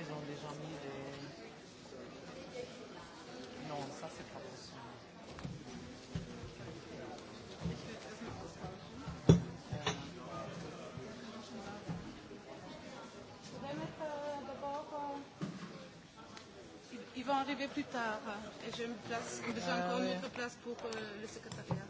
ils ont déjà mis des... Non, ça, c'est pas possible. Ils vont arriver plus tard et j'ai besoin encore une ah, autre place pour euh, le secrétariat.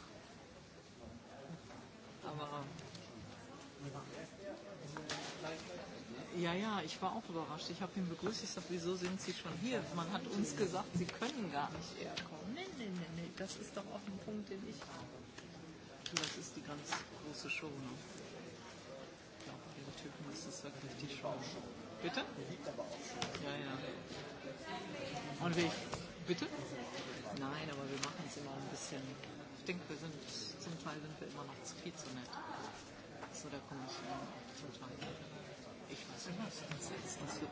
Ja, ja, ich war auch überrascht. Ich habe ihn begrüßt. Ich sage, wieso sind Sie schon hier? Man hat uns gesagt, Sie können gar nicht eher kommen. Nein, nein, nein, nee. Das ist doch auch ein Punkt, den ich habe. Das ist die ganz große Show. Ne? Ich glaube, bei den Typen ist das wirklich die Show. Bitte? Ja, ja. Und wie bitte? Nein, aber wir machen es immer ein bisschen. Ich denke, wir sind, zum Teil sind wir immer noch zu viel zu nett. So, da komme ich zum äh, Teil ich weiß nicht, was du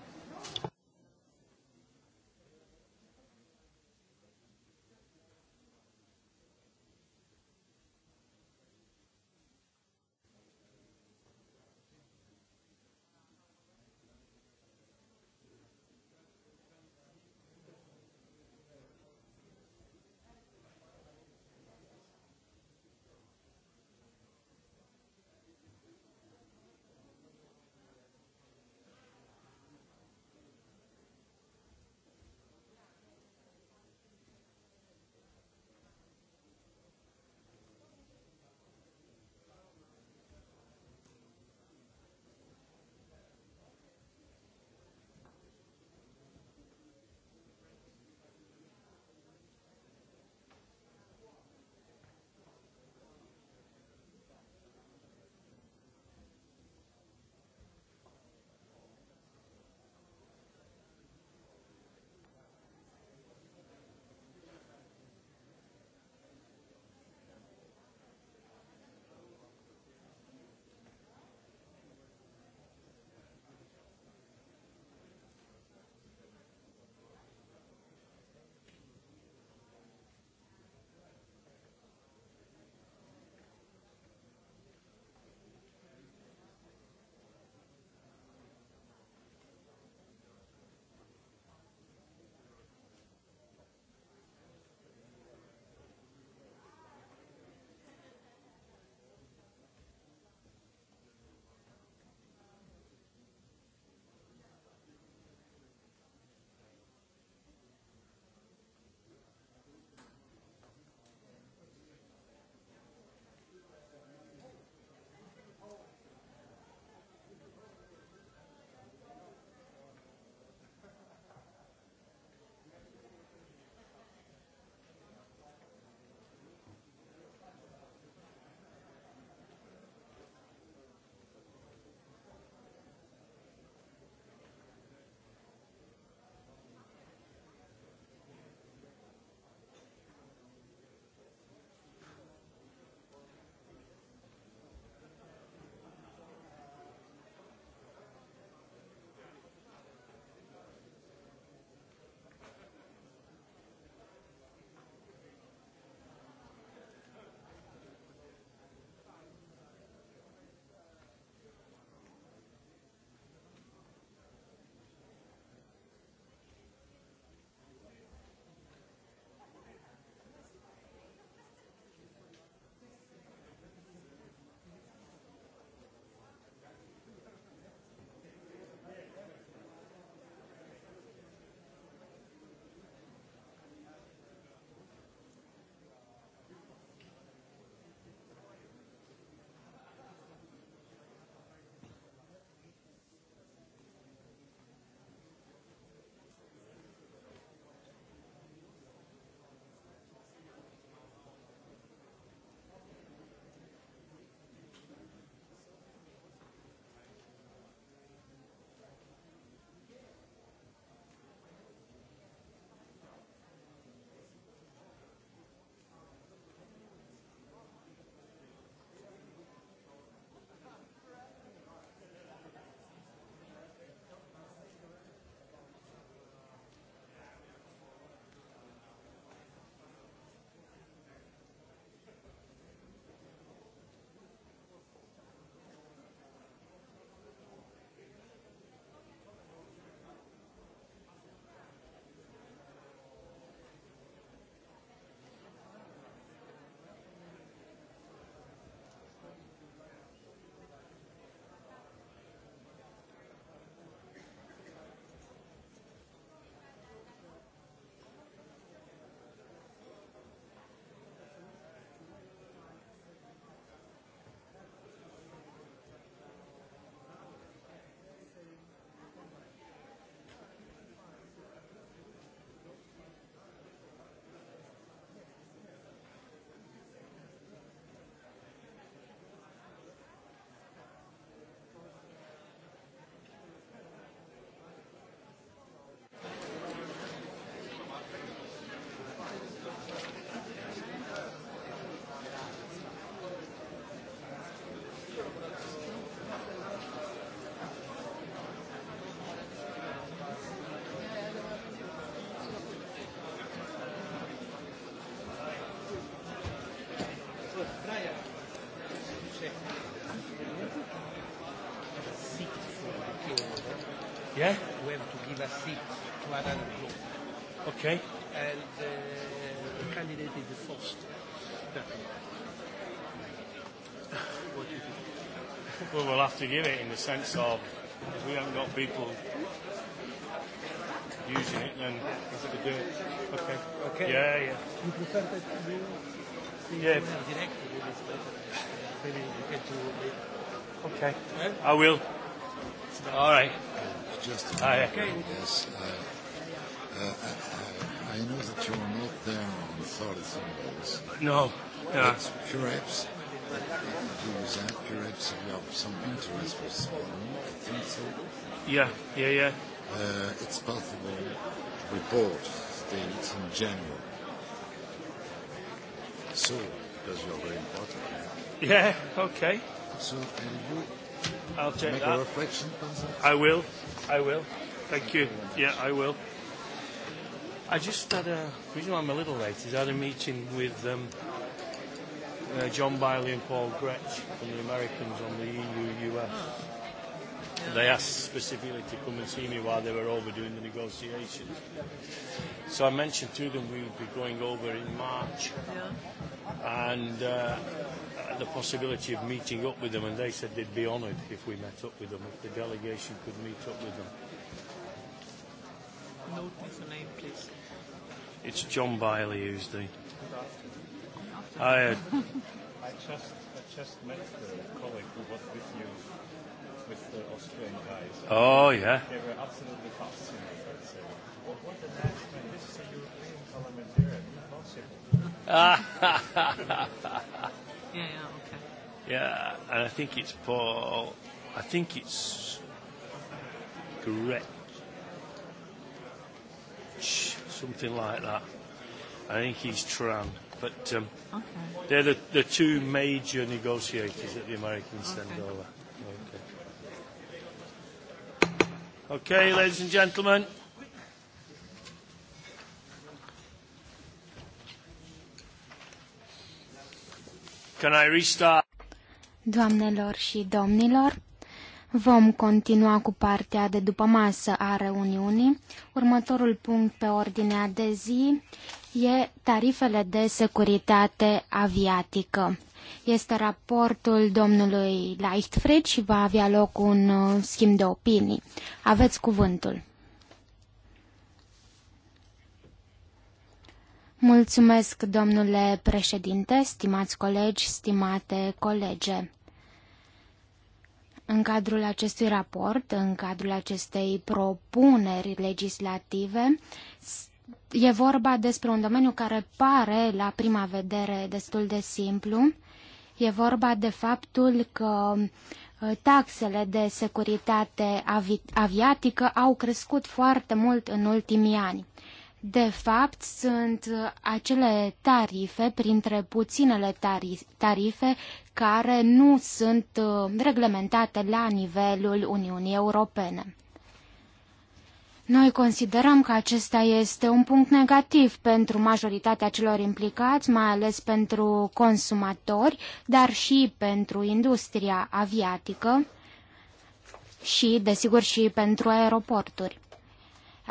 Yeah? We have to give a seat to another group. Okay. And uh, the candidate is the first. what do you think? Well, we'll have to give it in the sense of if we haven't got people using it, then we what we do. Okay. Okay. Yeah, yeah. You prefer that you yeah. Directly, Okay. I will. All right. Just a minute. Okay. Yes, I uh, uh, uh, I know that you are not there on solid symbols. No. Yeah. But perhaps uh, use that. Perhaps you have some interest for someone. I think so. Yeah. Yeah. Yeah. Uh, it's possible to report states in general. So, because you're very important. Yeah. Okay. So, and you I'll check Make that. A reflection, I will. I will. Thank you. Yeah, I will. I just had a reason why I'm a little late is I had a meeting with um, uh, John Biley and Paul Gretsch from the Americans on the EU US. Yeah. They asked specifically to come and see me while they were over doing the negotiations. So I mentioned to them we would be going over in March. Yeah. And uh, the possibility of meeting up with them, and they said they'd be honoured if we met up with them, if the delegation could meet up with them. Note the name, please. It's John Biley who's the. I, uh, I just I just met the colleague who was with you with the Austrian guys. Oh yeah. They were absolutely fascinating. So, what, what the heck? This is a European parliamentarian. You've lost him. Yeah, yeah, okay. Yeah, and I think it's Paul. I think it's Gretch, something like that. I think he's Tran. But um, okay. they're the, the two major negotiators that the Americans okay. send over. Okay. okay, ladies and gentlemen. Can I restart? Doamnelor și domnilor, vom continua cu partea de după masă a reuniunii. Următorul punct pe ordinea de zi e tarifele de securitate aviatică. Este raportul domnului Leichtfried și va avea loc un uh, schimb de opinii. Aveți cuvântul. Mulțumesc, domnule președinte, stimați colegi, stimate colege. În cadrul acestui raport, în cadrul acestei propuneri legislative, e vorba despre un domeniu care pare la prima vedere destul de simplu. E vorba de faptul că uh, taxele de securitate avi aviatică au crescut foarte mult în ultimii ani de fapt, sunt uh, acele tarife, printre puținele tarife, care nu sunt uh, reglementate la nivelul Uniunii Europene. Noi considerăm că acesta este un punct negativ pentru majoritatea celor implicați, mai ales pentru consumatori, dar și pentru industria aviatică și, desigur, și pentru aeroporturi.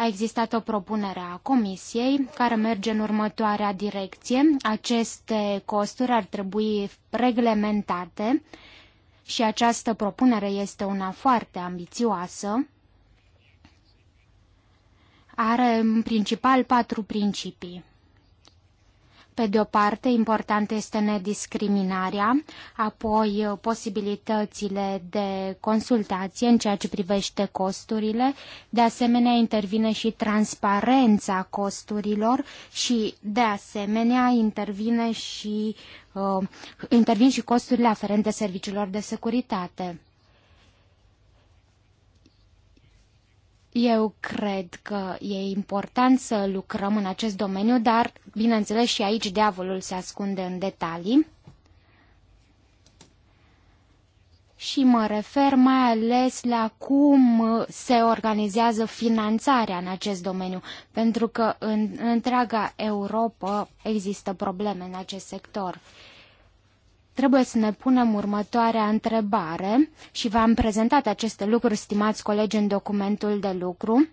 A existat o propunere a Comisiei care merge în următoarea direcție. Aceste costuri ar trebui reglementate și această propunere este una foarte ambițioasă. Are în principal patru principii. Pe de o parte, importantă este nediscriminarea, apoi uh, posibilitățile de consultație în ceea ce privește costurile, de asemenea intervine și transparența costurilor și de asemenea intervine și, uh, intervin și costurile aferente serviciilor de securitate. Eu cred că e important să lucrăm în acest domeniu, dar, bineînțeles, și aici diavolul se ascunde în detalii. Și mă refer mai ales la cum se organizează finanțarea în acest domeniu, pentru că în întreaga Europa există probleme în acest sector. Trebuie să ne punem următoarea întrebare și v-am prezentat aceste lucruri, stimați colegi, în documentul de lucru.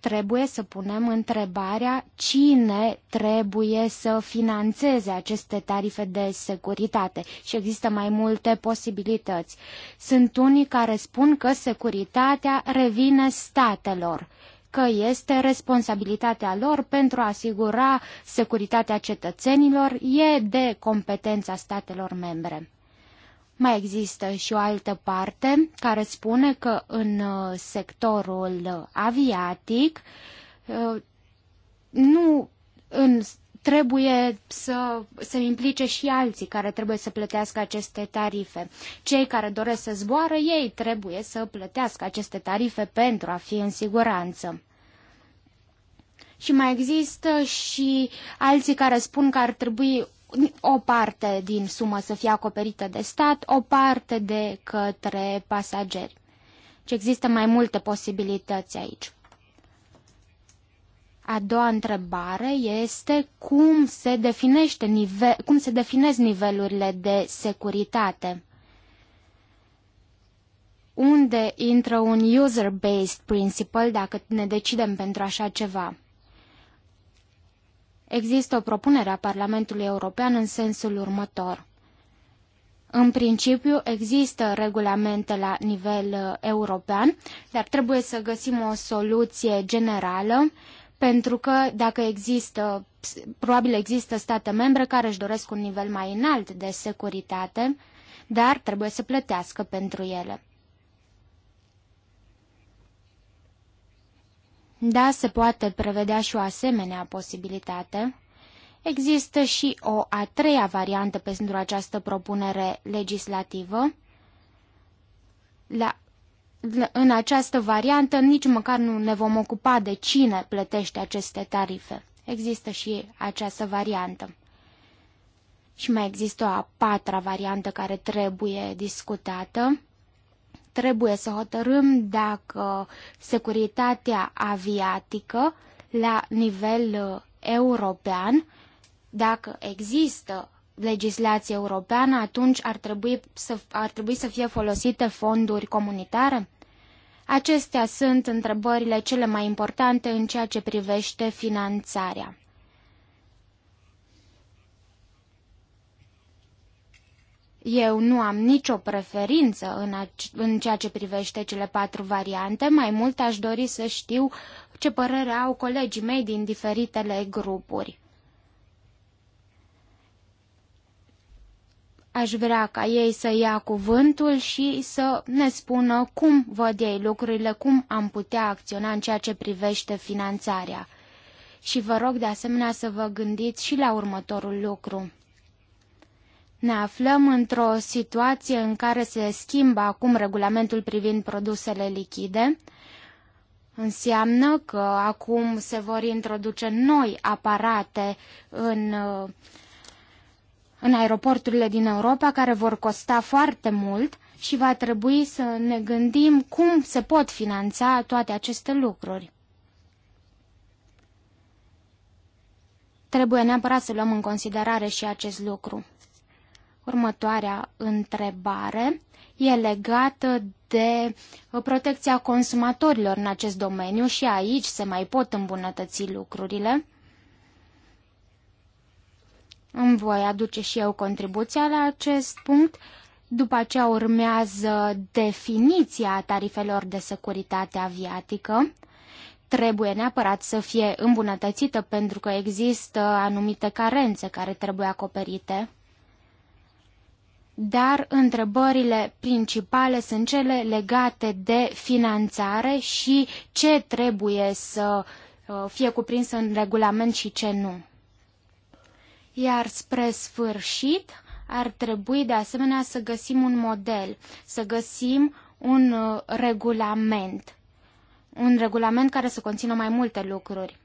Trebuie să punem întrebarea cine trebuie să financeze aceste tarife de securitate și există mai multe posibilități. Sunt unii care spun că securitatea revine statelor că este responsabilitatea lor pentru a asigura securitatea cetățenilor, e de competența statelor membre. Mai există și o altă parte care spune că în uh, sectorul aviatic uh, nu în trebuie să se implice și alții care trebuie să plătească aceste tarife. Cei care doresc să zboară, ei trebuie să plătească aceste tarife pentru a fi în siguranță. Și mai există și alții care spun că ar trebui o parte din sumă să fie acoperită de stat, o parte de către pasageri. Și există mai multe posibilități aici. A doua întrebare este cum se, definește nive- cum se definez nivelurile de securitate. Unde intră un user-based principle dacă ne decidem pentru așa ceva? Există o propunere a Parlamentului European în sensul următor. În principiu, există regulamente la nivel uh, european, dar trebuie să găsim o soluție generală pentru că dacă există, probabil există state membre care își doresc un nivel mai înalt de securitate, dar trebuie să plătească pentru ele. Da, se poate prevedea și o asemenea posibilitate. Există și o a treia variantă pentru această propunere legislativă, la în această variantă nici măcar nu ne vom ocupa de cine plătește aceste tarife. Există și această variantă. Și mai există o a patra variantă care trebuie discutată. Trebuie să hotărâm dacă securitatea aviatică la nivel uh, european, dacă există legislație europeană, atunci ar trebui să, ar trebui să fie folosite fonduri comunitare? Acestea sunt întrebările cele mai importante în ceea ce privește finanțarea. Eu nu am nicio preferință în, în ceea ce privește cele patru variante, mai mult aș dori să știu ce părere au colegii mei din diferitele grupuri. aș vrea ca ei să ia cuvântul și să ne spună cum văd ei lucrurile, cum am putea acționa în ceea ce privește finanțarea. Și vă rog de asemenea să vă gândiți și la următorul lucru. Ne aflăm într-o situație în care se schimbă acum regulamentul privind produsele lichide. Înseamnă că acum se vor introduce noi aparate în uh, în aeroporturile din Europa, care vor costa foarte mult și va trebui să ne gândim cum se pot finanța toate aceste lucruri. Trebuie neapărat să luăm în considerare și acest lucru. Următoarea întrebare e legată de protecția consumatorilor în acest domeniu și aici se mai pot îmbunătăți lucrurile. Îmi voi aduce și eu contribuția la acest punct. După aceea urmează definiția tarifelor de securitate aviatică. Trebuie neapărat să fie îmbunătățită pentru că există anumite carențe care trebuie acoperite. Dar întrebările principale sunt cele legate de finanțare și ce trebuie să uh, fie cuprins în regulament și ce nu. Iar spre sfârșit ar trebui de asemenea să găsim un model, să găsim un uh, regulament. Un regulament care să conțină mai multe lucruri.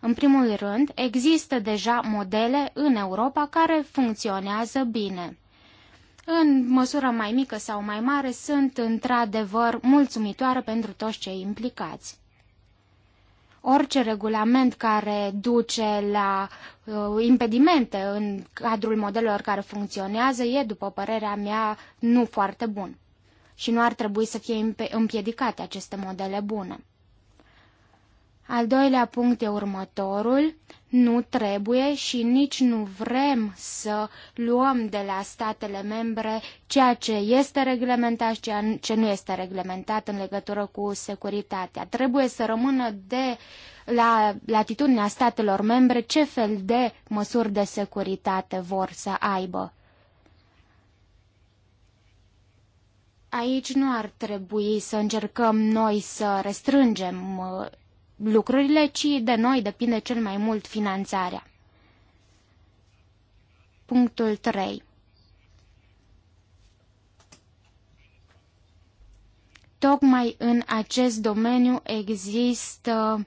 În primul rând, există deja modele în Europa care funcționează bine. În măsură mai mică sau mai mare sunt într-adevăr mulțumitoare pentru toți cei implicați. Orice regulament care duce la uh, impedimente în cadrul modelelor care funcționează e, după părerea mea, nu foarte bun. Și nu ar trebui să fie împiedicate aceste modele bune. Al doilea punct e următorul. Nu trebuie și nici nu vrem să luăm de la statele membre ceea ce este reglementat și ceea ce nu este reglementat în legătură cu securitatea. Trebuie să rămână de la latitudinea statelor membre ce fel de măsuri de securitate vor să aibă. Aici nu ar trebui să încercăm noi să restrângem uh, lucrurile, ci de noi depinde cel mai mult finanțarea. Punctul 3. Tocmai în acest domeniu există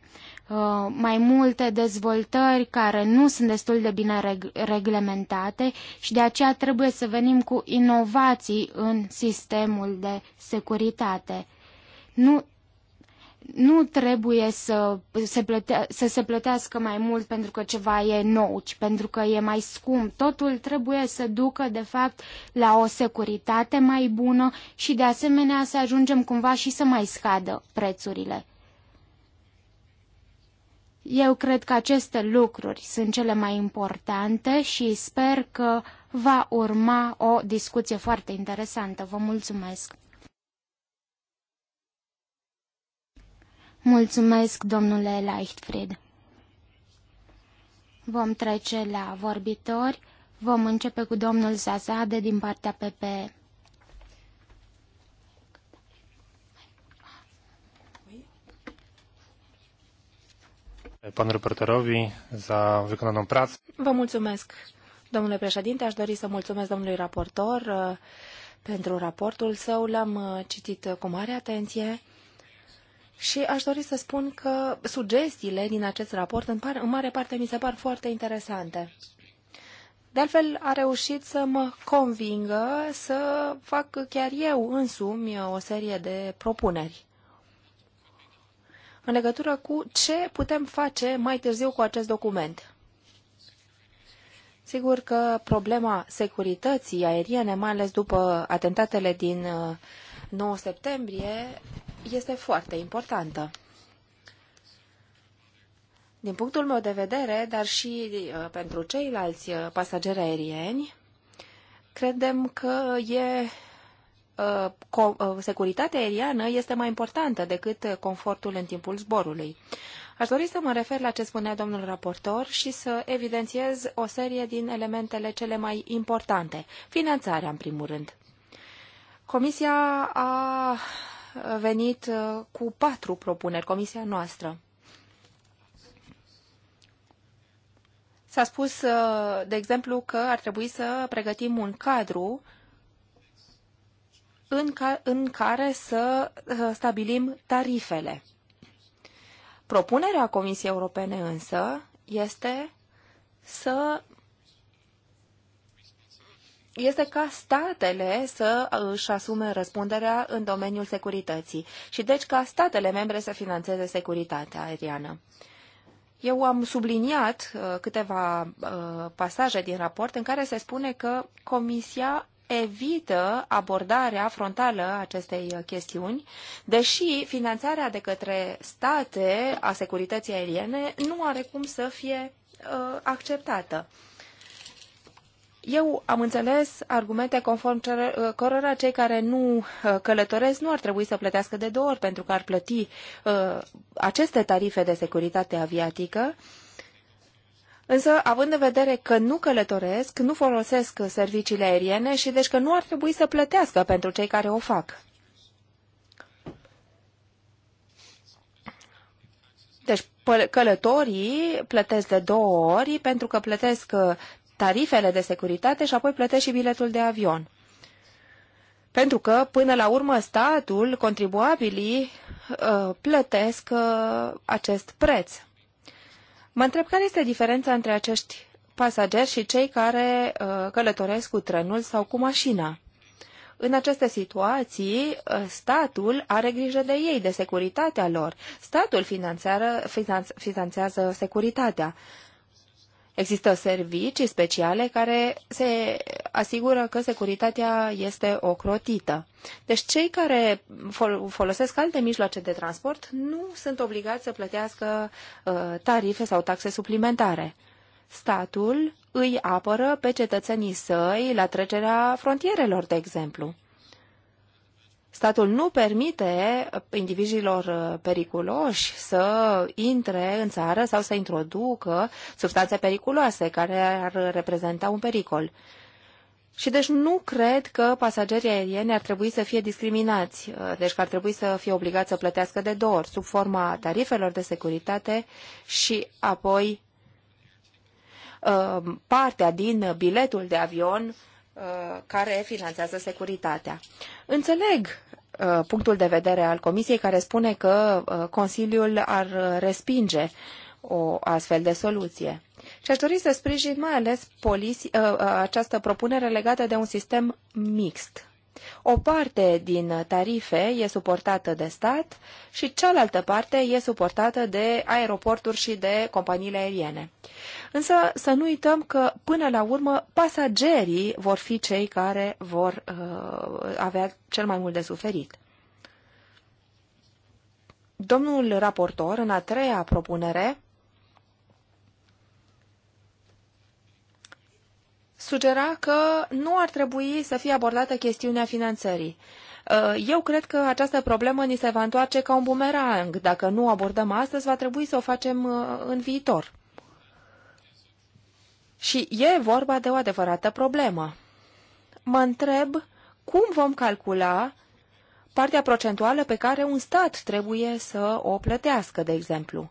uh, mai multe dezvoltări care nu sunt destul de bine reg reglementate și de aceea trebuie să venim cu inovații în sistemul de securitate. Nu nu trebuie să se, plăte- să se plătească mai mult pentru că ceva e nou, ci pentru că e mai scump. Totul trebuie să ducă, de fapt, la o securitate mai bună și, de asemenea, să ajungem cumva și să mai scadă prețurile. Eu cred că aceste lucruri sunt cele mai importante și sper că va urma o discuție foarte interesantă. Vă mulțumesc! Mulțumesc, domnule Leichtfried. Vom trece la vorbitori. Vom începe cu domnul Zazade din partea PP. Pan reporterovi, za wykonaną pracę. Vă mulțumesc, domnule președinte. Aș dori să mulțumesc domnului raportor uh, pentru raportul său. L-am uh, citit uh, cu mare atenție și aș dori să spun că sugestiile din acest raport în, par, în mare parte mi se par foarte interesante. De altfel, a reușit să mă convingă să fac chiar eu însumi o serie de propuneri în legătură cu ce putem face mai târziu cu acest document. Sigur că problema securității aeriene, mai ales după atentatele din 9 uh, septembrie, este foarte importantă. Din punctul meu de vedere, dar și uh, pentru ceilalți uh, pasageri aerieni, credem că e uh, securitatea aeriană este mai importantă decât confortul în timpul zborului. Aș dori să mă refer la ce spunea domnul raportor și să evidențiez o serie din elementele cele mai importante. Finanțarea, în primul rând. Comisia a venit uh, cu patru propuneri, comisia noastră. S-a spus, uh, de exemplu, că ar trebui să pregătim un cadru în, ca, în care să uh, stabilim tarifele. Propunerea Comisiei Europene însă este să este ca statele să uh, își asume răspunderea în domeniul securității și deci ca statele membre să financeze securitatea aeriană. Eu am subliniat uh, câteva uh, pasaje din raport în care se spune că Comisia evită abordarea frontală a acestei chestiuni, deși finanțarea de către state a securității aeriene nu are cum să fie acceptată. Eu am înțeles argumente conform uh, cărora cei care nu uh, călătoresc nu ar trebui să plătească de două ori pentru că ar plăti uh, aceste tarife de securitate aviatică. Însă, având în vedere că nu călătoresc, nu folosesc serviciile aeriene și deci că nu ar trebui să plătească pentru cei care o fac. Deci călătorii plătesc de două ori pentru că plătesc tarifele de securitate și apoi plătești și biletul de avion. Pentru că, până la urmă, statul, contribuabilii, uh, plătesc uh, acest preț. Mă întreb care este diferența între acești pasageri și cei care uh, călătoresc cu trenul sau cu mașina. În aceste situații, statul are grijă de ei, de securitatea lor. Statul finanțează, finanțează securitatea. Există servicii speciale care se asigură că securitatea este ocrotită. Deci cei care folosesc alte mijloace de transport nu sunt obligați să plătească uh, tarife sau taxe suplimentare. Statul îi apără pe cetățenii săi la trecerea frontierelor, de exemplu statul nu permite indivizilor uh, periculoși să intre în țară sau să introducă substanțe periculoase care ar reprezenta un pericol. Și deci nu cred că pasagerii aerieni ar trebui să fie discriminați, uh, deci că ar trebui să fie obligați să plătească de două ori, sub forma tarifelor de securitate și apoi uh, partea din biletul de avion Uh, care finanțează securitatea. Înțeleg uh, punctul de vedere al Comisiei care spune că uh, Consiliul ar respinge o astfel de soluție. Și aș dori să sprijin mai ales poliți, această propunere legată de un sistem mixt o parte din tarife e suportată de stat și cealaltă parte e suportată de aeroporturi și de companiile aeriene. Însă să nu uităm că, până la urmă, pasagerii vor fi cei care vor uh, avea cel mai mult de suferit. Domnul raportor, în a treia propunere, sugera că nu ar trebui să fie abordată chestiunea finanțării. Uh, eu cred că această problemă ni se va întoarce ca un bumerang. Dacă nu o abordăm astăzi, va trebui să o facem uh, în viitor. Și e vorba de o adevărată problemă. Mă întreb cum vom calcula partea procentuală pe care un stat trebuie să o plătească, de exemplu.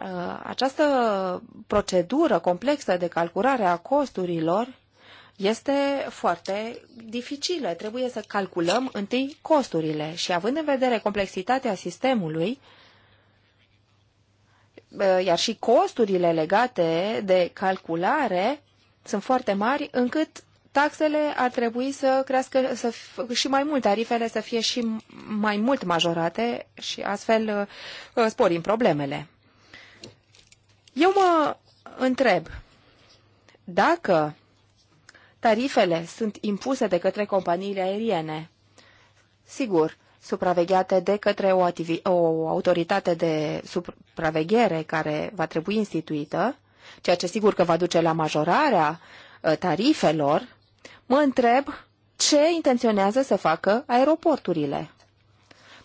Uh, această procedură complexă de calculare a costurilor este foarte dificilă. Trebuie să calculăm întâi costurile și având în vedere complexitatea sistemului, uh, iar și costurile legate de calculare sunt foarte mari, încât taxele ar trebui să crească să și mai mult, tarifele să fie și mai mult majorate și astfel uh, sporim problemele. Eu mă întreb dacă tarifele sunt impuse de către companiile aeriene. Sigur, supravegheate de către o, o autoritate de supraveghere care va trebui instituită, ceea ce sigur că va duce la majorarea ă, tarifelor, mă întreb ce intenționează să facă aeroporturile.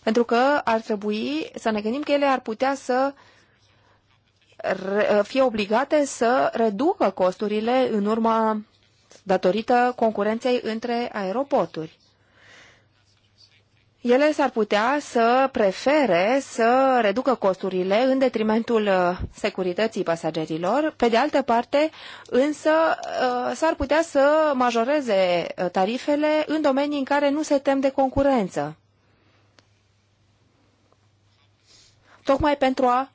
Pentru că ar trebui să ne gândim că ele ar putea să Uh, fie obligate să reducă costurile în urma datorită concurenței între aeroporturi. Ele s-ar putea să prefere să reducă costurile în detrimentul uh, securității pasagerilor. Pe de altă parte, însă, uh, s-ar putea să majoreze tarifele în domenii în care nu se tem de concurență. Tocmai pentru a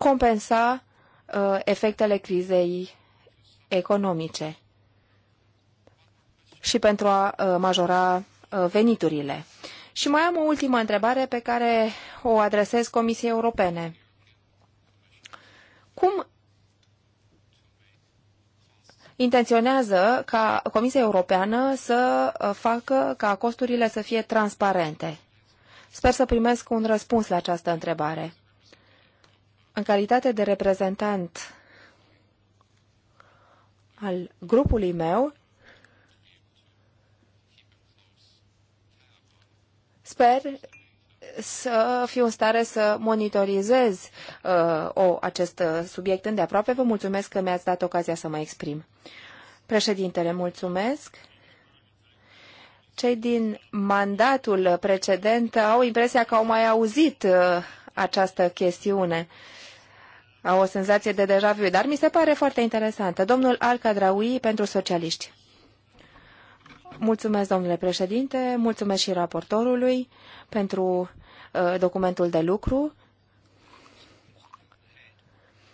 compensa uh, efectele crizei economice și pentru a uh, majora uh, veniturile. Și mai am o ultimă întrebare pe care o adresez Comisiei Europene. Cum intenționează ca Comisia Europeană să facă ca costurile să fie transparente? Sper să primesc un răspuns la această întrebare. În calitate de reprezentant al grupului meu, sper să fiu în stare să monitorizez uh, o, acest uh, subiect îndeaproape. Vă mulțumesc că mi-ați dat ocazia să mă exprim. Președintele, mulțumesc. Cei din mandatul precedent au impresia că au mai auzit uh, această chestiune. Uh, au o senzație de deja vu, dar mi se pare foarte interesantă. Domnul Al-Kadraui pentru socialiști. Mulțumesc, domnule președinte, mulțumesc și raportorului pentru uh, documentul de lucru.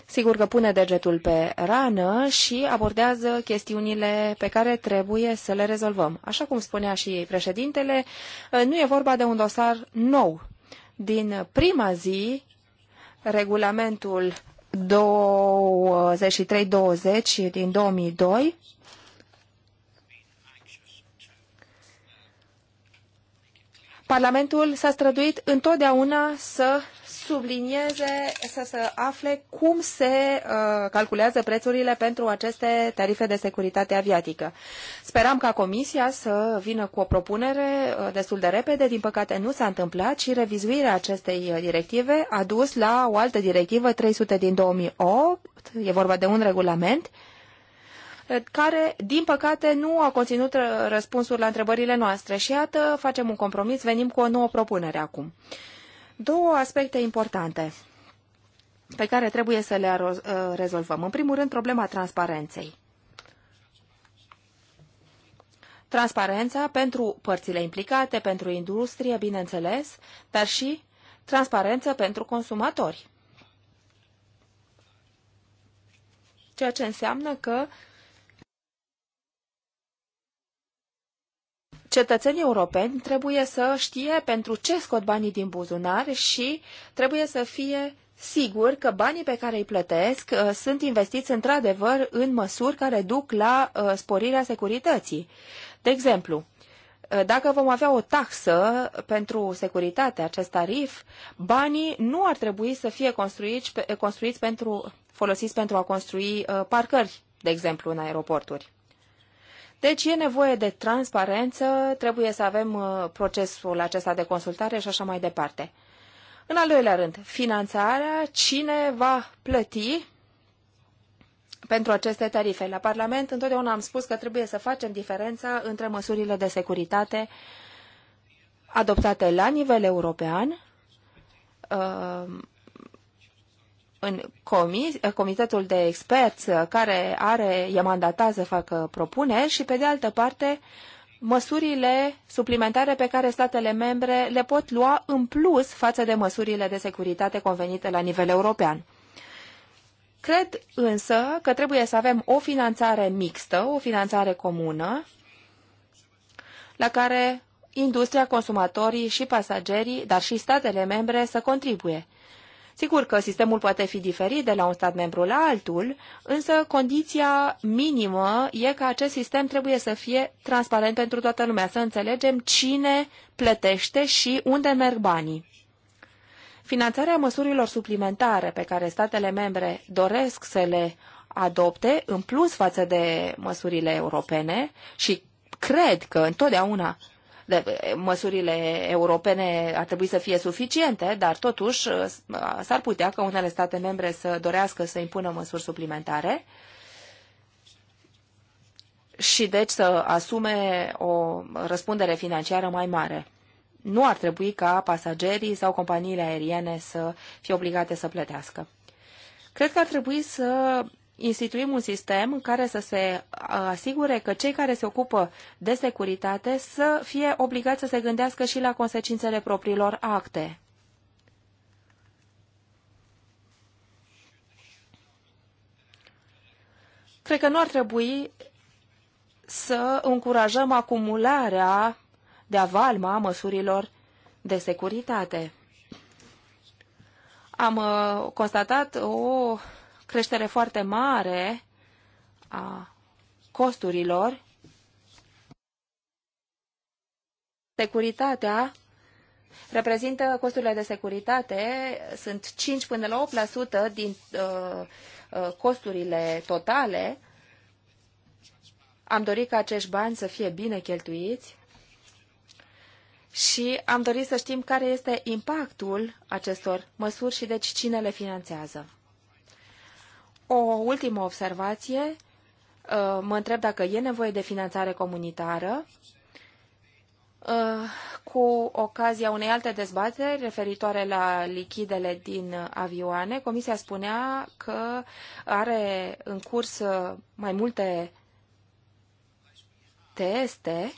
Sigur că pune degetul pe rană și abordează chestiunile pe care trebuie să le rezolvăm. Așa cum spunea și președintele, uh, nu e vorba de un dosar nou. Din prima zi, regulamentul 2320 din 2002 Parlamentul s-a străduit întotdeauna să sublinieze, să, se afle cum se uh, calculează prețurile pentru aceste tarife de securitate aviatică. Speram ca Comisia să vină cu o propunere uh, destul de repede, din păcate nu s-a întâmplat și revizuirea acestei uh, directive a dus la o altă directivă 300 din 2008, e vorba de un regulament, uh, care, din păcate, nu a conținut uh, răspunsuri la întrebările noastre. Și iată, facem un compromis, venim cu o nouă propunere acum. Uh, două aspecte importante pe care trebuie să le uh, rezolvăm. În primul rând, problema transparenței. Transparența pentru părțile implicate, pentru industrie, bineînțeles, dar și transparență pentru consumatori. Ceea ce înseamnă că uh, cetățenii europeni trebuie să știe pentru ce scot banii din buzunar și trebuie să fie sigur că banii pe care îi plătesc uh, sunt investiți într-adevăr în măsuri care duc la uh, sporirea securității. De exemplu, uh, dacă vom avea o taxă pentru securitate, acest tarif, banii nu ar trebui să fie construiți, construiți pentru, folosiți pentru a construi uh, parcări, de exemplu, în aeroporturi. Deci e nevoie de transparență, trebuie să avem uh, procesul acesta de consultare și așa mai departe. În al doilea rând, finanțarea, cine va plăti pentru aceste tarife. La Parlament întotdeauna am spus că trebuie să facem diferența între măsurile de securitate adoptate la nivel european, uh, în comis, comitetul de experți care are, e mandatat să facă propuneri și, pe de altă parte, măsurile suplimentare pe care statele membre le pot lua în plus față de măsurile de securitate convenite la nivel european. Cred însă că trebuie să avem o finanțare mixtă, o finanțare comună, la care industria, consumatorii și pasagerii, dar și statele membre să contribuie. Sigur că sistemul poate fi diferit de la un stat membru la altul, însă condiția minimă e că acest sistem trebuie să fie transparent pentru toată lumea, să înțelegem cine plătește și unde merg banii. Finanțarea măsurilor suplimentare pe care statele membre doresc să le adopte, în plus față de măsurile europene, și cred că întotdeauna de, măsurile europene ar trebui să fie suficiente, dar totuși uh, uh, s-ar putea ca unele state membre să dorească să impună măsuri suplimentare și deci să asume o răspundere financiară mai mare. Nu ar trebui ca pasagerii sau companiile aeriene să fie obligate să plătească. Cred că ar trebui să instituim un sistem care să se uh, asigure că cei care se ocupă de securitate să fie obligați să se gândească și la consecințele propriilor acte. Cred că nu ar trebui să încurajăm acumularea de avalma a măsurilor de securitate. Am uh, constatat o creștere foarte mare a costurilor, securitatea reprezintă costurile de securitate, sunt 5 până la 8% din uh, uh, costurile totale. Am dorit ca acești bani să fie bine cheltuiți și am dorit să știm care este impactul acestor măsuri și deci cine le finanțează. O ultimă observație. Uh, mă întreb dacă e nevoie de finanțare comunitară uh, cu ocazia unei alte dezbateri referitoare la lichidele din avioane, Comisia spunea că are în curs mai multe teste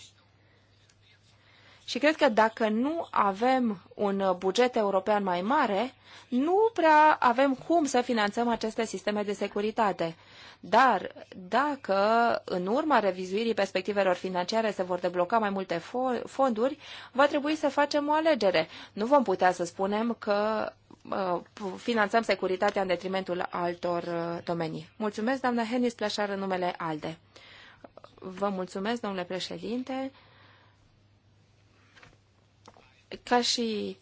și cred că dacă nu avem un buget european mai mare, nu prea avem cum să finanțăm aceste sisteme de securitate. Dar dacă în urma revizuirii perspectivelor financiare se vor debloca mai multe fonduri, va trebui să facem o alegere. Nu vom putea să spunem că uh, finanțăm securitatea în detrimentul altor uh, domenii. Mulțumesc, doamna Henis Plașar, în numele ALDE. Vă mulțumesc, domnule președinte. Ca și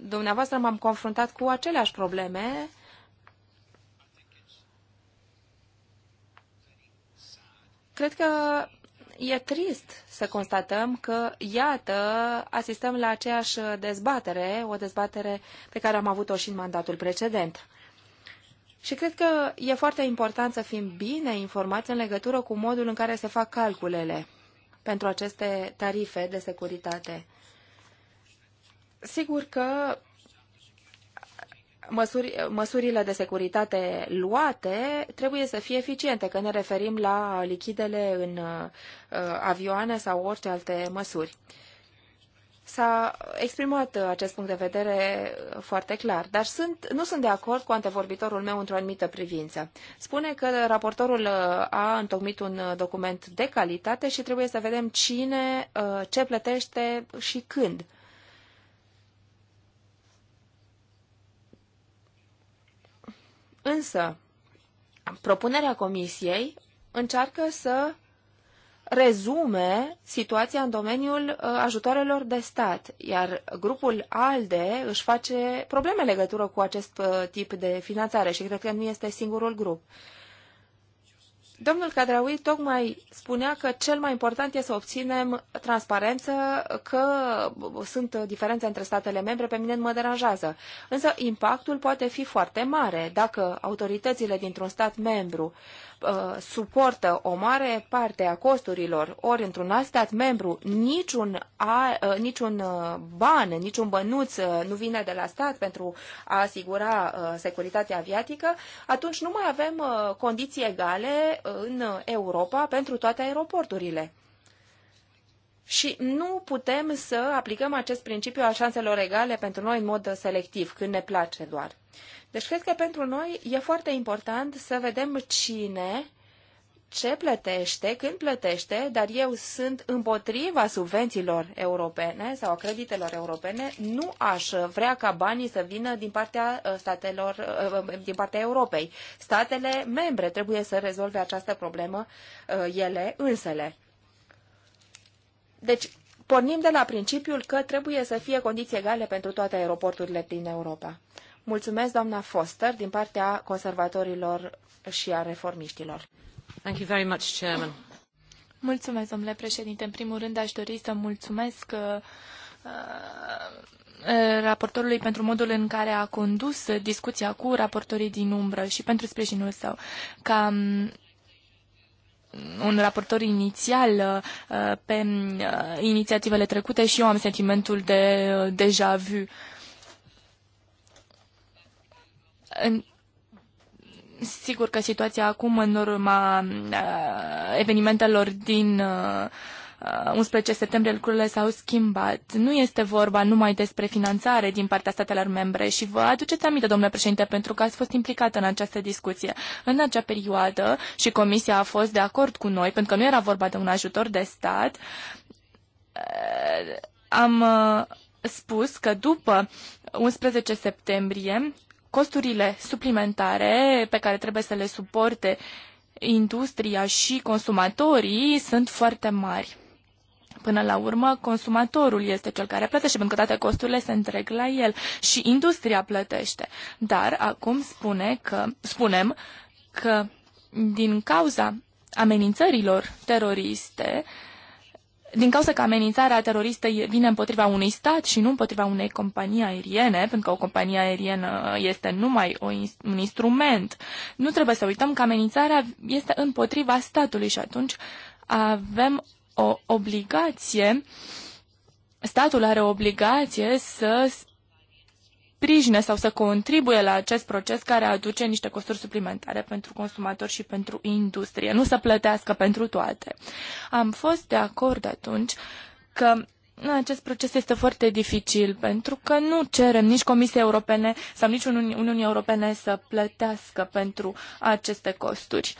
dumneavoastră m-am confruntat cu aceleași probleme. Cred că e trist să constatăm că, iată, asistăm la aceeași dezbatere, o dezbatere pe care am avut-o și în mandatul precedent. Și cred că e foarte important să fim bine informați în legătură cu modul în care se fac calculele pentru aceste tarife de securitate. Sigur că măsuri, măsurile de securitate luate trebuie să fie eficiente, că ne referim la lichidele în uh, avioane sau orice alte măsuri. Uh, S-a exprimat acest punct de vedere foarte clar, dar sunt, nu sunt de acord cu antevorbitorul meu într-o anumită privință. Spune că raportorul a întocmit un document de calitate și trebuie să vedem cine, uh, ce plătește și când. Însă, propunerea comisiei încearcă să rezume situația în domeniul uh, ajutoarelor de stat, iar grupul ALDE își face probleme legătură cu acest uh, tip de finanțare și cred că nu este singurul grup. Domnul Cadraui tocmai spunea că cel mai important este să obținem transparență, că sunt diferențe între statele membre, pe mine nu mă deranjează. Însă impactul poate fi foarte mare dacă autoritățile dintr-un stat membru uh, Uh, suportă o mare parte a costurilor, ori într-un alt stat membru, niciun, a, uh, niciun uh, ban, niciun bănuț nu vine de la stat pentru a asigura securitatea aviatică, atunci nu mai avem condiții egale în Europa pentru toate aeroporturile. Și nu putem să aplicăm acest principiu al șanselor egale pentru noi în mod selectiv, când ne place doar. Deci cred că pentru noi e foarte important să vedem cine ce plătește, când plătește, dar eu sunt împotriva subvențiilor europene sau creditelor europene, nu aș vrea ca banii să vină din partea uh, statelor, uh, uh, din partea Europei. Statele membre trebuie să rezolve această problemă ele însele. Deci, pornim de la principiul că trebuie să fie condiții egale pentru toate aeroporturile din Europa. Mulțumesc, doamna Foster, din partea conservatorilor și a reformiștilor. Thank you very much, Chairman. Mulțumesc, domnule președinte. În primul rând, aș dori să mulțumesc uh, uh raportorului pentru modul în care a condus discuția cu raportorii din umbră și pentru sprijinul său. Ca um, un raportor inițial uh, pe uh, inițiativele trecute și eu am sentimentul de deja vu. În... Sigur că situația acum, în urma uh, evenimentelor din uh, 11 uh, septembrie lucrurile s-au schimbat. Nu este vorba numai despre finanțare din partea statelor membre și vă aduceți aminte, domnule președinte, pentru că ați fost implicată în această discuție. În acea perioadă și Comisia a fost de acord cu noi, pentru că nu era vorba de un ajutor de stat, uh, am uh, spus că după 11 septembrie costurile suplimentare pe care trebuie să le suporte industria și consumatorii sunt foarte mari. Până la urmă, consumatorul este cel care plătește, pentru că toate costurile se întreg la el și industria plătește. Dar acum spune că, spunem că din cauza amenințărilor teroriste, uh, din cauza că amenințarea teroristă vine împotriva unui stat și nu împotriva unei companii aeriene, pentru că o companie aeriană este numai o, un instrument, nu trebuie să uităm că amenințarea este împotriva statului și atunci avem o obligație, statul are o obligație să sprijine sau să contribuie la acest proces care aduce niște costuri suplimentare pentru consumatori și pentru industrie, nu să plătească pentru toate. Am fost de acord atunci că acest proces este foarte dificil pentru că nu cerem nici Comisiei Europene sau nici Uniunii Uniunii Europene să plătească pentru aceste costuri.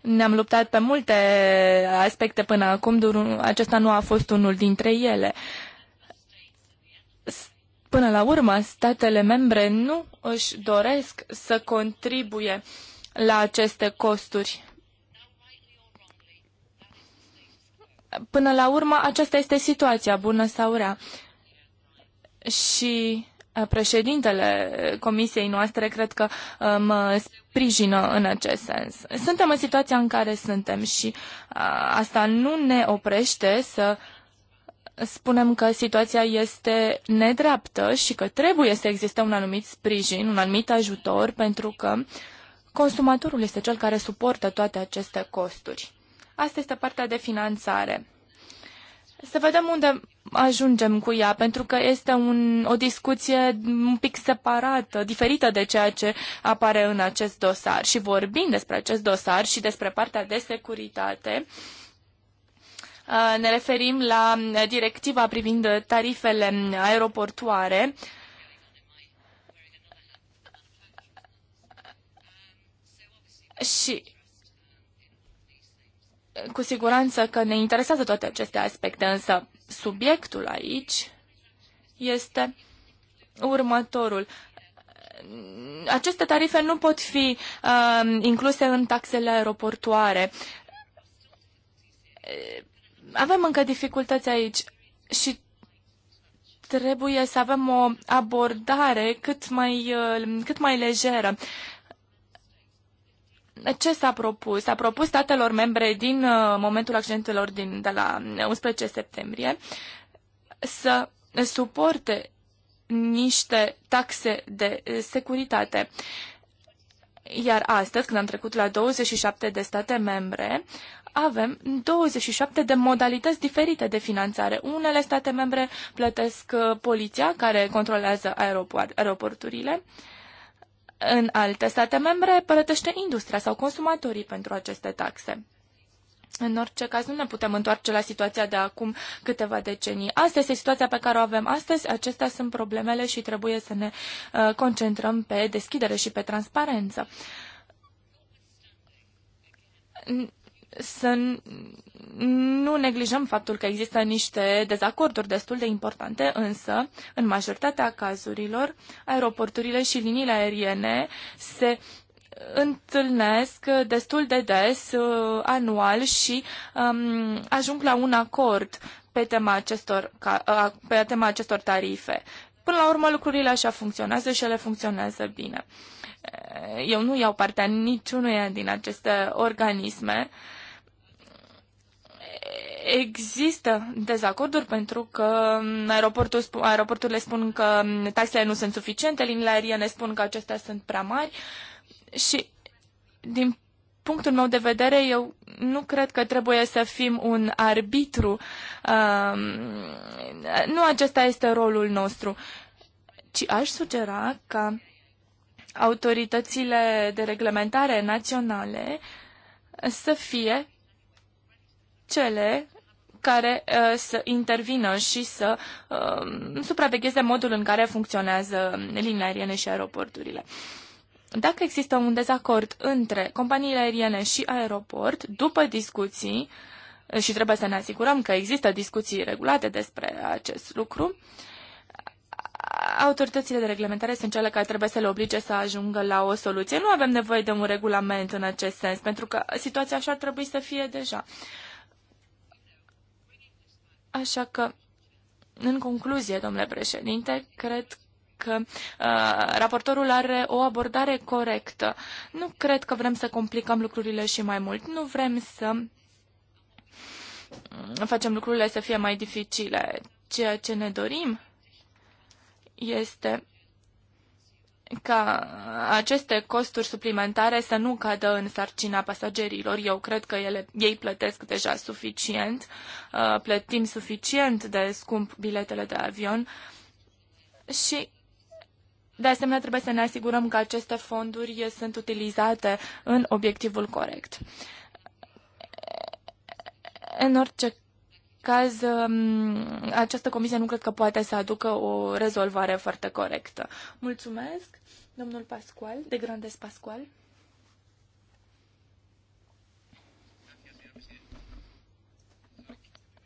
Ne-am luptat pe multe aspecte până acum, dar acesta nu a fost unul dintre ele. Uh, până la urmă, statele membre nu își doresc să contribuie la aceste costuri. Până la urmă, aceasta este situația, bună sau rea. Și uh, președintele comisiei noastre cred că uh, mă sprijină în acest sens. Suntem în situația în care suntem și uh, asta nu ne oprește să uh, spunem că situația este nedreaptă și că trebuie să existe un anumit sprijin, un anumit ajutor, pentru că consumatorul este cel care suportă toate aceste costuri. Asta este partea de finanțare. Să vedem unde ajungem cu ea, pentru că este un, o discuție un pic separată, diferită de ceea ce apare în acest dosar. Și vorbind despre acest dosar și despre partea de securitate, uh, Uh, ne referim la uh, directiva privind tarifele uh, aeroportuare. Și cu siguranță că ne interesează toate aceste aspecte, însă subiectul aici este următorul. Aceste tarife nu pot fi uh, incluse în taxele aeroportuare. Avem încă dificultăți aici și trebuie să avem o abordare cât mai, uh, cât mai lejeră. Ce s-a propus? S-a propus statelor membre din uh, momentul accidentelor din, de la 11 septembrie să suporte niște taxe de securitate. Uh, iar astăzi, când am trecut la 27 de state membre, avem 27 de modalități diferite de finanțare. Unele state membre plătesc uh, poliția care controlează aeroport, aeroporturile. În alte state membre plătește industria sau consumatorii pentru aceste taxe. În orice caz, nu ne putem întoarce la situația de acum câteva decenii. Asta este situația pe care o avem astăzi, acestea sunt problemele și trebuie să ne uh, concentrăm pe deschidere și pe transparență. să nu neglijăm faptul că există niște dezacorduri destul de importante, însă, în majoritatea cazurilor, aeroporturile și liniile aeriene se întâlnesc destul de des uh, anual și um, ajung la un acord pe tema acestor, uh, pe tema acestor tarife. Până la urmă lucrurile așa funcționează și ele funcționează bine. Uh, eu nu iau partea niciunui din aceste organisme. Există dezacorduri pentru că um, aeroportul, aeroporturile spun că um, taxele nu sunt suficiente, liniile aeriene spun că acestea sunt prea mari. Uh, și din punctul meu de vedere, eu nu cred că trebuie să fim un arbitru. Um, nu acesta este rolul nostru, ci aș sugera ca autoritățile de reglementare naționale să fie cele care uh, să intervină și să uh, supravegheze modul în care funcționează liniile aeriene și aeroporturile. Uh, dacă există un dezacord între companiile aeriene și aeroport, după discuții, și trebuie să ne asigurăm că există discuții regulate despre acest lucru, autoritățile de reglementare sunt cele care trebuie să le oblige să ajungă la o soluție. Nu avem nevoie de un regulament în acest sens, pentru că situația așa ar trebui să fie deja. Așa că, în concluzie, domnule președinte, cred că uh, raportorul are o abordare corectă. Nu cred că vrem să complicăm lucrurile și mai mult. Nu vrem să mm, facem lucrurile să fie mai dificile. Ceea ce ne dorim este ca aceste costuri suplimentare să nu cadă în sarcina pasagerilor. Eu cred că ele, ei plătesc deja suficient, uh, plătim suficient de scump biletele de avion și de asemenea, trebuie să ne asigurăm că aceste fonduri sunt utilizate în obiectivul corect. În orice caz, mm, această comisie nu cred că poate să aducă o rezolvare foarte corectă. Mulțumesc, domnul Pascual, de Grandes Pascual.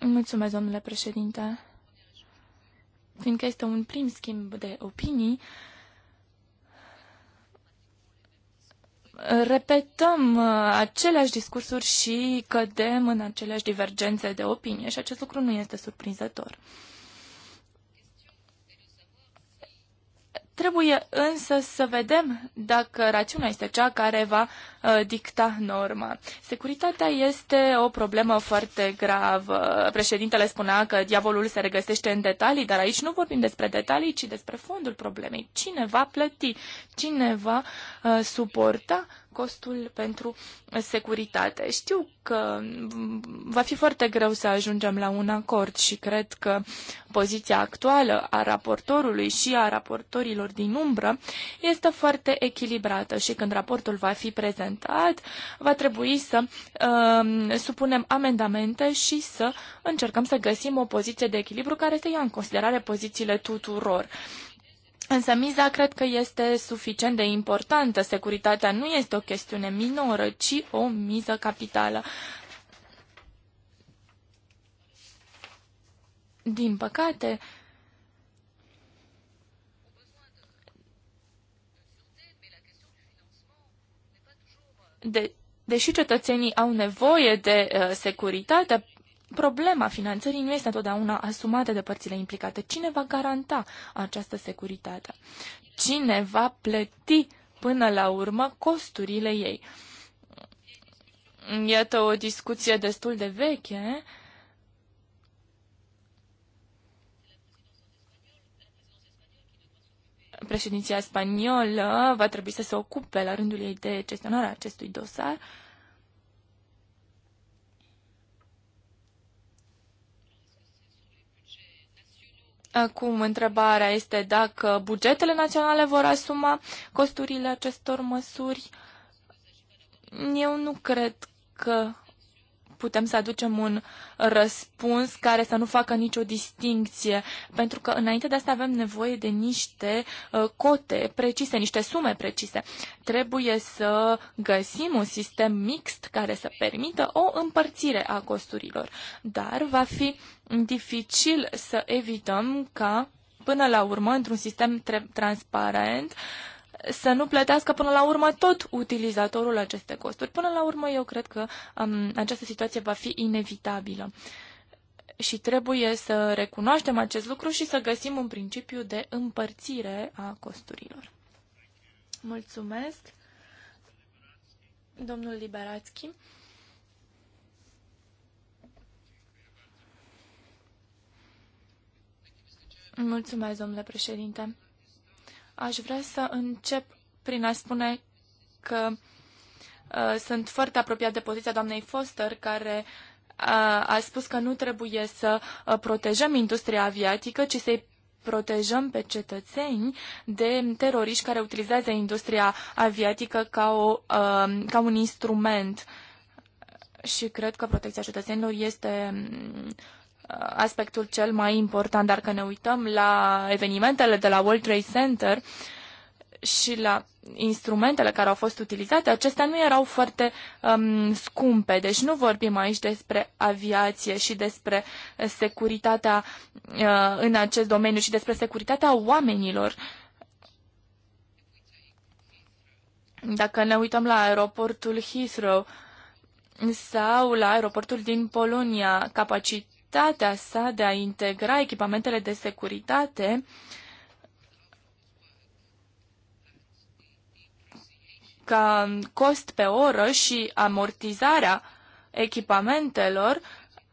Mulțumesc, domnule președinte. Fiindcă este un prim schimb de opinii, repetăm uh, aceleași discursuri și cădem în aceleași divergențe de opinie și acest lucru nu este surprinzător. Trebuie însă să vedem dacă rațiunea este cea care va uh, dicta norma. Securitatea este o problemă foarte gravă. Președintele spunea că diavolul se regăsește în detalii, dar aici nu vorbim despre detalii, ci despre fondul problemei. Cine va plăti? Cine va uh, suporta costul pentru securitate. Știu că va fi foarte greu să ajungem la un acord și cred că poziția actuală a raportorului și a raportorilor din umbră este foarte echilibrată și când raportul va fi prezentat, va trebui să uh, supunem amendamente și să încercăm să găsim o poziție de echilibru care să ia în considerare pozițiile tuturor. Însă miza cred că este suficient de importantă. Securitatea nu este o chestiune minoră, ci o miză capitală. Din păcate, de, deși cetățenii au nevoie de uh, securitate problema finanțării nu este întotdeauna asumată de părțile implicate. Cine va garanta această securitate? Cine va plăti până la urmă costurile ei? Iată o discuție destul de veche. Președinția spaniolă va trebui să se ocupe la rândul ei de gestionarea acestui dosar. Uh, Acum, întrebarea este dacă bugetele naționale vor asuma costurile acestor măsuri. Eu nu cred că putem să aducem un răspuns care să nu facă nicio distincție, pentru că înainte de asta avem nevoie de niște uh, cote precise, niște sume precise. Trebuie să găsim un sistem mixt care să permită o împărțire a costurilor, dar va fi dificil să evităm ca până la urmă, într-un sistem transparent, uh, să nu plătească până la urmă tot utilizatorul aceste costuri. Până la urmă, eu cred că um, această situație va fi inevitabilă. Și trebuie să recunoaștem acest lucru și să găsim un principiu de împărțire a costurilor. Mulțumesc, domnul Liberațchi. Mulțumesc, domnule președinte. Aș vrea să încep prin a spune că uh, sunt foarte apropiat de poziția doamnei Foster, care uh, a spus că nu trebuie să uh, protejăm industria aviatică, ci să-i protejăm pe cetățeni de teroriști care utilizează industria aviatică ca, o, uh, ca un instrument. Și cred că protecția cetățenilor este mm, aspectul cel mai important, dar că ne uităm la evenimentele de la World Trade Center și la instrumentele care au fost utilizate, acestea nu erau foarte um, scumpe. Deci nu vorbim aici despre aviație și despre securitatea uh, în acest domeniu și despre securitatea oamenilor. Dacă ne uităm la aeroportul Heathrow sau la aeroportul din Polonia, capacitatea capacitatea sa de a integra echipamentele de securitate ca cost pe oră și amortizarea echipamentelor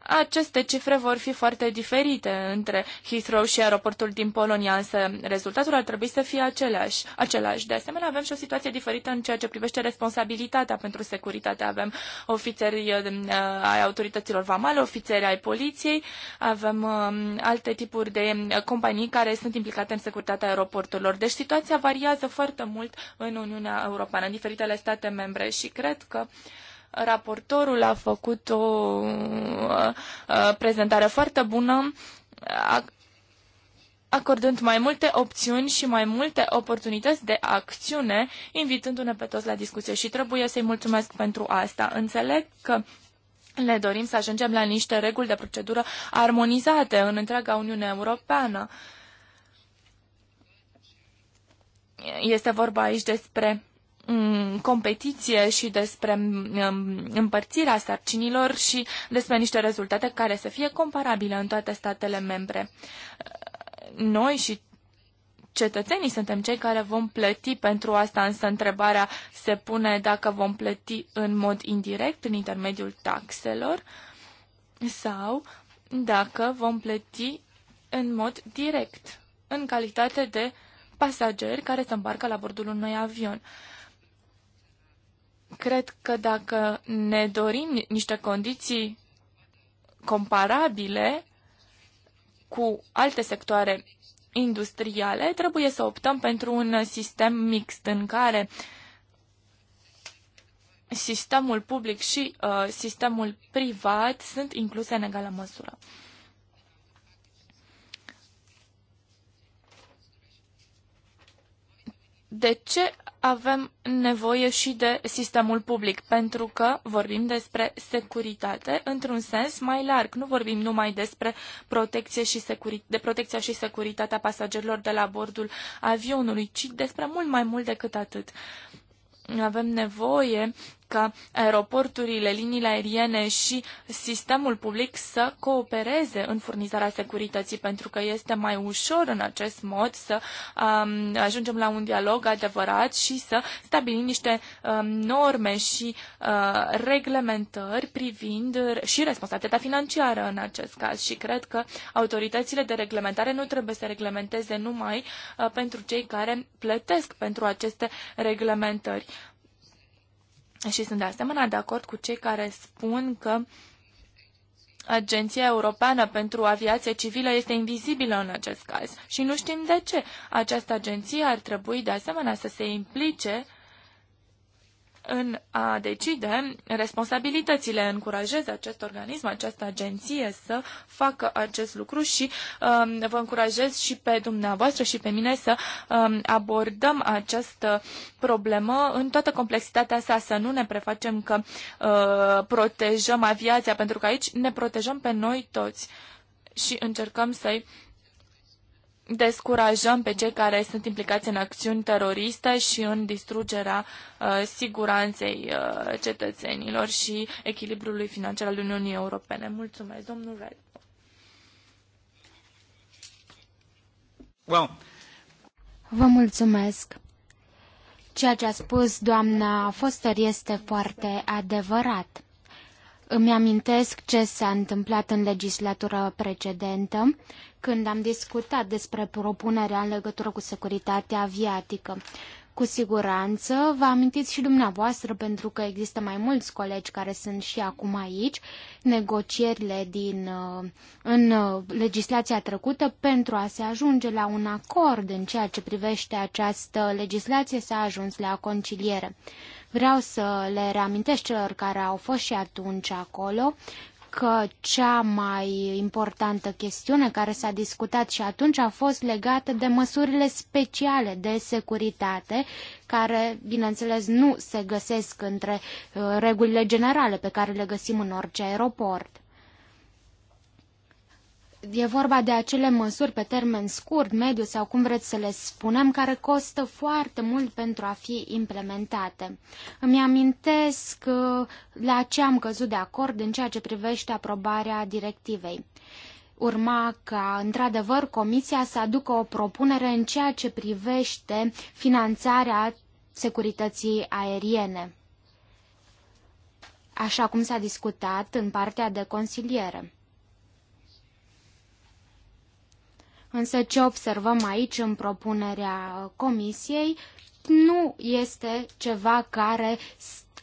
aceste cifre vor fi foarte diferite între Heathrow și aeroportul din Polonia, însă rezultatul ar trebui să fie același. același. De asemenea, avem și o situație diferită în ceea ce privește responsabilitatea pentru securitate. Avem ofițeri uh, uh, ai autorităților vamale, ofițeri ai poliției, avem um, alte tipuri de uh, companii care sunt implicate în securitatea aeroporturilor. Deci situația variază foarte mult în Uniunea Europeană, în diferitele state membre și cred că uh, Raportorul a făcut o uh, uh, prezentare foarte bună, acordând mai multe opțiuni și mai multe oportunități de acțiune, invitându-ne pe toți la discuție și trebuie să-i mulțumesc pentru asta. Înțeleg că le dorim să ajungem la niște reguli de procedură armonizate în întreaga Uniune Europeană. Este vorba aici despre Mm, competiție și despre mm, împărțirea sarcinilor și despre niște rezultate care să fie comparabile în toate statele membre. Noi și cetățenii suntem cei care vom plăti pentru asta, însă întrebarea se pune dacă vom plăti în mod indirect, prin intermediul taxelor, sau dacă vom plăti în mod direct, în calitate de pasageri care se îmbarcă la bordul unui avion. Uh, Cred că dacă ne dorim niște condiții comparabile cu alte sectoare industriale, trebuie să optăm pentru un sistem mixt în care sistemul public și uh, sistemul privat sunt incluse în egală măsură. De ce avem nevoie și de sistemul public, pentru că vorbim despre securitate într-un sens mai larg. Nu vorbim numai despre protecție și de protecția și securitatea pasagerilor de la bordul avionului, ci despre mult mai mult decât atât. Avem nevoie ca aeroporturile, liniile aeriene și sistemul public să coopereze în furnizarea securității, pentru că este mai ușor în acest mod să um, ajungem la un dialog adevărat și să stabilim niște um, norme și uh, reglementări privind și responsabilitatea financiară în acest caz. Și cred că autoritățile de reglementare nu trebuie să reglementeze numai uh, pentru cei care plătesc pentru aceste reglementări. Și sunt de asemenea de acord cu cei care spun că Agenția Europeană pentru Aviație Civilă este invizibilă în acest caz și nu știm de ce. Această agenție ar trebui de asemenea să se implice în a decide responsabilitățile. încurajeze acest organism, această agenție să facă acest lucru și um, vă încurajez și pe dumneavoastră și pe mine să um, abordăm această problemă în toată complexitatea sa, să nu ne prefacem că uh, protejăm aviația, pentru că aici ne protejăm pe noi toți și încercăm să-i uh, descurajăm pe cei care sunt implicați în acțiuni teroriste și în distrugerea uh, siguranței uh, cetățenilor și echilibrului financiar al Uniunii Europene. Mulțumesc, domnul Red. Well. Vă mulțumesc. Ceea ce a spus doamna Foster este foarte adevărat. Îmi amintesc ce s-a întâmplat în legislatura precedentă când am discutat despre propunerea în legătură cu securitatea aviatică. Cu siguranță vă amintiți și dumneavoastră, pentru că există mai mulți colegi care sunt și acum aici, negocierile din, uh, în uh, legislația trecută pentru a se ajunge la un acord în ceea ce privește această legislație s-a ajuns la conciliere. Vreau să le reamintesc celor care au fost și atunci acolo că cea mai importantă chestiune care s-a discutat și atunci a fost legată de măsurile speciale de securitate, care, bineînțeles, nu se găsesc între uh, regulile generale pe care le găsim în orice aeroport. E vorba de acele măsuri pe termen scurt, mediu sau cum vreți să le spunem, care costă foarte mult pentru a fi implementate. Îmi amintesc uh, la ce am căzut de acord în ceea ce privește aprobarea directivei. Urma ca, într-adevăr, Comisia să aducă o propunere în ceea ce privește finanțarea securității aeriene, așa cum s-a discutat în partea de consiliere. Însă ce observăm aici în propunerea uh, comisiei nu este ceva care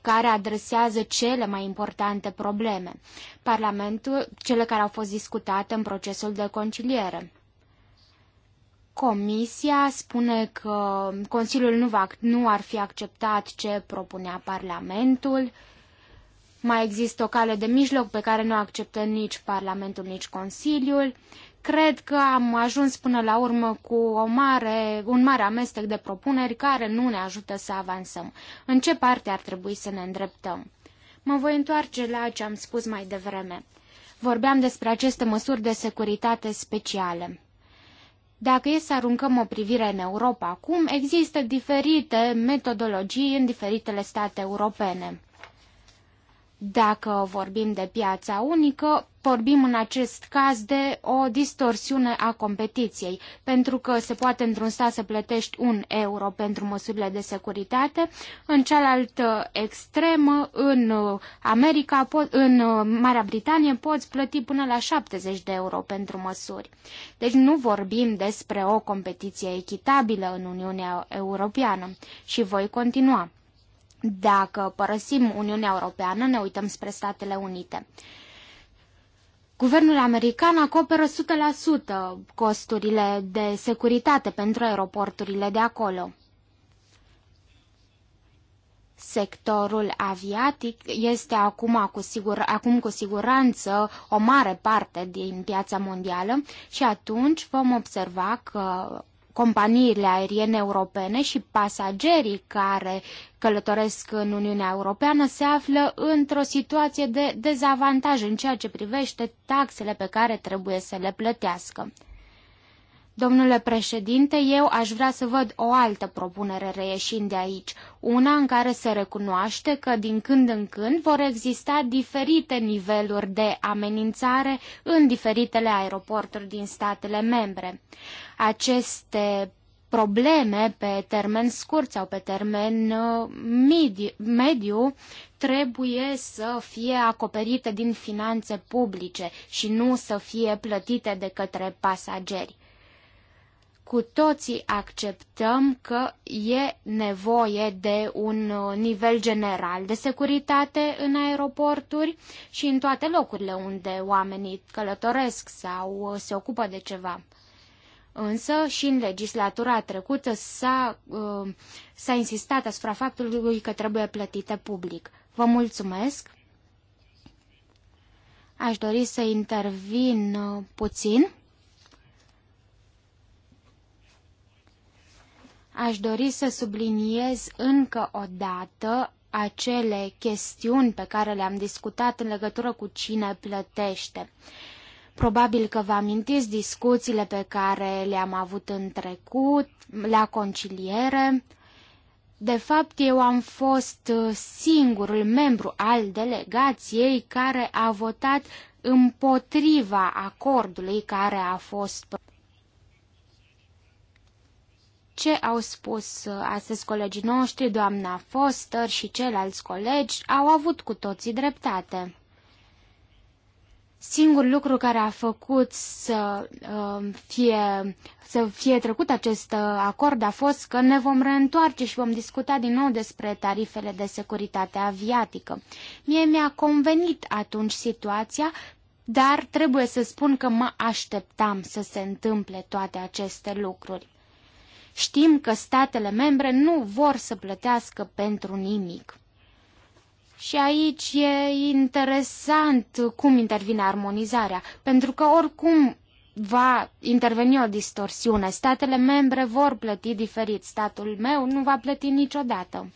care adresează cele mai importante probleme, Parlamentul, cele care au fost discutate în procesul de conciliere. Comisia spune că Consiliul nu, va, nu ar fi acceptat ce propunea Parlamentul. Mai există o cale de mijloc pe care nu acceptă nici Parlamentul, nici Consiliul. Cred că am ajuns până la urmă cu o mare, un mare amestec de propuneri care nu ne ajută să avansăm. În ce parte ar trebui să ne îndreptăm? Mă voi întoarce la ce am spus mai devreme. Vorbeam despre aceste măsuri de securitate speciale. Dacă e să aruncăm o privire în Europa acum, există diferite metodologii în diferitele state europene. Dacă vorbim de piața unică, vorbim în acest caz de o distorsiune a competiției, pentru că se poate într-un stat să plătești un euro pentru măsurile de securitate, în cealaltă extremă, în America, în Marea Britanie, poți plăti până la 70 de euro pentru măsuri. Deci nu vorbim despre o competiție echitabilă în Uniunea Europeană și voi continua. Dacă părăsim Uniunea Europeană, ne uităm spre Statele Unite. Guvernul american acoperă 100% costurile de securitate pentru aeroporturile de acolo. Sectorul aviatic este acum cu, sigur, acum cu siguranță o mare parte din piața mondială și atunci vom observa că companiile aeriene europene și pasagerii care călătoresc în Uniunea Europeană se află într-o situație de dezavantaj în ceea ce privește taxele pe care trebuie să le plătească. Domnule președinte, eu aș vrea să văd o altă propunere reieșind de aici, una în care se recunoaște că din când în când vor exista diferite niveluri de amenințare în diferitele aeroporturi din statele membre. Aceste probleme pe termen scurt sau pe termen uh, mediu, mediu trebuie să fie acoperite din finanțe publice și nu să fie plătite de către pasageri. Cu toții acceptăm că e nevoie de un uh, nivel general de securitate în aeroporturi și în toate locurile unde oamenii călătoresc sau uh, se ocupă de ceva. Însă și în legislatura trecută s-a, uh, s-a insistat asupra faptului că trebuie plătite public. Vă mulțumesc! Aș dori să intervin puțin. Aș dori să subliniez încă o dată acele chestiuni pe care le-am discutat în legătură cu cine plătește. Probabil că vă amintiți discuțiile pe care le-am avut în trecut, la conciliere. De fapt, eu am fost singurul membru al delegației care a votat împotriva acordului care a fost ce au spus uh, astăzi colegii noștri, doamna Foster și ceilalți colegi, au avut cu toții dreptate. Singurul lucru care a făcut să uh, fie, să fie trecut acest uh, acord a fost că ne vom reîntoarce și vom discuta din nou despre tarifele de securitate aviatică. Mie mi-a convenit atunci situația, dar trebuie să spun că mă așteptam să se întâmple toate aceste lucruri. Știm că statele membre nu vor să plătească pentru nimic. Și aici e interesant cum intervine armonizarea, pentru că oricum va interveni o distorsiune. Statele membre vor plăti diferit. Statul meu nu va plăti niciodată.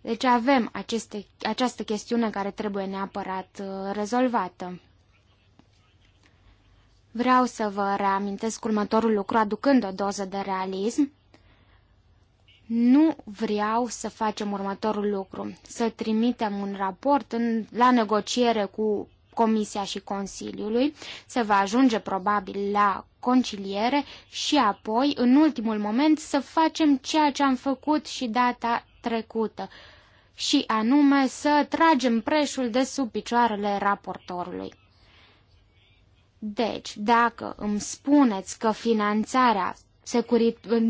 Deci avem aceste, această chestiune care trebuie neapărat uh, rezolvată. Vreau să vă reamintesc următorul lucru aducând o doză de realism. Nu vreau să facem următorul lucru, să trimitem un raport în, la negociere cu Comisia și Consiliului, se va ajunge probabil la conciliere și apoi, în ultimul moment, să facem ceea ce am făcut și data trecută, și anume să tragem preșul de sub picioarele raportorului. Deci, dacă îmi spuneți că finanțarea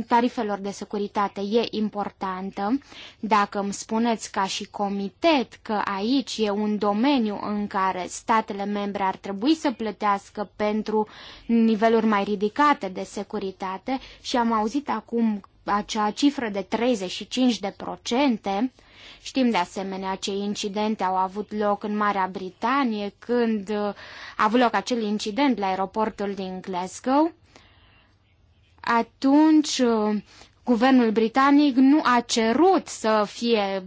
tarifelor de securitate e importantă, dacă îmi spuneți ca și comitet că aici e un domeniu în care statele membre ar trebui să plătească pentru niveluri mai ridicate de securitate și am auzit acum acea cifră de 35 de procente, Știm de asemenea ce incidente au avut loc în Marea Britanie când uh, a avut loc acel incident la aeroportul din Glasgow. Atunci uh, guvernul britanic nu a cerut să fie,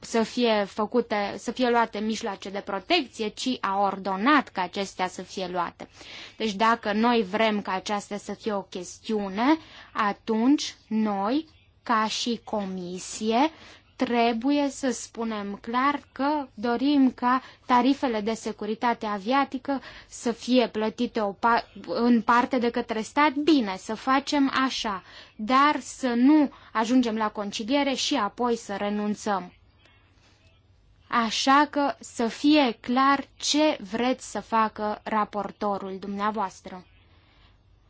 să fie făcute, să fie luate mijloace de protecție, ci a ordonat ca acestea să fie luate. Deci dacă noi vrem ca aceasta să fie o chestiune, atunci noi, ca și comisie, trebuie să spunem clar că dorim ca tarifele de securitate aviatică să fie plătite o pa- în parte de către stat. Bine, să facem așa, dar să nu ajungem la conciliere și apoi să renunțăm. Așa că să fie clar ce vreți să facă raportorul dumneavoastră.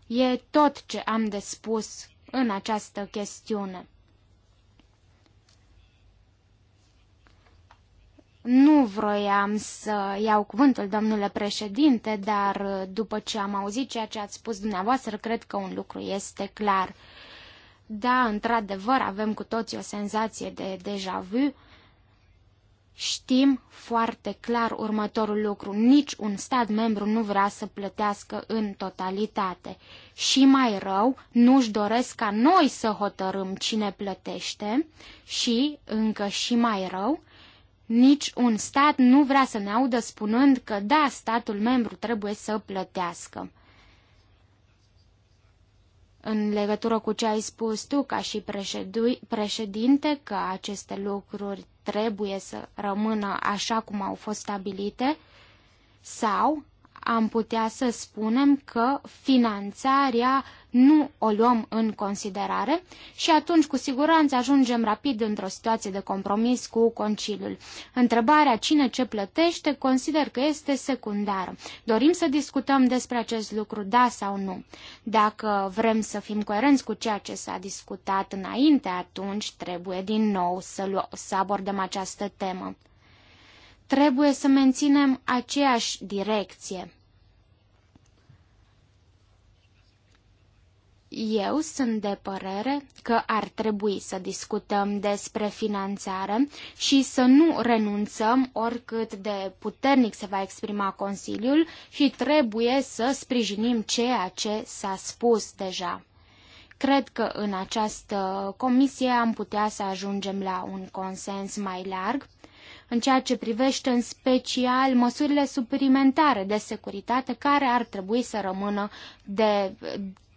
E tot ce am de spus în această chestiune. Nu vroiam să iau cuvântul, domnule președinte, dar uh, după ce am auzit ceea ce ați spus dumneavoastră, cred că un lucru este clar. Da, într-adevăr, avem cu toții o senzație de deja vu. Știm foarte clar următorul lucru. Nici un stat membru nu vrea să plătească în totalitate. Și mai rău, nu-și doresc ca noi să hotărâm cine plătește și, încă și mai rău, nici un stat nu vrea să ne audă spunând că da, statul membru trebuie să plătească. În legătură cu ce ai spus tu ca și președinte că aceste lucruri trebuie să rămână așa cum au fost stabilite, sau am putea să spunem că finanțarea nu o luăm în considerare și atunci cu siguranță ajungem rapid într-o situație de compromis cu conciliul. Întrebarea cine ce plătește consider că este secundară. Dorim să discutăm despre acest lucru, da sau nu. Dacă vrem să fim coerenți cu ceea ce s-a discutat înainte, atunci trebuie din nou să, să abordăm această temă. Trebuie să menținem aceeași direcție. Eu sunt de părere că ar trebui să discutăm despre finanțare și să nu renunțăm oricât de puternic se va exprima Consiliul și trebuie să sprijinim ceea ce s-a spus deja. Cred că în această comisie am putea să ajungem la un consens mai larg în ceea ce privește în special măsurile suplimentare de securitate care ar trebui să rămână, de,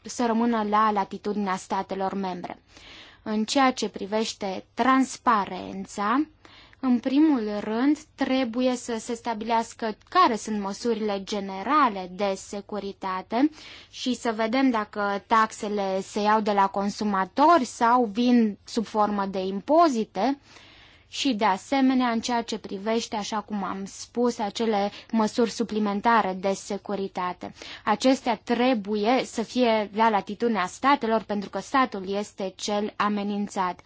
să rămână la latitudinea statelor membre. În ceea ce privește transparența, în primul rând, trebuie să se stabilească care sunt măsurile generale de securitate și să vedem dacă taxele se iau de la consumatori sau vin sub formă de impozite și, de asemenea, în ceea ce privește, așa cum am spus, acele măsuri suplimentare de securitate. Acestea trebuie să fie la latitudinea statelor, pentru că statul este cel amenințat.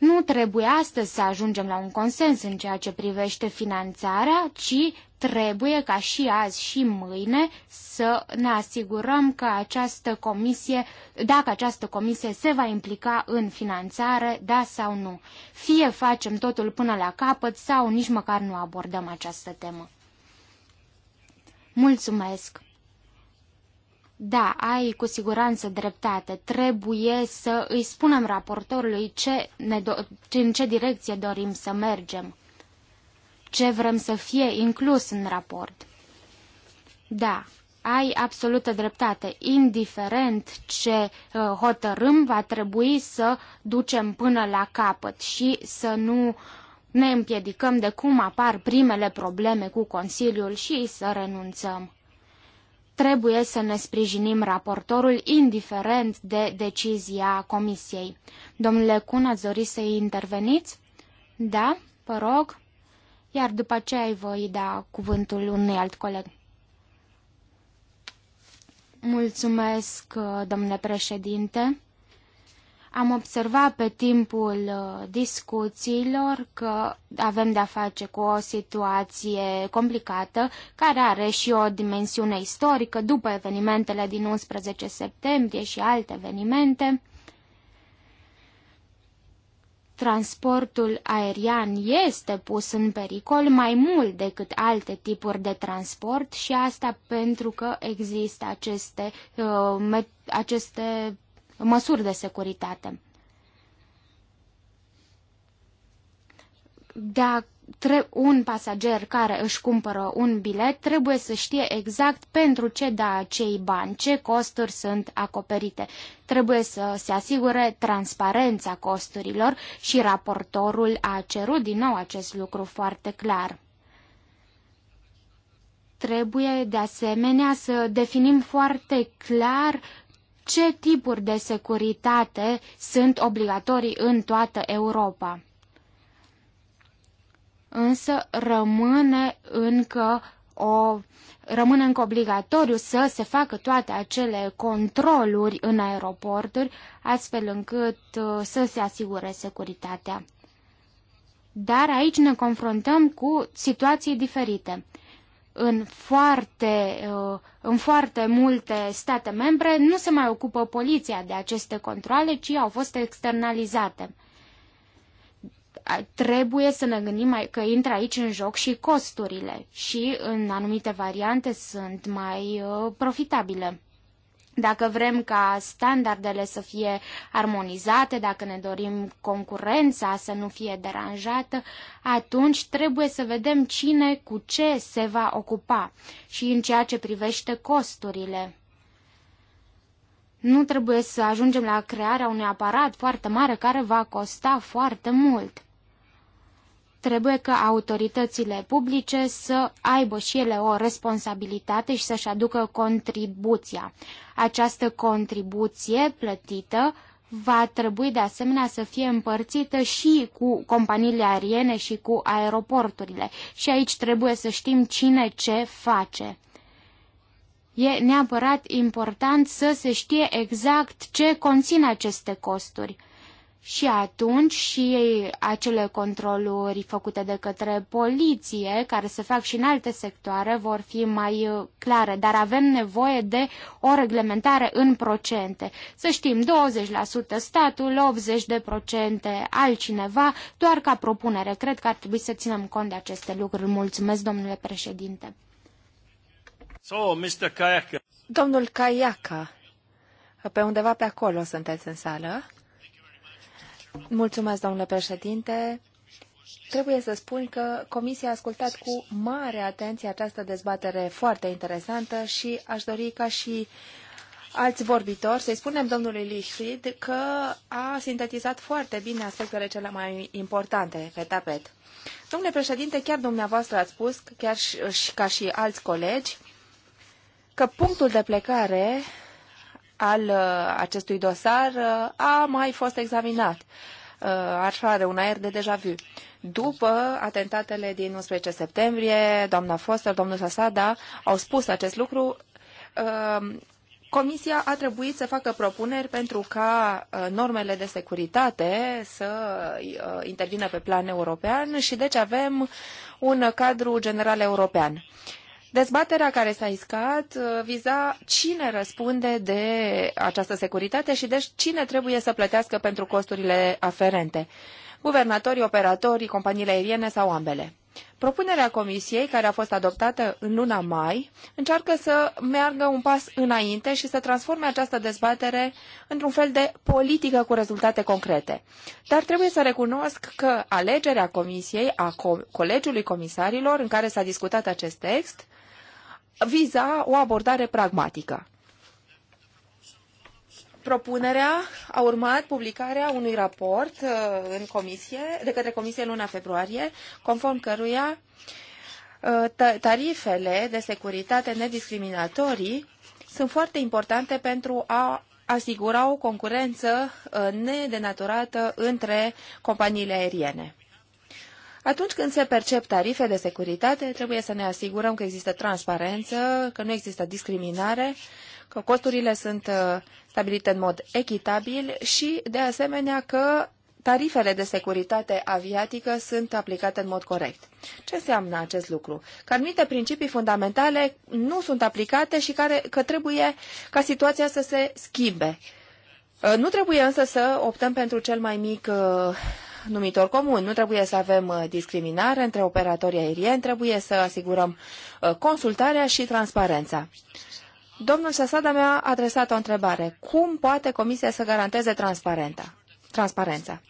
Nu trebuie astăzi să ajungem la un consens în ceea ce privește finanțarea, ci trebuie ca și azi și mâine să ne asigurăm că această comisie, dacă această comisie se va implica în finanțare, da sau nu. Fie facem totul până la capăt sau nici măcar nu abordăm această temă. Mulțumesc! Da, ai cu siguranță dreptate. Trebuie să îi spunem raportorului ce ne do- în ce direcție dorim să mergem, ce vrem să fie inclus în raport. Da, ai absolută dreptate. Indiferent ce uh, hotărâm, va trebui să ducem până la capăt și să nu ne împiedicăm de cum apar primele probleme cu Consiliul și să renunțăm. Trebuie să ne sprijinim raportorul indiferent de decizia comisiei. Domnule Cun, ați dori să interveniți? Da, vă rog. Iar după aceea îi voi da cuvântul unui alt coleg. Mulțumesc, domnule președinte. Am observat pe timpul uh, discuțiilor că avem de-a face cu o situație complicată, care are și o dimensiune istorică după evenimentele din 11 septembrie și alte evenimente. Transportul aerian este pus în pericol mai mult decât alte tipuri de transport și asta pentru că există aceste, uh, aceste măsuri de securitate. De a un pasager care își cumpără un bilet trebuie să știe exact pentru ce da acei bani, ce costuri sunt acoperite. Trebuie să se asigure transparența costurilor și raportorul a cerut din nou acest lucru foarte clar. Trebuie de asemenea să definim foarte clar ce tipuri de securitate sunt obligatorii în toată Europa. Însă rămâne încă o rămâne încă obligatoriu să se facă toate acele controluri în aeroporturi, astfel încât uh, să se asigure securitatea. Dar aici ne confruntăm cu situații diferite în foarte, uh, în foarte multe state membre nu se mai ocupă poliția de aceste controle, ci au fost externalizate. Trebuie să ne gândim că intră aici în joc și costurile și în anumite variante sunt mai uh, profitabile. Dacă vrem ca standardele să fie armonizate, dacă ne dorim concurența să nu fie deranjată, atunci trebuie să vedem cine cu ce se va ocupa și în ceea ce privește costurile. Nu trebuie să ajungem la crearea unui aparat foarte mare care va costa foarte mult. Trebuie ca autoritățile publice să aibă și ele o responsabilitate și să-și aducă contribuția. Această contribuție plătită va trebui de asemenea să fie împărțită și cu companiile aeriene și cu aeroporturile. Și aici trebuie să știm cine ce face. E neapărat important să se știe exact ce conțin aceste costuri și atunci și acele controluri făcute de către poliție, care se fac și în alte sectoare, vor fi mai uh, clare. Dar avem nevoie de o reglementare în procente. Să știm, 20% statul, 80% altcineva, doar ca propunere. Cred că ar trebui să ținem cont de aceste lucruri. Mulțumesc, domnule președinte. So, Mr. Kayaka. Domnul Kayaka, pe undeva pe acolo sunteți în sală. Mulțumesc, domnule președinte. Trebuie să spun că Comisia a ascultat cu mare atenție această dezbatere foarte interesantă și aș dori ca și alți vorbitori să-i spunem domnului Lichfried că a sintetizat foarte bine aspectele cele mai importante pe tapet. Domnule președinte, chiar dumneavoastră ați spus, chiar și, și ca și alți colegi, că punctul de plecare al uh, acestui dosar uh, a mai fost examinat. Uh, așa are un aer de deja vu. După atentatele din 11 septembrie, doamna Foster, domnul Sasada au spus acest lucru. Comisia a trebuit să facă propuneri pentru ca normele de securitate să intervină pe plan european și deci avem un cadru general european. Dezbaterea care s-a iscat uh, viza cine răspunde de această securitate și deci cine trebuie să plătească pentru costurile aferente. Guvernatorii, operatorii, companiile aeriene sau ambele. Propunerea Comisiei, care a fost adoptată în luna mai, încearcă să meargă un pas înainte și să transforme această dezbatere într-un fel de politică cu rezultate concrete. Dar trebuie să recunosc că alegerea Comisiei, a Colegiului Comisarilor, în care s-a discutat acest text, viza o abordare pragmatică. Propunerea a urmat publicarea unui raport uh, în comisie, de către comisie luna februarie, conform căruia uh, tarifele de securitate nediscriminatorii sunt foarte importante pentru a asigura o concurență uh, nedenaturată între companiile aeriene. Atunci când se percep tarife de securitate, trebuie să ne asigurăm că există transparență, că nu există discriminare, că costurile sunt uh, stabilite în mod echitabil și, de asemenea, că tarifele de securitate aviatică sunt aplicate în mod corect. Ce înseamnă acest lucru? Că anumite principii fundamentale nu sunt aplicate și care, că trebuie ca situația să se schimbe. Uh, nu trebuie însă să optăm pentru cel mai mic uh, numitor comun. Nu trebuie să avem uh, discriminare între operatorii aerieni, trebuie să asigurăm uh, consultarea și transparența. Domnul Sasada mi-a adresat o întrebare. Cum poate Comisia să garanteze transparența transparența?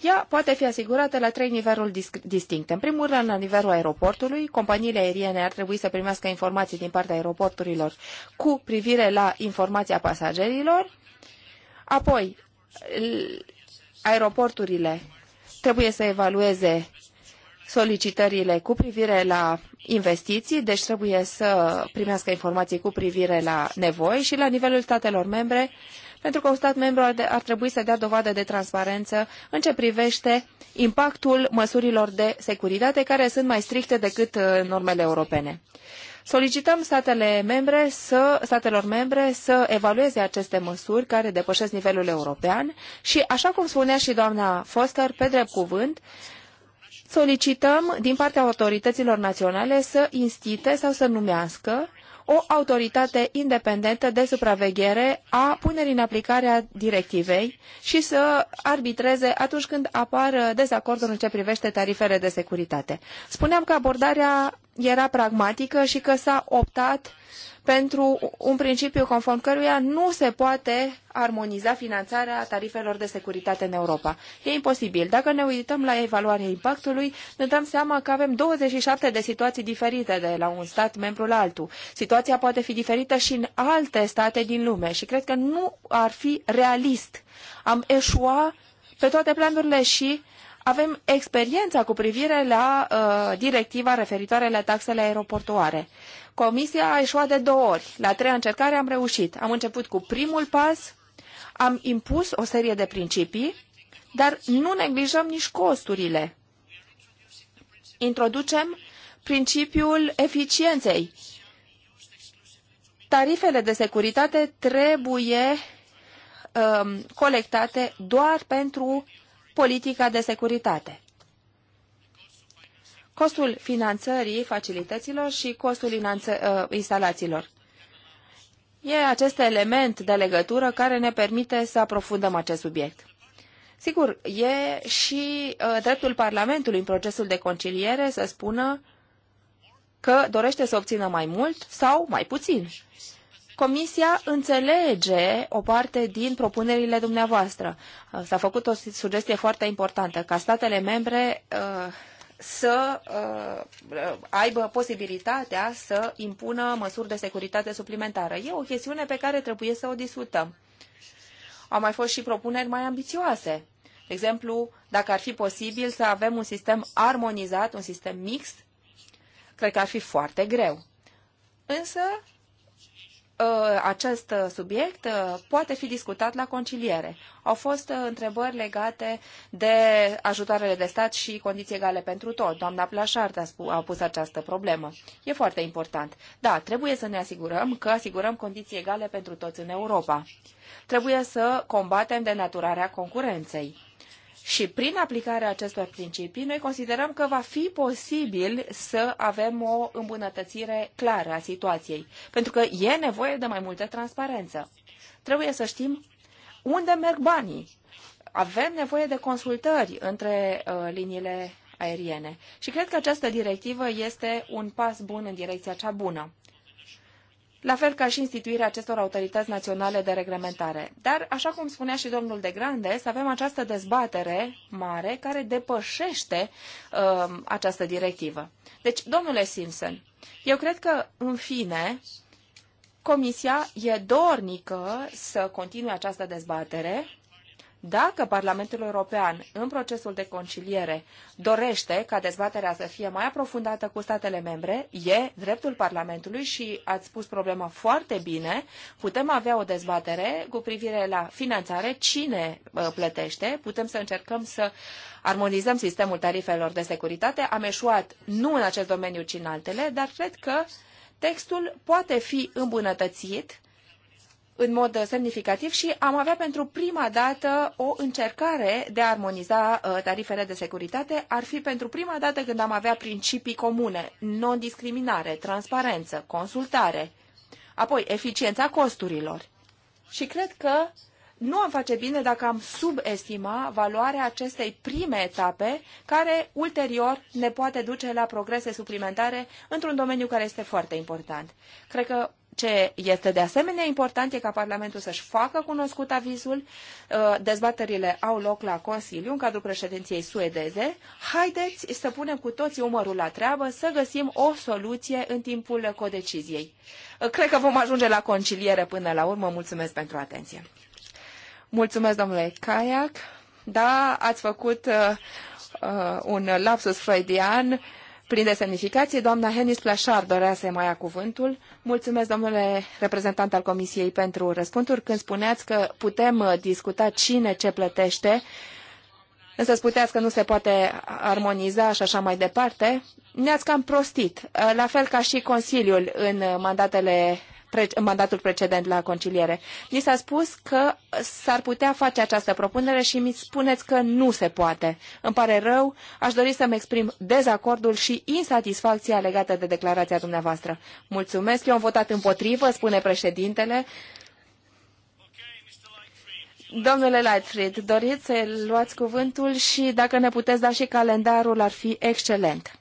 Ea poate fi asigurată la trei niveluri distincte. În primul rând, la nivelul aeroportului, companiile aeriene ar trebui să primească informații din partea aeroporturilor cu privire la informația pasagerilor. Apoi, aeroporturile trebuie să evalueze solicitările cu privire la investiții, deci trebuie să primească informații cu privire la nevoi și la nivelul statelor membre, pentru că un stat membru ar, de, ar trebui să dea dovadă de transparență în ce privește impactul măsurilor de securitate care sunt mai stricte decât uh, normele europene. Solicităm statele membre să, statelor membre să evalueze aceste măsuri care depășesc nivelul european și, așa cum spunea și doamna Foster, pe drept cuvânt, solicităm din partea autorităților naționale să instite sau să numească o autoritate independentă de supraveghere a punerii în aplicare a directivei și să arbitreze atunci când apar dezacorduri în ce privește tarifele de securitate. Spuneam că abordarea era pragmatică și că s-a optat pentru un principiu conform căruia nu se poate armoniza finanțarea tarifelor de securitate în Europa. E imposibil. Dacă ne uităm la evaluarea impactului, ne dăm seama că avem 27 de situații diferite de la un stat membru la altul. Situația poate fi diferită și în alte state din lume și cred că nu ar fi realist. Am eșua pe toate planurile și uh, avem experiența cu privire la uh, directiva referitoare la taxele aeroportuare. Comisia a eșuat de două ori. La trei încercare am reușit. Am început cu primul pas, am impus o serie de principii, dar nu neglijăm nici costurile. Introducem principiul eficienței. Tarifele de securitate trebuie um, colectate doar pentru uh, politica de securitate. Costul finanțării facilităților și costul uh, instalațiilor. E acest element de legătură care ne permite să aprofundăm acest subiect. Sigur, e și uh, dreptul Parlamentului în procesul de conciliere să spună că dorește să obțină mai mult sau mai puțin. Comisia înțelege o parte din propunerile dumneavoastră. Uh, s-a făcut o sugestie foarte importantă, ca statele membre uh, să uh, aibă posibilitatea să impună măsuri de securitate suplimentară. E o chestiune pe care trebuie să o discutăm. Au mai fost și propuneri mai ambițioase. De exemplu, dacă ar fi posibil să avem un sistem armonizat, un sistem mixt, cred că ar fi foarte greu. Însă, Uh, acest subiect uh, poate fi discutat la conciliere. Au fost uh, întrebări legate de ajutoarele de stat și condiții egale pentru tot. Doamna Plașart a, a pus această problemă. E foarte important. Da, trebuie să ne asigurăm că asigurăm condiții egale pentru toți în Europa. Trebuie să combatem denaturarea concurenței și prin aplicarea acestor principii, noi considerăm că va fi posibil să avem o îmbunătățire clară a situației, pentru că e nevoie de mai multă transparență. Trebuie să știm unde merg banii. Avem nevoie de consultări între uh, liniile aeriene. Și cred că această directivă este un pas bun în direcția cea bună la fel ca și instituirea acestor autorități naționale de reglementare. Dar, așa cum spunea și domnul de Grande, să avem această dezbatere mare care depășește uh, această directivă. Deci, domnule Simpson, eu cred că, în fine, Comisia e dornică să continue această dezbatere dacă Parlamentul European, în procesul de conciliere, dorește ca dezbaterea să fie mai aprofundată cu statele membre, e dreptul Parlamentului și ați spus problema foarte bine. Putem avea o dezbatere cu privire la finanțare, cine uh, plătește, putem să încercăm să armonizăm sistemul tarifelor de securitate. Am eșuat nu în acest domeniu, ci în altele, dar cred că textul poate fi îmbunătățit în mod semnificativ și am avea pentru prima dată o încercare de a armoniza uh, tarifele de securitate. Ar fi pentru prima dată când am avea principii comune, non-discriminare, transparență, consultare, apoi eficiența costurilor. Și cred că nu am face bine dacă am subestima valoarea acestei prime etape, care ulterior ne poate duce la progrese suplimentare într-un domeniu care este foarte important. Cred că ce este de asemenea important e ca Parlamentul să-și facă cunoscut avizul. Uh, dezbaterile au loc la Consiliu în cadrul președinției suedeze. Haideți să punem cu toții umărul la treabă să găsim o soluție în timpul codeciziei. Uh, cred că vom ajunge la conciliere până la urmă. Mulțumesc pentru atenție. Mulțumesc, domnule Kayak. Da, ați făcut uh, uh un lapsus freudian. Prin desemnificație, semnificație. Doamna Henis Plașar dorea să mai ia cuvântul. Mulțumesc, domnule reprezentant al Comisiei, pentru răspunsuri. Când spuneați că putem uh, discuta cine ce plătește, însă spuneați că nu se poate armoniza și așa mai departe, ne-ați cam prostit. Uh, la fel ca și Consiliul în uh, mandatele în mandatul precedent la conciliere. Mi s-a spus că s-ar putea face această propunere și mi spuneți că nu se poate. Îmi pare rău, aș dori să-mi exprim dezacordul și insatisfacția legată de declarația dumneavoastră. Mulțumesc, eu am votat împotrivă, spune președintele. Domnule Lightfried, doriți să luați cuvântul și dacă ne puteți da și calendarul, ar fi excelent.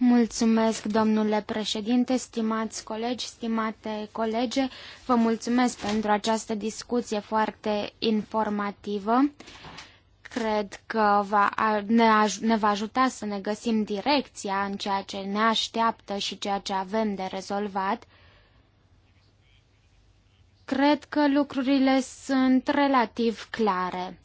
Mulțumesc, domnule președinte, stimați colegi, stimate colege. Vă mulțumesc pentru această discuție foarte informativă. Cred că va, ne, aj- ne va ajuta să ne găsim direcția în ceea ce ne așteaptă și ceea ce avem de rezolvat. Cred că lucrurile sunt relativ clare.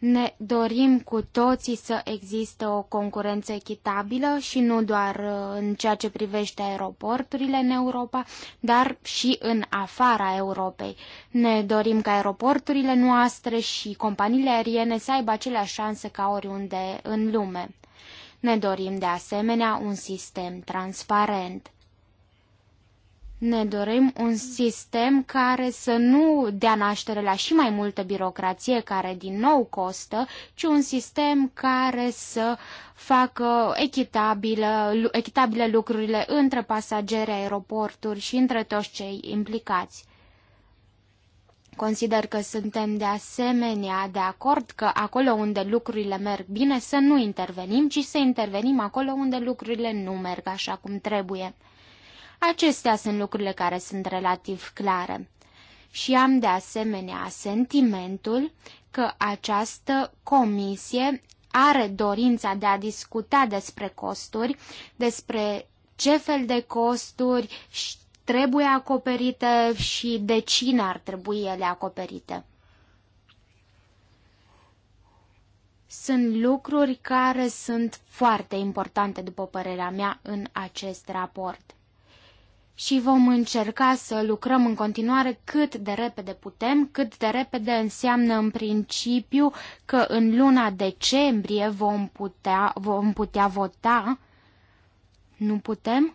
Ne dorim cu toții să există o concurență echitabilă și nu doar uh, în ceea ce privește aeroporturile în Europa, dar și în afara Europei. Ne dorim ca aeroporturile noastre și companiile aeriene să aibă aceleași șanse ca oriunde în lume. Ne dorim de asemenea un sistem transparent. Ne dorim un sistem care să nu dea naștere la și mai multă birocrație care din nou costă, ci un sistem care să facă echitabilă, echitabile lucrurile între pasageri, aeroporturi și între toți cei implicați. Consider că suntem de asemenea de acord că acolo unde lucrurile merg bine să nu intervenim, ci să intervenim acolo unde lucrurile nu merg așa cum trebuie. Acestea sunt lucrurile care sunt relativ clare. Și am de asemenea sentimentul că această comisie are dorința de a discuta despre costuri, despre ce fel de costuri trebuie acoperite și de cine ar trebui ele acoperite. Sunt lucruri care sunt foarte importante, după părerea mea, în acest raport și vom încerca să lucrăm în continuare cât de repede putem, cât de repede înseamnă în principiu că în luna decembrie vom putea, vom putea vota. Nu putem?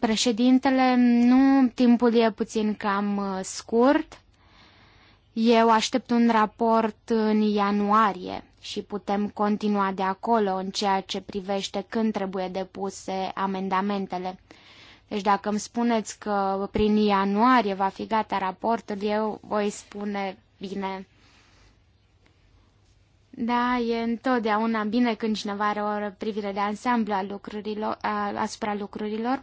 Președintele, nu, timpul e puțin cam uh, scurt. Eu aștept un raport în ianuarie și putem continua de acolo în ceea ce privește când trebuie depuse amendamentele. Deci dacă îmi spuneți că prin ianuarie va fi gata raportul, eu voi spune bine. Da, e întotdeauna bine când cineva are o privire de ansamblu a lucrurilor, a, asupra lucrurilor.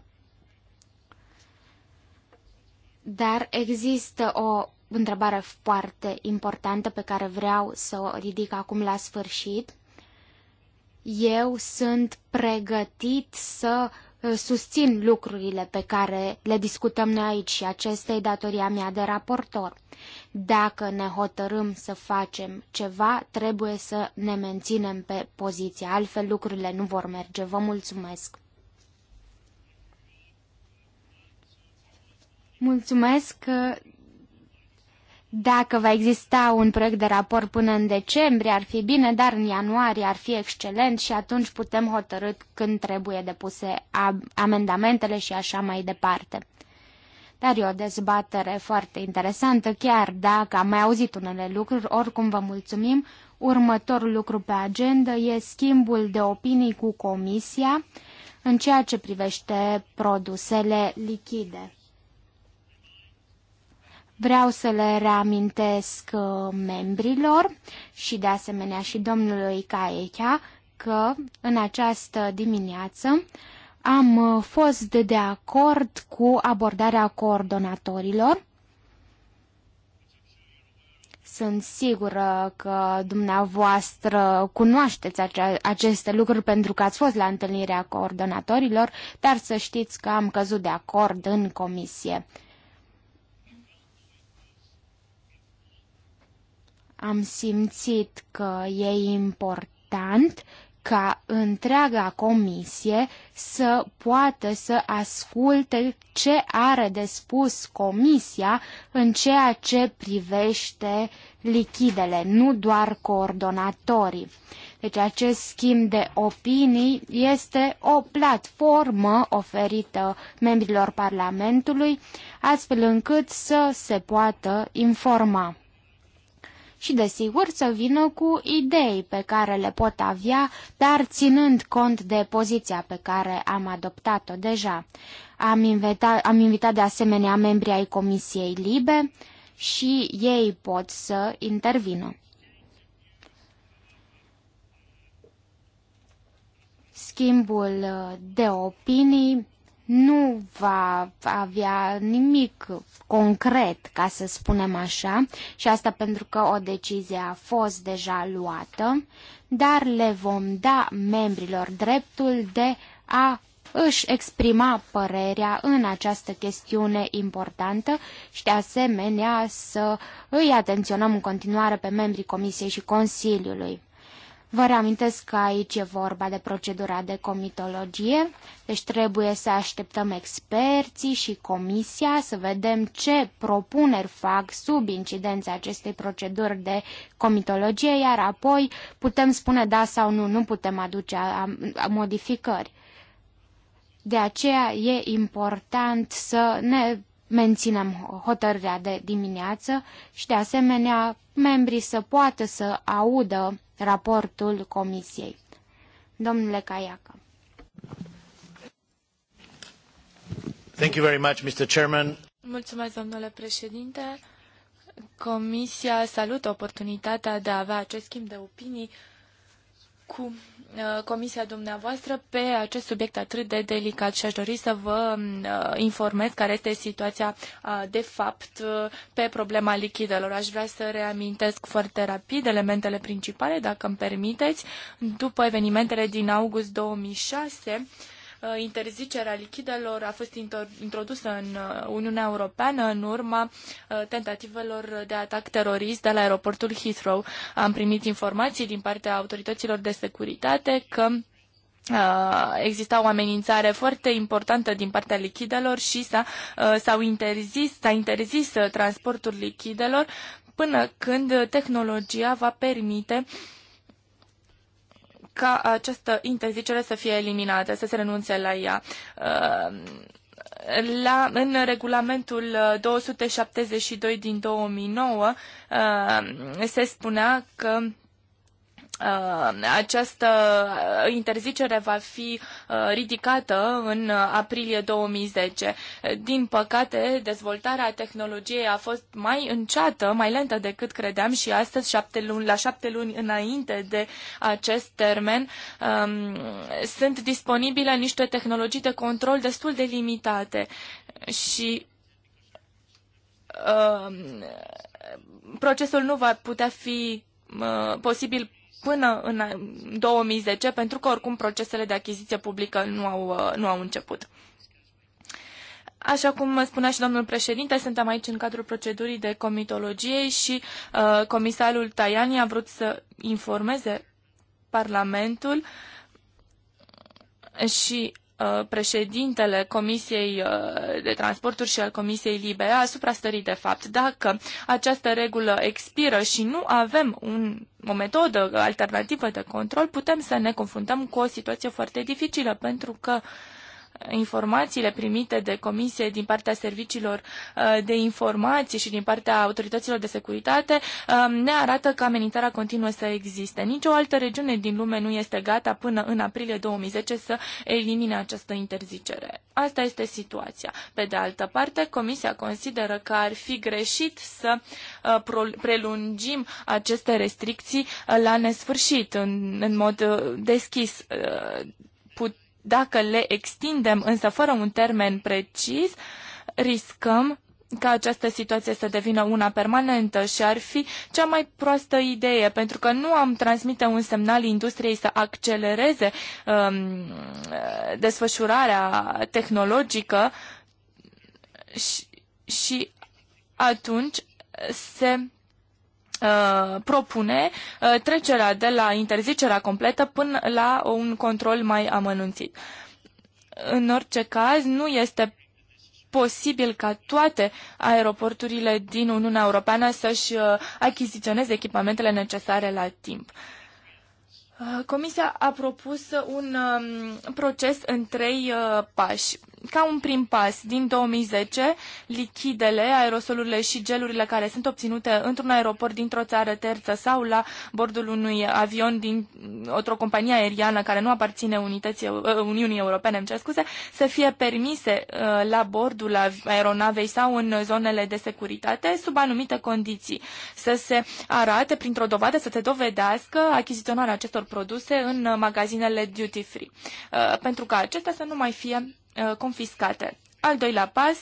Dar există o întrebare foarte importantă pe care vreau să o ridic acum la sfârșit. Eu sunt pregătit să uh, susțin lucrurile pe care le discutăm noi aici și acesta e datoria mea de raportor. Dacă ne hotărâm să facem ceva, trebuie să ne menținem pe poziție, altfel lucrurile nu vor merge. Vă mulțumesc! Mulțumesc! Uh, dacă va exista un proiect de raport până în decembrie, ar fi bine, dar în ianuarie ar fi excelent și atunci putem hotărâ când trebuie depuse amendamentele și așa mai departe. Dar e o dezbatere foarte interesantă, chiar dacă am mai auzit unele lucruri, oricum vă mulțumim. Următorul lucru pe agenda e schimbul de opinii cu Comisia în ceea ce privește produsele lichide. Vreau să le reamintesc uh, membrilor și de asemenea și domnului Caechea că în această dimineață am uh, fost de acord cu abordarea coordonatorilor. Sunt sigură că dumneavoastră cunoașteți aceste lucruri pentru că ați fost la întâlnirea coordonatorilor, dar să știți că am căzut de acord în comisie. Am simțit că e important ca întreaga comisie să poată să asculte ce are de spus comisia în ceea ce privește lichidele, nu doar coordonatorii. Deci acest schimb de opinii este o platformă oferită membrilor Parlamentului, astfel încât să se poată informa și, desigur, să vină cu idei pe care le pot avea, dar ținând cont de poziția pe care am adoptat-o deja. Am invitat, am invitat de asemenea membrii ai Comisiei Libe și ei pot să intervină. Schimbul de opinii nu va avea nimic concret, ca să spunem așa, și asta pentru că o decizie a fost deja luată, dar le vom da membrilor dreptul de a își exprima părerea în această chestiune importantă și de asemenea să îi atenționăm în continuare pe membrii Comisiei și Consiliului. Vă reamintesc că aici e vorba de procedura de comitologie, deci trebuie să așteptăm experții și comisia să vedem ce propuneri fac sub incidența acestei proceduri de comitologie, iar apoi putem spune da sau nu, nu putem aduce modificări. De aceea e important să ne menținem hotărârea de dimineață și, de asemenea, membrii să poată să audă raportul comisiei. Domnule Caiacă. Thank you very much, Mr. Chairman. Mulțumesc, domnule președinte. Comisia salută oportunitatea de a avea acest schimb de opinii cu Uh, comisia dumneavoastră pe acest subiect atât de delicat și aș dori să vă uh, informez care este situația uh, de fapt pe problema lichidelor. Aș vrea să reamintesc foarte rapid elementele principale, dacă îmi permiteți. După evenimentele din august 2006, Uh, interzicerea lichidelor a fost introdusă în uh, Uniunea Europeană în urma uh, tentativelor de atac terorist de la aeroportul Heathrow. Am primit informații din partea autorităților de securitate că exista o amenințare foarte importantă din partea lichidelor și s-a, s-au interzis, s-a interzis transportul lichidelor până când tehnologia va permite uh, ca această interzicere să fie eliminată, să se renunțe la ea. Uh, la, în regulamentul 272 din 2009 uh, se spunea că Uh, această uh, interzicere va fi uh, ridicată în aprilie 2010. Din păcate, dezvoltarea tehnologiei a fost mai înceată, mai lentă decât credeam și astăzi, șapte luni, la șapte luni înainte de acest termen, um, sunt disponibile niște tehnologii de control destul de limitate și um, procesul nu va putea fi uh, posibil până în 2010, pentru că oricum procesele de achiziție publică nu au, uh, nu au început. Așa cum spunea și domnul președinte, suntem aici în cadrul procedurii de comitologie și uh, comisarul Tajani a vrut să informeze Parlamentul și Uh, președintele Comisiei uh, de Transporturi și al Comisiei Libe asupra stării de fapt. Dacă această regulă expiră și nu avem un, o metodă alternativă de control, putem să ne confruntăm cu o situație foarte dificilă, pentru că uh, informațiile primite de comisie din partea serviciilor uh, de informații și din partea autorităților de securitate um, ne arată că amenințarea continuă să existe. Nici o altă regiune din lume nu este gata până în aprilie 2010 să elimine această interzicere. Asta este situația. Pe de altă parte, Comisia consideră că ar fi greșit să uh, prelungim aceste restricții uh, la nesfârșit, în, în mod deschis dacă le extindem însă fără un termen precis, riscăm ca această situație să devină una permanentă și ar fi cea mai proastă idee, pentru că nu am transmite un semnal industriei să accelereze um, desfășurarea tehnologică și, și atunci se Uh, propune uh, trecerea de la interzicerea completă până la un control mai amănunțit. În orice caz, nu este posibil ca toate aeroporturile din Uniunea Europeană să-și uh, achiziționeze echipamentele necesare la timp. Uh, Uh, comisia a propus un um, proces în trei uh, pași. Ca un prim pas, din 2010, lichidele, aerosolurile și gelurile care sunt obținute într-un aeroport dintr-o țară terță sau la bordul unui avion din o companie aeriană care nu aparține unității, uh, Uniunii Europene, îmi cer scuze, să fie permise la bordul aeronavei sau în zonele de securitate sub anumite condiții. Să se arate printr-o dovadă, să se dovedească achiziționarea acestor produse în magazinele duty free, uh, pentru ca acestea să nu mai fie uh, confiscate. Al doilea pas,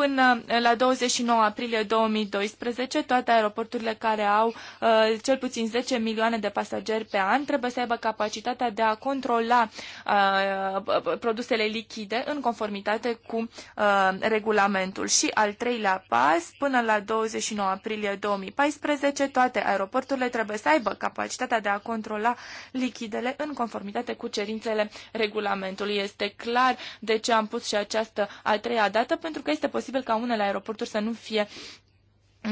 Până eh, la 29 aprilie 2012, toate aeroporturile care au uh, cel puțin 10 milioane de pasageri pe an trebuie să aibă capacitatea de a controla uh, produsele lichide în conformitate cu uh, regulamentul. Și al treilea pas, până la 29 aprilie 2014, toate aeroporturile trebuie să aibă capacitatea de a controla lichidele în conformitate cu cerințele regulamentului. Este clar de ce am pus și această a treia dată, pentru că este posibil posibil ca unele aeroporturi să nu fie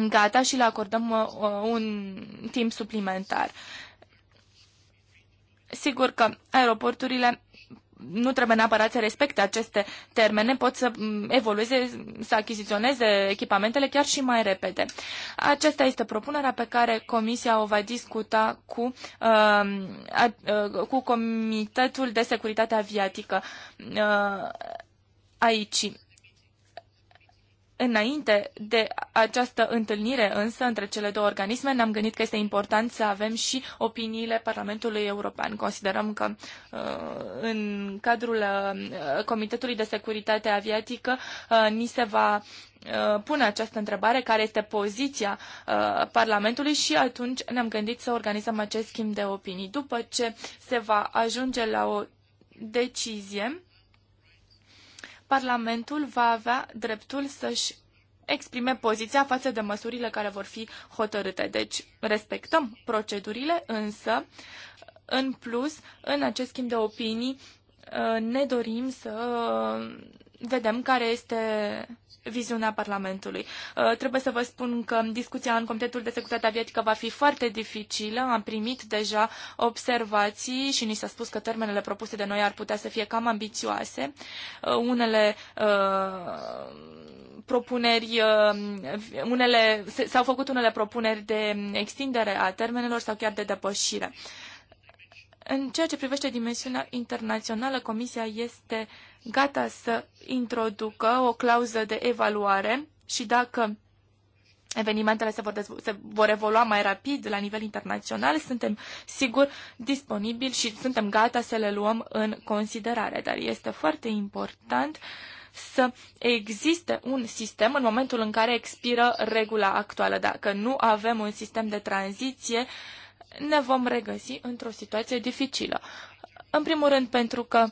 gata și le acordăm uh, un timp suplimentar. Sigur că aeroporturile nu trebuie neapărat să respecte aceste termene, pot să mm, evolueze, să achiziționeze echipamentele chiar și mai repede. Aceasta este propunerea pe care Comisia o va discuta cu, uh, uh, cu Comitetul de Securitate Aviatică uh, aici. Înainte de această întâlnire însă între cele două organisme ne-am gândit că este important să avem și opiniile Parlamentului European. Considerăm că uh, în cadrul uh, Comitetului de Securitate Aviatică uh, ni se va pune această întrebare, care este poziția Parlamentului și atunci ne-am gândit să organizăm acest schimb de opinii. După ce se va ajunge la o decizie, Parlamentul va avea dreptul să-și exprime poziția față de măsurile care vor fi hotărâte. Deci respectăm procedurile, însă, în plus, în acest schimb de opinii, ne dorim să vedem care este viziunea Parlamentului. Uh, trebuie să vă spun că discuția în Comitetul de Securitate Aviatică va fi foarte dificilă. Am primit deja observații și ni s-a spus că termenele propuse de noi ar putea să fie cam ambițioase. Uh, unele uh, propuneri, uh, unele, s-au făcut unele propuneri de extindere a termenelor sau chiar de depășire. Uh, în ceea ce privește dimensiunea internațională, Comisia este gata să introducă o clauză de evaluare și dacă evenimentele se vor, se vor evolua mai rapid la nivel internațional, suntem sigur disponibili și suntem gata să le luăm în considerare. Dar este foarte important să existe un sistem în momentul în care expiră regula actuală. Dacă nu avem un sistem de tranziție, uh, ne vom regăsi într-o situație dificilă. În primul rând pentru că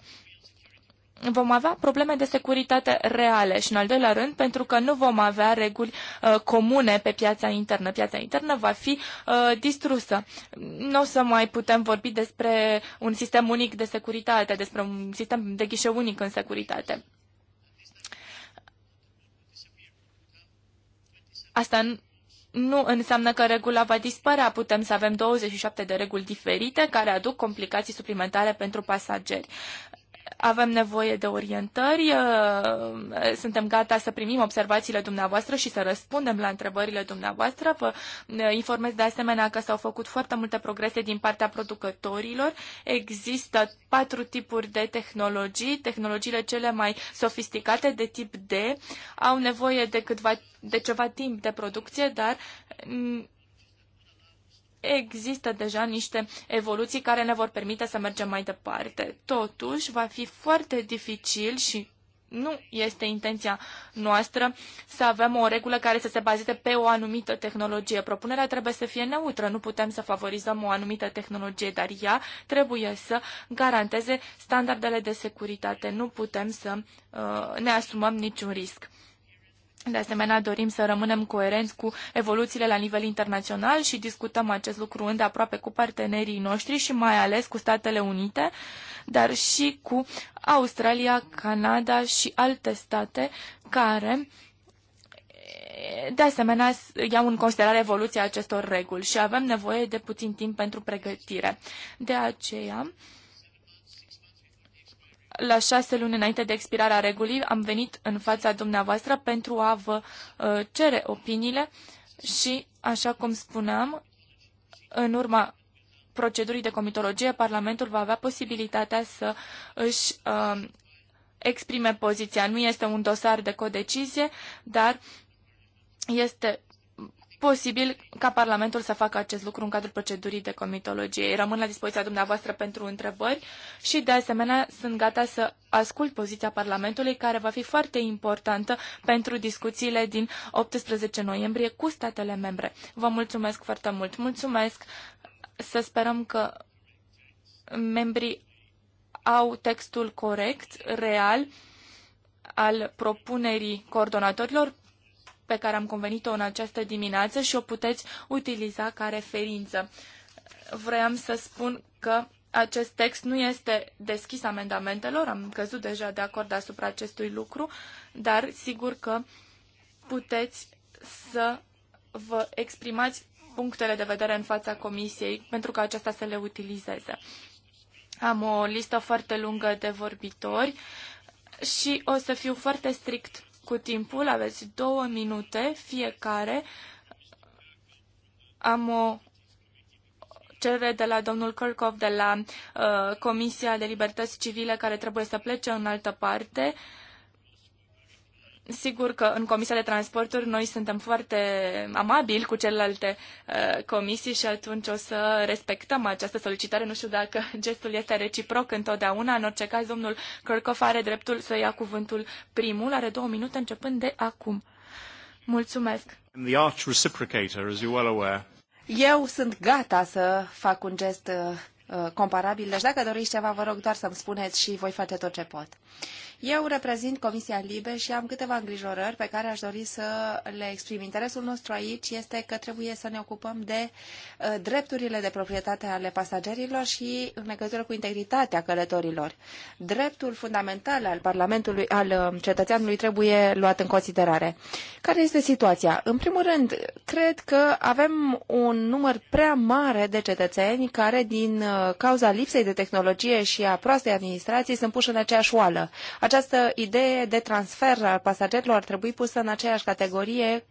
vom avea probleme de securitate reale și, în al doilea rând, pentru că nu vom avea reguli uh, comune pe piața internă. Piața internă va fi uh, distrusă. Nu o să mai putem vorbi despre un sistem unic de securitate, despre un sistem de ghișe unic în securitate. Asta nu înseamnă că regula va dispărea. Putem să avem 27 de reguli diferite care aduc complicații suplimentare pentru pasageri avem nevoie de orientări, uh, suntem gata să primim observațiile dumneavoastră și să răspundem la întrebările dumneavoastră. Vă informez de asemenea că s-au făcut foarte multe progrese din partea producătorilor. Există patru tipuri de tehnologii. Tehnologiile cele mai sofisticate de tip D au nevoie de, câtva, de ceva timp de producție, dar mm, există deja niște evoluții care ne vor permite să mergem mai departe. Totuși, va fi foarte dificil și nu este intenția noastră să avem o regulă care să se bazeze pe o anumită tehnologie. Propunerea trebuie să fie neutră, nu putem să favorizăm o anumită tehnologie, dar ea trebuie să garanteze standardele de securitate. Nu putem să uh, ne asumăm niciun risc. De asemenea, dorim să rămânem coerenți cu evoluțiile la nivel internațional și discutăm acest lucru îndeaproape cu partenerii noștri și mai ales cu Statele Unite, dar și cu Australia, Canada și alte state care de asemenea, iau în considerare evoluția acestor reguli și avem nevoie de puțin timp pentru pregătire. De aceea, la șase luni înainte de expirarea regulii, am venit în fața dumneavoastră pentru a vă uh, cere opiniile și, așa cum spuneam, în urma procedurii de comitologie, Parlamentul va avea posibilitatea să își uh, exprime poziția. Nu este un dosar de codecizie, dar este posibil ca Parlamentul să facă acest lucru în cadrul procedurii de comitologie. Rămân la dispoziția dumneavoastră pentru întrebări și, de asemenea, sunt gata să ascult poziția Parlamentului, care va fi foarte importantă pentru discuțiile din 18 noiembrie cu statele membre. Vă mulțumesc foarte mult! Mulțumesc! Să sperăm că membrii au textul corect, real, al propunerii coordonatorilor pe care am convenit-o în această dimineață și o puteți utiliza ca referință. Vreau să spun că acest text nu este deschis amendamentelor, am căzut deja de acord asupra acestui lucru, dar sigur că puteți să vă exprimați punctele de vedere în fața comisiei pentru ca aceasta să le utilizeze. Am o listă foarte lungă de vorbitori și o să fiu foarte strict cu timpul, aveți două minute fiecare. Am o cerere de la domnul Kirchhoff de la uh, Comisia de Libertăți Civile care trebuie să plece în altă parte. Uh, Sigur că în Comisia de Transporturi noi suntem foarte amabili cu celelalte uh, comisii și atunci o să respectăm această solicitare. Nu știu dacă gestul este reciproc întotdeauna. În orice caz, domnul Kirchhoff are dreptul să ia cuvântul primul. Are două minute începând de acum. Mulțumesc. The arch reciprocator, as well aware. Eu sunt gata să fac un gest uh, comparabil, deci dacă doriți ceva, vă rog doar să-mi spuneți și voi face tot ce pot. Eu reprezint Comisia Libe și am câteva îngrijorări pe care aș dori să le exprim. Interesul nostru aici este că trebuie să ne ocupăm de uh, drepturile de proprietate ale pasagerilor și în legătură cu integritatea călătorilor. Dreptul fundamental al Parlamentului, al um, cetățeanului trebuie luat în considerare. Care este situația? În primul rând, cred că avem un număr prea mare de cetățeni care, din uh, cauza lipsei de tehnologie și a proastei administrații, sunt puși în aceeași oală. Această idee de transfer al pasagerilor ar trebui pusă în aceeași categorie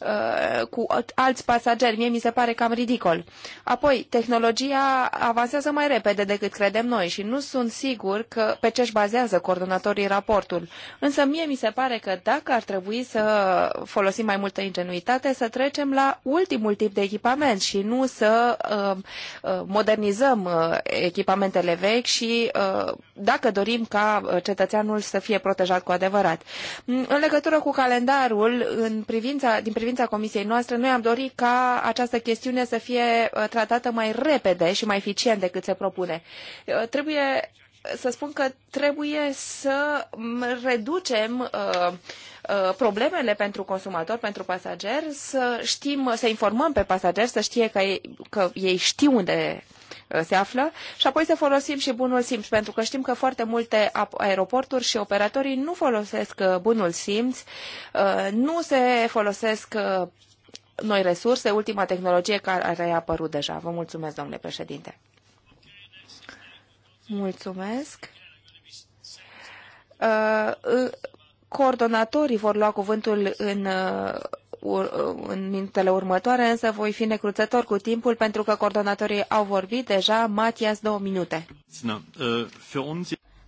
uh, cu alți pasageri. Mie mi se pare cam ridicol. Apoi, tehnologia avansează mai repede decât credem noi și nu sunt sigur că pe ce își bazează coordonatorii raportul. Însă mie mi se pare că dacă ar trebui să folosim mai multă ingenuitate, să trecem la ultimul tip de echipament și nu să uh, uh modernizăm uh, echipamentele vechi și uh, dacă dorim ca uh, cetățeanul să fie protejat cu adevărat. Mm, în legătură cu calendarul, în privința, din privința comisiei noastre, noi am dorit ca această chestiune să fie uh, tratată mai repede și mai eficient decât se propune. Uh, trebuie să spun că trebuie să mm, reducem problemele pentru consumator, pentru pasager, să știm, să informăm pe pasager, să știe că ei, că ei știu unde Uh, se află și apoi să folosim și bunul simț, pentru că știm că foarte multe aeroporturi și operatorii nu folosesc uh, bunul simț, uh, nu se folosesc noi resurse, ultima tehnologie care a apărut deja. Vă mulțumesc, domnule președinte. Mulțumesc. Coordonatorii vor lua cuvântul în în minutele următoare, însă voi fi necruțător cu timpul pentru că coordonatorii au vorbit deja. Matias, două minute.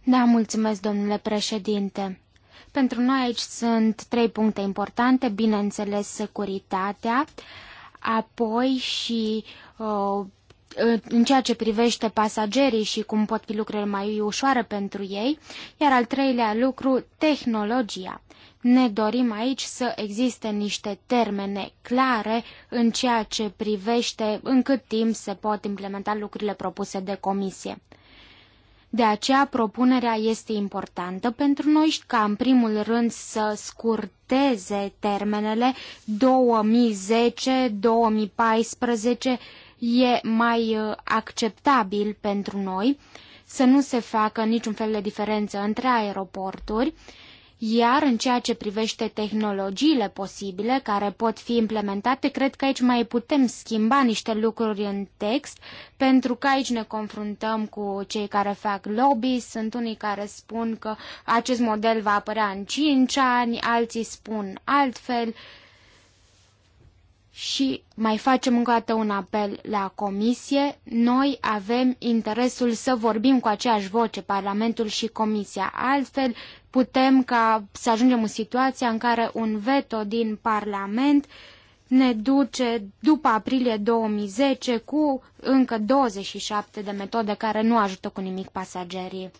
Da, mulțumesc, domnule președinte. Pentru noi aici sunt trei puncte importante, bineînțeles securitatea, apoi și uh, în ceea ce privește pasagerii și cum pot fi lucrurile mai ușoare pentru ei, iar al treilea lucru, tehnologia. Ne dorim aici să existe niște termene clare în ceea ce privește în cât timp se pot implementa lucrurile propuse de comisie. De aceea, propunerea este importantă pentru noi ca, în primul rând, să scurteze termenele 2010, 2014, e mai uh, acceptabil pentru noi, să nu se facă niciun fel de diferență între aeroporturi, iar în ceea ce privește tehnologiile posibile care pot fi implementate, cred că aici mai putem schimba niște lucruri în text, pentru că aici ne confruntăm cu cei care fac lobby, sunt unii care spun că acest model va apărea în 5 ani, alții spun altfel. Uh, și mai facem încă o dată un apel la Comisie. Noi avem interesul să vorbim cu aceeași voce, Parlamentul și Comisia. Altfel, putem ca să ajungem în situația în care un veto din Parlament ne duce după aprilie 2010 cu încă 27 de metode care nu ajută cu nimic pasagerii.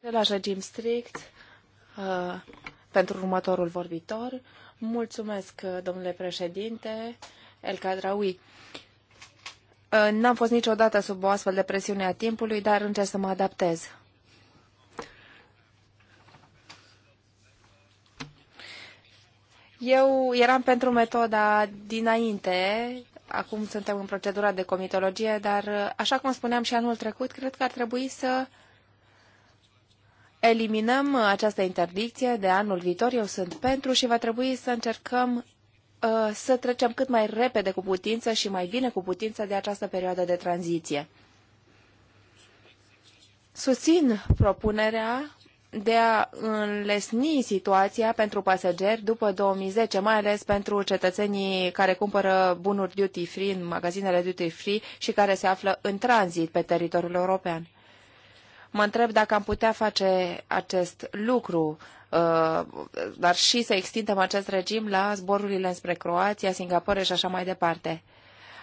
De la regim strict, uh, pentru următorul vorbitor, Mulțumesc, domnule președinte, El Cadraui. N-am fost niciodată sub o astfel de presiune a timpului, dar încerc să mă adaptez. Eu eram pentru metoda dinainte, acum suntem în procedura de comitologie, dar așa cum spuneam și anul trecut, cred că ar trebui să eliminăm această interdicție de anul viitor, eu sunt pentru și va trebui să încercăm uh, să trecem cât mai repede cu putință și mai bine cu putință de această perioadă de tranziție. Susțin propunerea de a înlesni situația pentru pasageri după 2010, mai ales pentru cetățenii care cumpără bunuri duty-free în magazinele duty-free și care se află în tranzit pe teritoriul european. Mă întreb dacă am putea face acest lucru, uh, dar și să extindem acest regim la zborurile înspre Croația, Singapore și așa mai departe.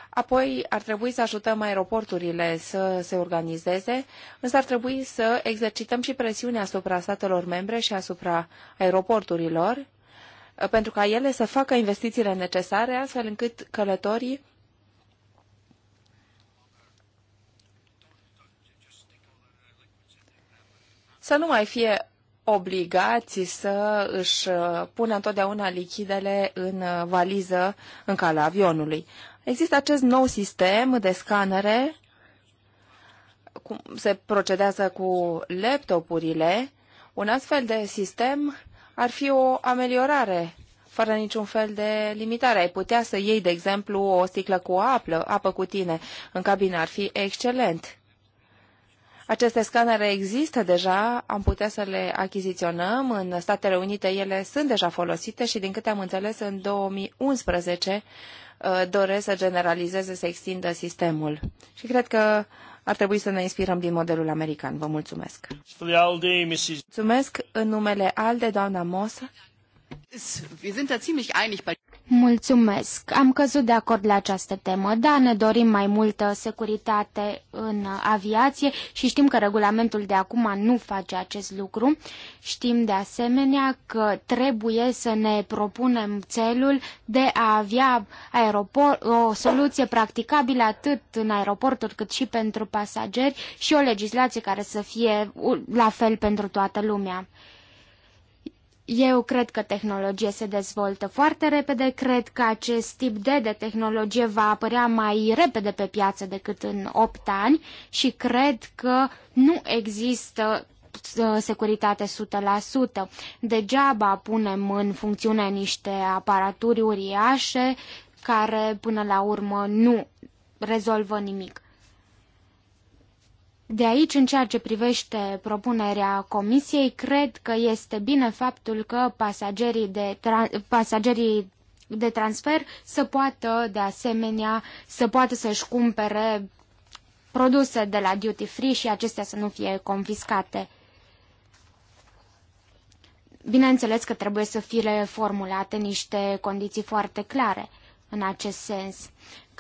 Apoi ar trebui să ajutăm aeroporturile să se organizeze, însă ar trebui să exercităm și presiunea asupra statelor membre și asupra aeroporturilor, uh, pentru ca ele să facă investițiile necesare, astfel încât călătorii să nu mai fie obligați să își uh, pună întotdeauna lichidele în uh, valiză în calea avionului. Există acest nou sistem de scanere, se procedează cu laptopurile. Un astfel de sistem ar fi o ameliorare fără niciun fel de limitare. Ai putea să iei, de exemplu, o sticlă cu apă, apă cu tine în cabină, ar fi excelent. Aceste scanere există deja, am putea să le achiziționăm. În Statele Unite ele sunt deja folosite și, din câte am înțeles, în 2011 uh, doresc să generalizeze, să extindă sistemul. Și cred că ar trebui să ne inspirăm din modelul american. Vă mulțumesc. Mulțumesc în numele ALDE, doamna Mosa. Da Mulțumesc. Am căzut de acord la această temă. Da, ne dorim mai multă securitate în aviație și știm că regulamentul de acum nu face acest lucru. Știm de asemenea că trebuie să ne propunem țelul de a avea aeroport, o soluție practicabilă atât în aeroporturi cât și pentru pasageri și o legislație care să fie la fel pentru toată lumea. Eu cred că tehnologie se dezvoltă foarte repede, cred că acest tip de, de tehnologie va apărea mai repede pe piață decât în 8 ani și cred că nu există uh, securitate 100%. Degeaba punem în funcțiune niște aparaturi uriașe care până la urmă nu rezolvă nimic. De aici, în ceea ce privește propunerea Comisiei, cred că este bine faptul că pasagerii de, pasagerii de transfer să poată, de asemenea, să poată să-și cumpere produse de la duty free și acestea să nu fie confiscate. Bineînțeles că trebuie să fie formulate niște condiții foarte clare în acest sens.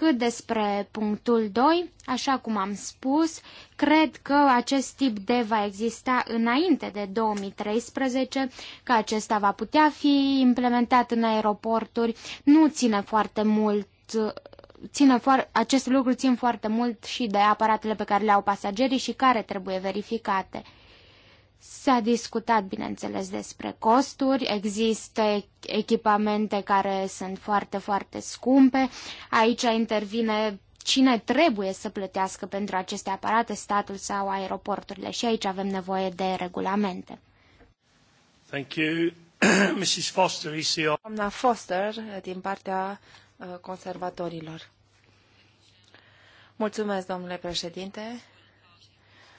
Cât despre punctul 2, așa cum am spus, cred că acest tip de va exista înainte de 2013, că acesta va putea fi implementat în aeroporturi, nu ține foarte mult ține foar, acest lucru țin foarte mult și de aparatele pe care le au pasagerii și care trebuie verificate. S-a discutat, bineînțeles, despre costuri, există echipamente care sunt foarte, foarte scumpe. Aici intervine cine trebuie să plătească pentru aceste aparate, statul sau aeroporturile și aici avem nevoie de regulamente. Thank you. Mrs. Foster, ECR. Doamna Foster, din partea uh, conservatorilor. Mulțumesc, domnule președinte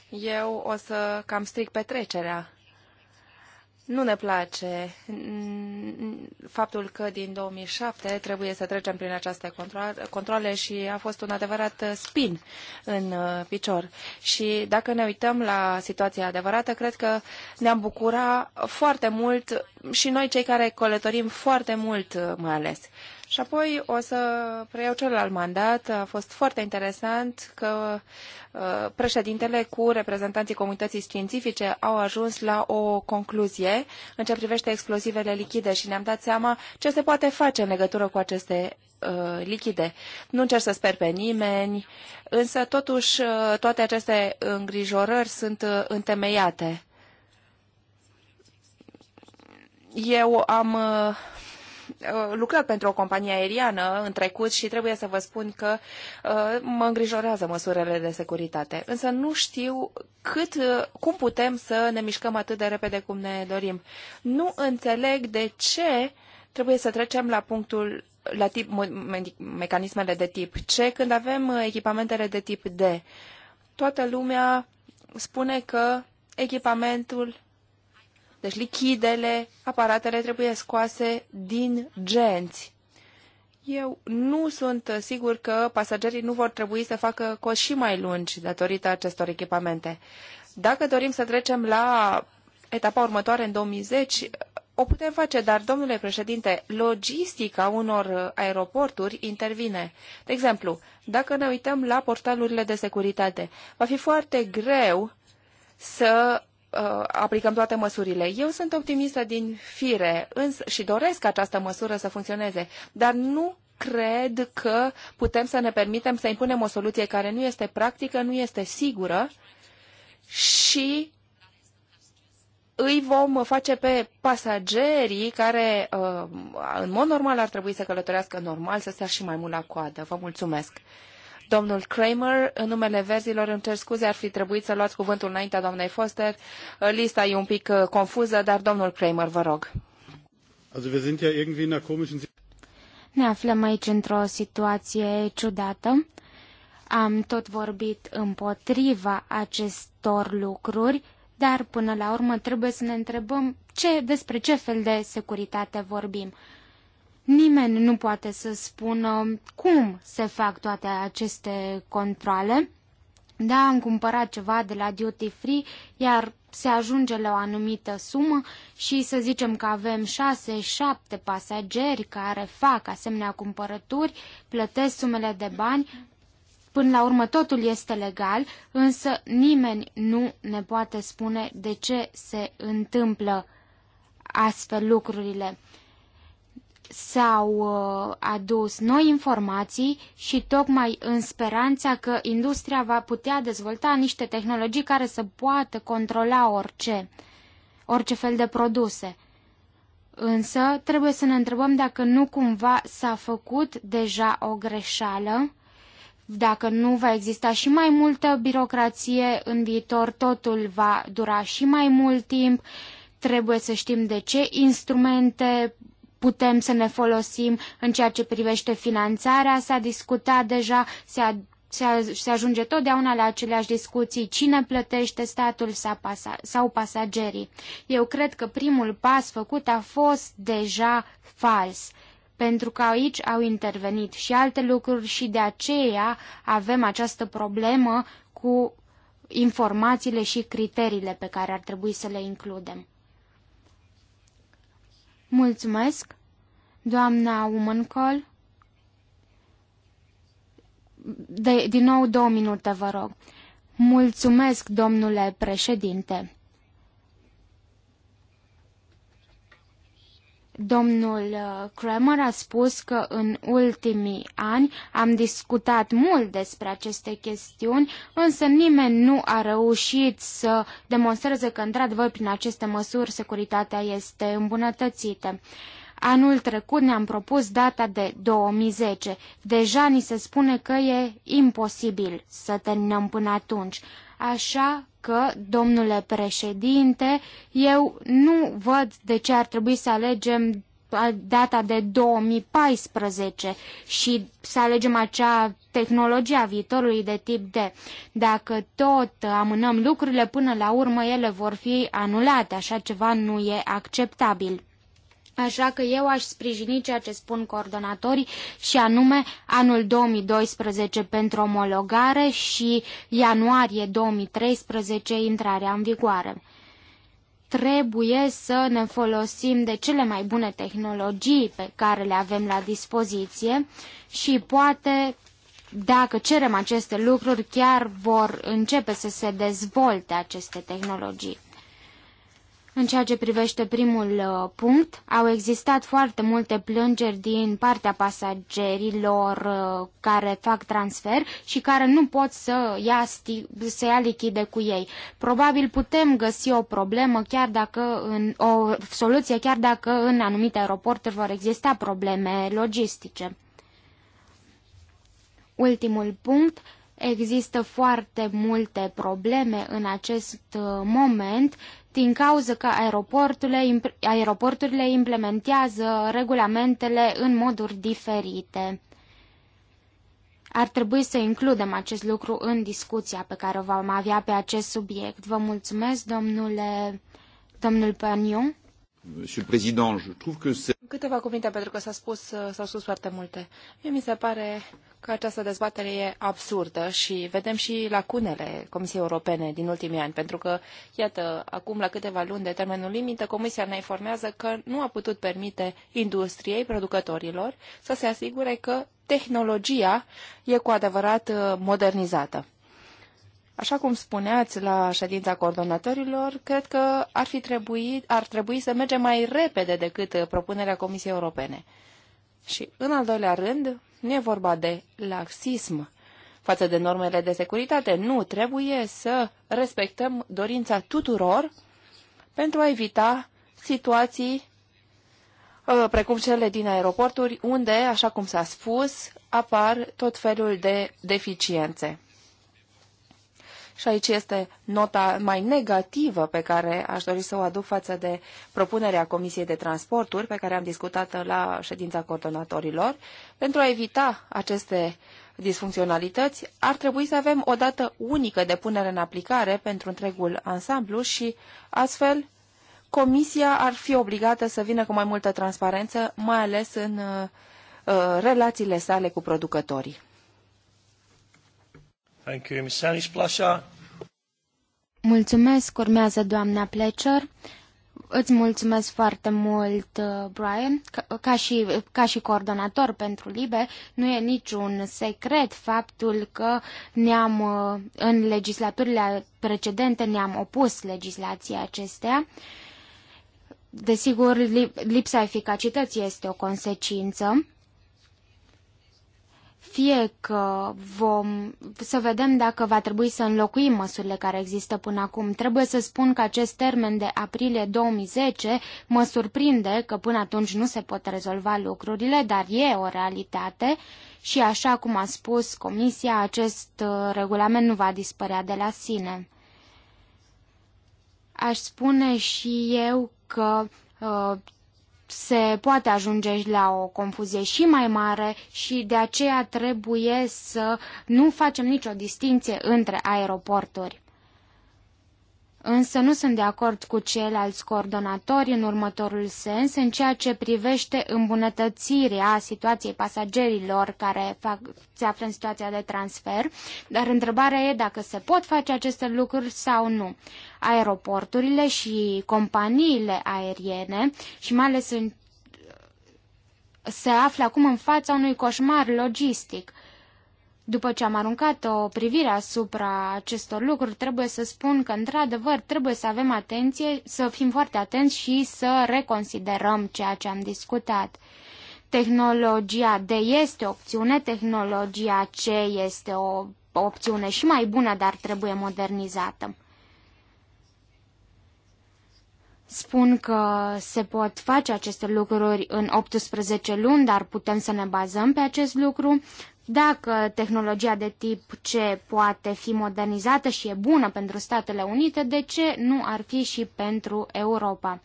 eu o să cam stric petrecerea. Nu ne place faptul că din 2007 trebuie să trecem prin aceste controle și a fost un adevărat uh, spin în uh, picior. Și dacă ne uităm la situația adevărată, cred că ne-am bucura foarte mult și noi cei care călătorim foarte mult uh, mai ales. Și apoi o să preiau celălalt mandat. A fost foarte interesant că uh, președintele cu reprezentanții comunității științifice au ajuns la o concluzie în ce privește explozivele lichide și ne-am dat seama ce se poate face în legătură cu aceste uh, lichide. Nu încerc să sper pe nimeni, însă totuși uh, toate aceste îngrijorări sunt întemeiate. Eu am uh, Uh, lucrat pentru o companie aeriană în trecut și trebuie să vă spun că uh, mă îngrijorează măsurile de securitate. Însă nu știu cât, uh, cum putem să ne mișcăm atât de repede cum ne dorim. Nu înțeleg de ce trebuie să trecem la punctul la tip, mecanismele de tip C, când avem echipamentele de tip D. Toată lumea spune că echipamentul deci lichidele, aparatele trebuie scoase din genți. Eu nu sunt sigur că pasagerii nu vor trebui să facă coși și mai lungi datorită acestor echipamente. Dacă dorim să trecem la etapa următoare în 2010, o putem face, dar, domnule președinte, logistica unor aeroporturi intervine. De exemplu, dacă ne uităm la portalurile de securitate, va fi foarte greu să Uh, aplicăm toate măsurile. Eu sunt optimistă din fire însă, și doresc această măsură să funcționeze, dar nu cred că putem să ne permitem să impunem o soluție care nu este practică, nu este sigură și îi vom face pe pasagerii care uh, în mod normal ar trebui să călătorească normal să stea și mai mult la coadă. Vă mulțumesc! Domnul Kramer, în numele verzilor, îmi cer scuze, ar fi trebuit să luați cuvântul înaintea doamnei Foster. Lista e un pic uh, confuză, dar domnul Kramer, vă rog. Ne aflăm aici într-o situație ciudată. Am tot vorbit împotriva acestor lucruri, dar până la urmă trebuie să ne întrebăm ce, despre ce fel de securitate vorbim. Nimeni nu poate să spună cum se fac toate aceste controle. Da, am cumpărat ceva de la Duty Free, iar se ajunge la o anumită sumă și să zicem că avem 6-7 pasageri care fac asemenea cumpărături, plătesc sumele de bani, Până la urmă totul este legal, însă nimeni nu ne poate spune de ce se întâmplă astfel lucrurile s-au uh, adus noi informații și tocmai în speranța că industria va putea dezvolta niște tehnologii care să poată controla orice, orice fel de produse. Însă trebuie să ne întrebăm dacă nu cumva s-a făcut deja o greșeală, dacă nu va exista și mai multă birocrație în viitor, totul va dura și mai mult timp, trebuie să știm de ce instrumente putem să ne folosim în ceea ce privește finanțarea. S-a discutat deja, se, a, se, a, se ajunge totdeauna la aceleași discuții, cine plătește statul sau, pasa, sau pasagerii. Eu cred că primul pas făcut a fost deja fals pentru că aici au intervenit și alte lucruri și de aceea avem această problemă cu informațiile și criteriile pe care ar trebui să le includem. Mulțumesc, doamna Umancol. De, din nou două minute, vă rog. Mulțumesc, domnule președinte. Domnul uh, Kramer a spus că în ultimii ani am discutat mult despre aceste chestiuni, însă nimeni nu a reușit să demonstreze că, într-adevăr, prin aceste măsuri securitatea este îmbunătățită. Anul trecut ne-am propus data de 2010. Deja ni se spune că e imposibil să terminăm până atunci. Așa că, domnule președinte, eu nu văd de ce ar trebui să alegem data de 2014 și să alegem acea tehnologie a viitorului de tip D. Dacă tot amânăm lucrurile, până la urmă ele vor fi anulate. Așa ceva nu e acceptabil. Așa că eu aș sprijini ceea ce spun coordonatorii și anume anul 2012 pentru omologare și ianuarie 2013 intrarea în vigoare. Trebuie să ne folosim de cele mai bune tehnologii pe care le avem la dispoziție și poate dacă cerem aceste lucruri chiar vor începe să se dezvolte aceste tehnologii. În ceea ce privește primul uh, punct, au existat foarte multe plângeri din partea pasagerilor uh, care fac transfer și care nu pot să ia, să ia lichide cu ei. Probabil putem găsi o problemă, chiar dacă în, o soluție, chiar dacă în anumite aeroporturi vor exista probleme logistice. Ultimul punct, Există foarte multe probleme în acest uh, moment din cauza că aeroporturile, aeroporturile implementează regulamentele în moduri diferite. Ar trebui să includem acest lucru în discuția pe care o vom avea pe acest subiect. Vă mulțumesc, domnule, domnul Pagnon. Monsieur Président, je trouve que Câteva cuvinte, pentru că s-a spus, s-au spus foarte multe. Mie mi se pare că această dezbatere e absurdă și vedem și lacunele Comisiei Europene din ultimii ani, pentru că, iată, acum la câteva luni de termenul limită, Comisia ne informează că nu a putut permite industriei, producătorilor, să se asigure că tehnologia e cu adevărat uh, modernizată. Așa cum spuneați la ședința coordonatorilor, cred că ar, fi trebuit, ar trebui să mergem mai repede decât uh, propunerea Comisiei Europene. Și, în al doilea rând, nu e vorba de laxism față de normele de securitate. Nu, trebuie să respectăm dorința tuturor pentru a evita situații ă, precum cele din aeroporturi, unde, așa cum s-a spus, apar tot felul de deficiențe și aici este nota mai negativă pe care aș dori să o aduc față de propunerea Comisiei de Transporturi, pe care am discutat la ședința coordonatorilor, pentru a evita aceste disfuncționalități, ar trebui să avem o dată unică de punere în aplicare pentru întregul ansamblu și, astfel, Comisia ar fi obligată să vină cu mai multă transparență, mai ales în uh, relațiile sale cu producătorii. Thank you, Ms. Mulțumesc, urmează doamna Plecer. Îți mulțumesc foarte mult, uh, Brian, ca și, ca și coordonator pentru LIBE. Nu e niciun secret faptul că ne-am, uh, în legislaturile precedente ne-am opus legislației acestea. Desigur, lipsa eficacității este o consecință fie că vom să vedem dacă va trebui să înlocuim măsurile care există până acum. Trebuie să spun că acest termen de aprilie 2010 mă surprinde că până atunci nu se pot rezolva lucrurile, dar e o realitate și așa cum a spus Comisia, acest uh, regulament nu va dispărea de la sine. Aș spune și eu că uh, se poate ajunge la o confuzie și mai mare și de aceea trebuie să nu facem nicio distinție între aeroporturi însă nu sunt de acord cu ceilalți coordonatori în următorul sens în ceea ce privește îmbunătățirea situației pasagerilor care fac, se află în situația de transfer, dar întrebarea e dacă se pot face aceste lucruri sau nu. Aeroporturile și companiile aeriene și mai ales în se află acum în fața unui coșmar logistic. După ce am aruncat o privire asupra acestor lucruri, trebuie să spun că, într-adevăr, trebuie să avem atenție, să fim foarte atenți și să reconsiderăm ceea ce am discutat. Tehnologia D este o opțiune, tehnologia C este o opțiune și mai bună, dar trebuie modernizată. Spun că se pot face aceste lucruri în 18 luni, dar putem să ne bazăm pe acest lucru. Dacă tehnologia de tip C poate fi modernizată și e bună pentru Statele Unite, de ce nu ar fi și pentru Europa?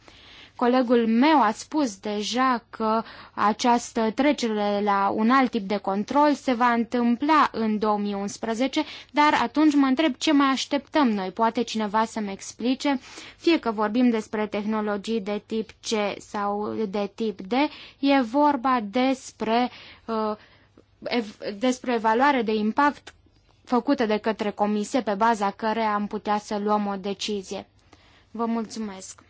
Colegul meu a spus deja că această trecere la un alt tip de control se va întâmpla în 2011, dar atunci mă întreb ce mai așteptăm noi. Poate cineva să-mi explice, fie că vorbim despre tehnologii de tip C sau de tip D, e vorba despre uh, ev despre evaluare de impact făcută de către comisie pe baza care am putea să luăm o decizie. Vă mulțumesc!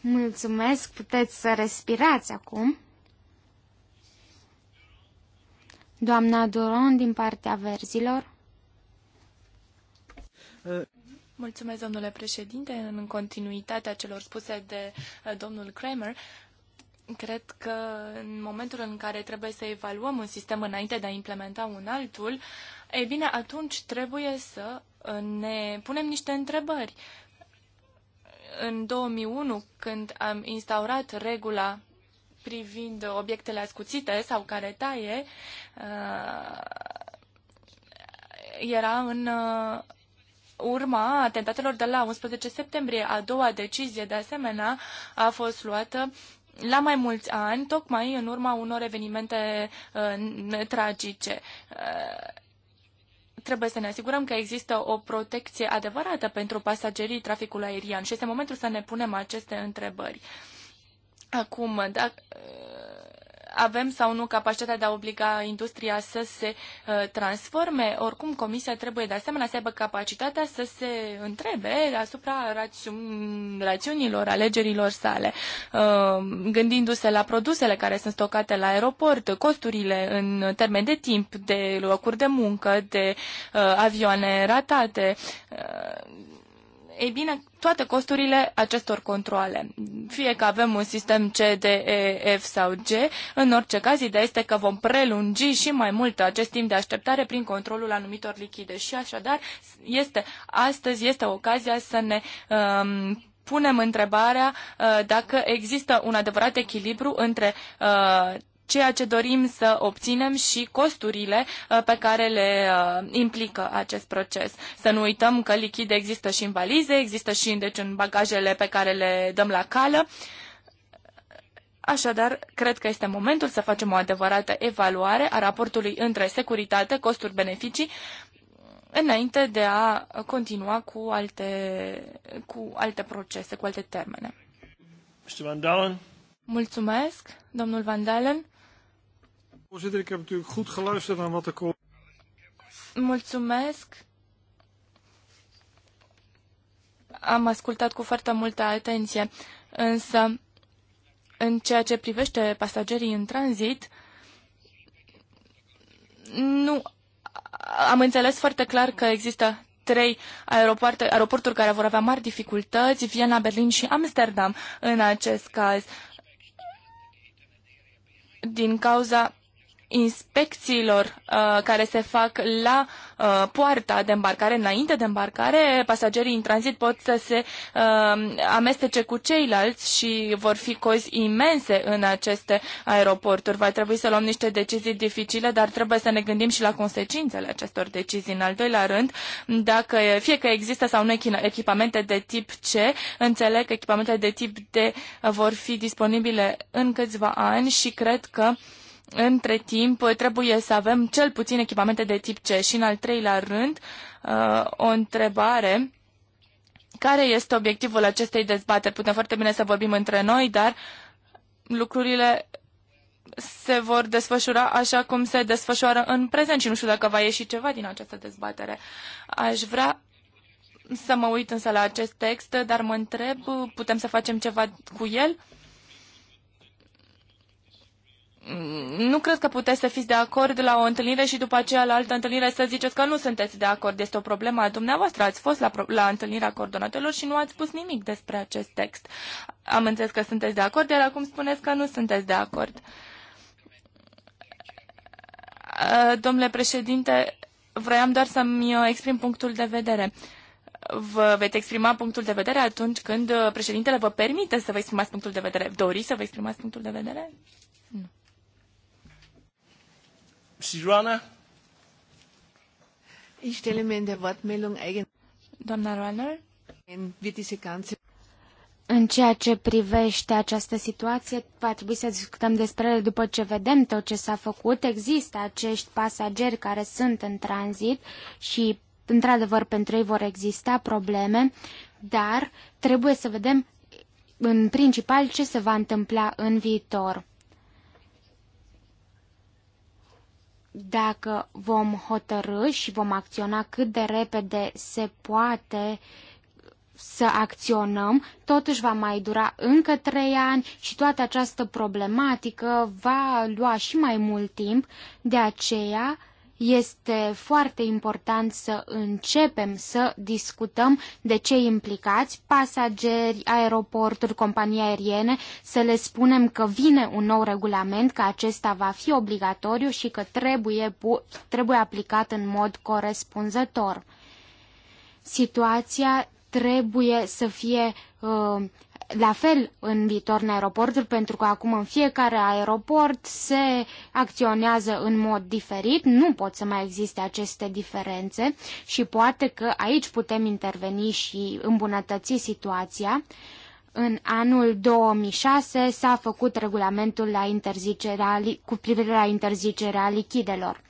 Mulțumesc, puteți să respirați acum. Doamna Duron din partea verzilor. Mulțumesc, domnule președinte. În continuitatea celor spuse de eh, domnul Kramer, Cred că în momentul în care trebuie să evaluăm un sistem înainte de a implementa un altul, e bine, atunci trebuie să uh, ne punem niște întrebări. În 2001, când am instaurat regula privind obiectele ascuțite sau care taie, uh, era în uh, urma atentatelor de la 11 septembrie. A doua decizie, de asemenea, a fost luată la mai mulți ani, tocmai în urma unor evenimente uh, tragice. Uh, trebuie să ne asigurăm că există o protecție adevărată pentru pasagerii traficului aerian și este momentul să ne punem aceste întrebări. Acum, dacă, uh, avem sau nu capacitatea de a obliga industria să se uh, transforme. Oricum, Comisia trebuie de asemenea să aibă capacitatea să se întrebe asupra rațiunilor, alegerilor sale, uh, gândindu-se la produsele care sunt stocate la aeroport, costurile în termen de timp, de locuri de muncă, de uh, avioane ratate ei bine, toate costurile acestor controle, fie că avem un sistem C, D, E, F sau G, în orice caz, ideea este că vom prelungi și mai mult acest timp de așteptare prin controlul anumitor lichide. Și așadar, este, astăzi este ocazia să ne um, punem întrebarea uh, dacă există un adevărat echilibru între uh, ceea ce dorim să obținem și costurile uh, pe care le uh, implică acest proces. Să nu uităm că lichide există și în valize, există și deci, în bagajele pe care le dăm la cală. Așadar, cred că este momentul să facem o adevărată evaluare a raportului între securitate, costuri-beneficii, înainte de a continua cu alte, cu alte procese, cu alte termene. Mr. Van Dalen. Mulțumesc, domnul Van Dalen. Voorzitter, ik heb natuurlijk goed geluisterd naar wat de Mulțumesc. Am ascultat cu foarte multă atenție, însă în ceea ce privește pasagerii în tranzit, nu am înțeles foarte clar că există trei aeroporte, aeroporturi care vor avea mari dificultăți, Viena, Berlin și Amsterdam în acest caz, din cauza inspecțiilor uh, care se fac la uh, poarta de îmbarcare, înainte de îmbarcare, pasagerii în tranzit pot să se uh, amestece cu ceilalți și vor fi cozi imense în aceste aeroporturi. Va trebui să luăm niște decizii dificile, dar trebuie să ne gândim și la consecințele acestor decizii. În al doilea rând, dacă fie că există sau nu echipamente de tip C, înțeleg că echipamentele de tip D vor fi disponibile în câțiva ani și cred că uh, între timp, trebuie să avem cel puțin echipamente de tip C și, în al treilea rând, uh, o întrebare. Care este obiectivul acestei dezbateri? Putem foarte bine să vorbim între noi, dar lucrurile se vor desfășura așa cum se desfășoară în prezent și nu știu dacă va ieși ceva din această dezbatere. Aș vrea să mă uit însă la acest text, dar mă întreb, putem să facem ceva cu el? nu cred că puteți să fiți de acord la o întâlnire și după aceea la altă întâlnire să ziceți că nu sunteți de acord. Este o problemă a dumneavoastră. Ați fost la, la întâlnirea coordonatelor și nu ați spus nimic despre acest text. Am înțeles că sunteți de acord, iar acum spuneți că nu sunteți de acord. Uh, domnule președinte, vroiam doar să-mi uh, exprim punctul de vedere. Vă veți exprima punctul de vedere atunci când uh, președintele vă permite să vă exprimați punctul de vedere. Doriți să vă exprimați punctul de vedere? Nu. Sirana? Ich stelle mir in der Wortmeldung eigentlich... În ceea ce privește această situație, va trebui să discutăm despre ele după ce vedem tot ce s-a făcut. Există acești pasageri care sunt în tranzit și, într-adevăr, pentru ei vor exista probleme, dar trebuie să vedem în principal ce se va întâmpla în viitor. dacă vom hotărâ și vom acționa cât de repede se poate să acționăm, totuși va mai dura încă trei ani și toată această problematică va lua și mai mult timp, de aceea este foarte important să începem să discutăm de cei implicați, pasageri, aeroporturi, companii aeriene, să le spunem că vine un nou regulament, că acesta va fi obligatoriu și că trebuie, trebuie aplicat în mod corespunzător. Situația trebuie să fie uh, la fel în viitor în aeroporturi, pentru că acum în fiecare aeroport se acționează în mod diferit, nu pot să mai existe aceste diferențe și poate că aici putem interveni și îmbunătăți situația. În anul 2006 s-a făcut regulamentul la interzicerea, cu privire la interzicerea lichidelor.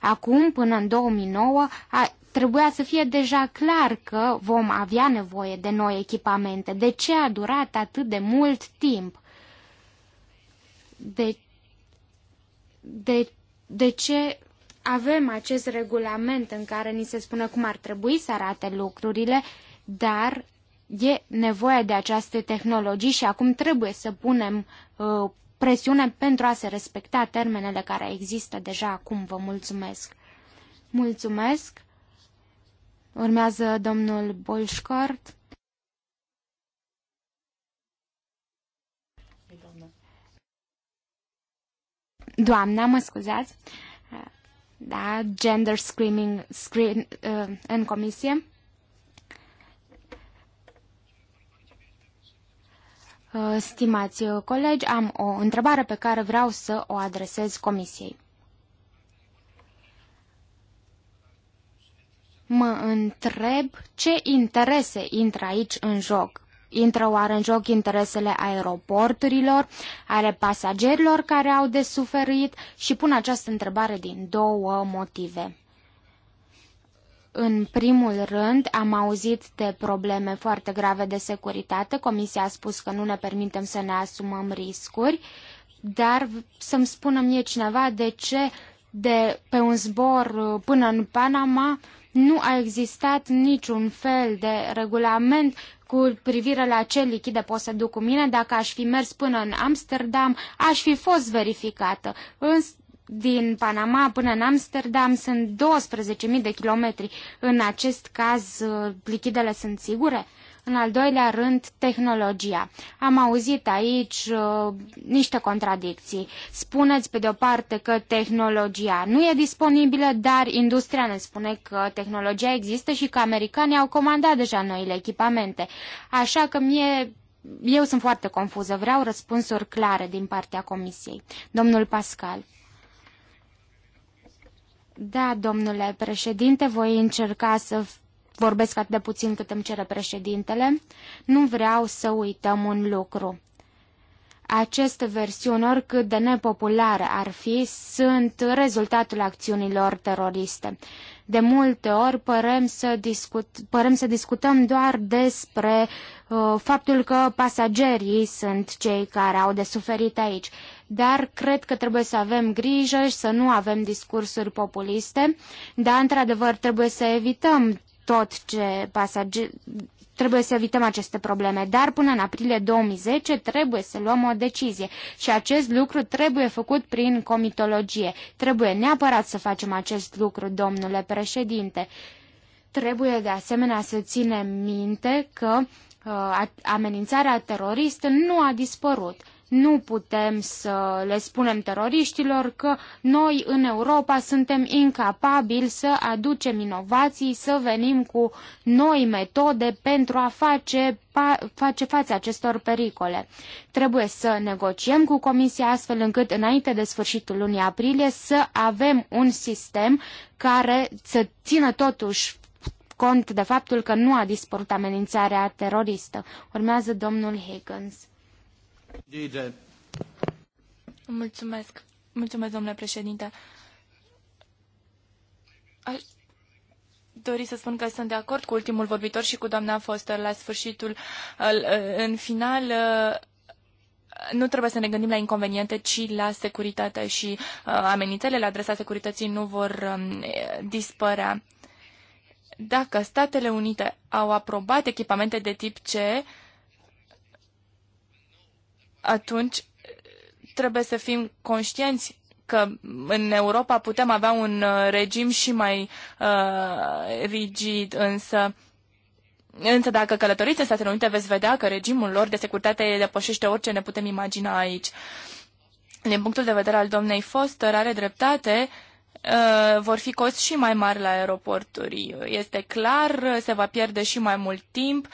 Acum, până în 2009, a, trebuia să fie deja clar că vom avea nevoie de noi echipamente. De ce a durat atât de mult timp? De, de, de ce avem acest regulament în care ni se spune cum ar trebui să arate lucrurile, dar e nevoie de aceste tehnologii și acum trebuie să punem uh, presiune pentru a se respecta termenele care există deja acum. Vă mulțumesc! Mulțumesc! Urmează domnul Bolșcort. Doamna, mă scuzați. Da, gender screaming screen, uh, în comisie. Uh, stimați colegi, am o întrebare pe care vreau să o adresez comisiei. mă întreb ce interese intră aici în joc. Intră oare în joc interesele aeroporturilor, ale pasagerilor care au de suferit și pun această întrebare din două motive. În primul rând, am auzit de probleme foarte grave de securitate. Comisia a spus că nu ne permitem să ne asumăm riscuri, dar să-mi spună mie cineva de ce de pe un zbor până în Panama nu a existat niciun fel de regulament cu privire la ce lichide pot să duc cu mine. Dacă aș fi mers până în Amsterdam, aș fi fost verificată. Însă, din Panama până în Amsterdam sunt 12.000 de kilometri. În acest caz, lichidele sunt sigure? În al doilea rând, tehnologia. Am auzit aici uh, niște contradicții. Spuneți pe de o parte că tehnologia nu e disponibilă, dar industria ne spune că tehnologia există și că americanii au comandat deja noile echipamente. Așa că mie eu sunt foarte confuză, vreau răspunsuri clare din partea comisiei. Domnul Pascal. Da, domnule președinte, voi încerca să vorbesc atât de puțin cât îmi cere președintele, nu vreau să uităm un lucru. Aceste versiuni, oricât de nepopulare ar fi, sunt rezultatul acțiunilor teroriste. De multe ori părem să, discut, părem să discutăm doar despre uh, faptul că pasagerii sunt cei care au de suferit aici, dar cred că trebuie să avem grijă și să nu avem discursuri populiste, dar într-adevăr trebuie să evităm tot ce pasager... Trebuie să evităm aceste probleme, dar până în aprilie 2010 trebuie să luăm o decizie și acest lucru trebuie făcut prin comitologie. Trebuie neapărat să facem acest lucru, domnule președinte. Trebuie de asemenea să ținem minte că uh, amenințarea teroristă nu a dispărut. Nu putem să le spunem teroriștilor că noi în Europa suntem incapabili să aducem inovații, să venim cu noi metode pentru a face, pa, face față acestor pericole. Trebuie să negociem cu Comisia astfel încât înainte de sfârșitul lunii aprilie să avem un sistem care să țină totuși cont de faptul că nu a dispărut amenințarea teroristă. Urmează domnul Higgins. Mulțumesc. Mulțumesc, domnule președinte. Aș dori să spun că sunt de acord cu ultimul vorbitor și cu doamna Foster la sfârșitul, în final, nu trebuie să ne gândim la inconveniente, ci la securitate și uh, amenințele la adresa securității nu vor um, dispărea. Dacă Statele Unite au aprobat echipamente de tip C, atunci trebuie să fim conștienți că în Europa putem avea un uh, regim și mai uh, rigid, însă Însă dacă călătoriți în Statele Unite veți vedea că regimul lor de securitate depășește orice ne putem imagina aici. Din punctul de vedere al domnei Foster, are dreptate, uh, vor fi coți și mai mari la aeroporturi. Este clar, se va pierde și mai mult timp. Uh,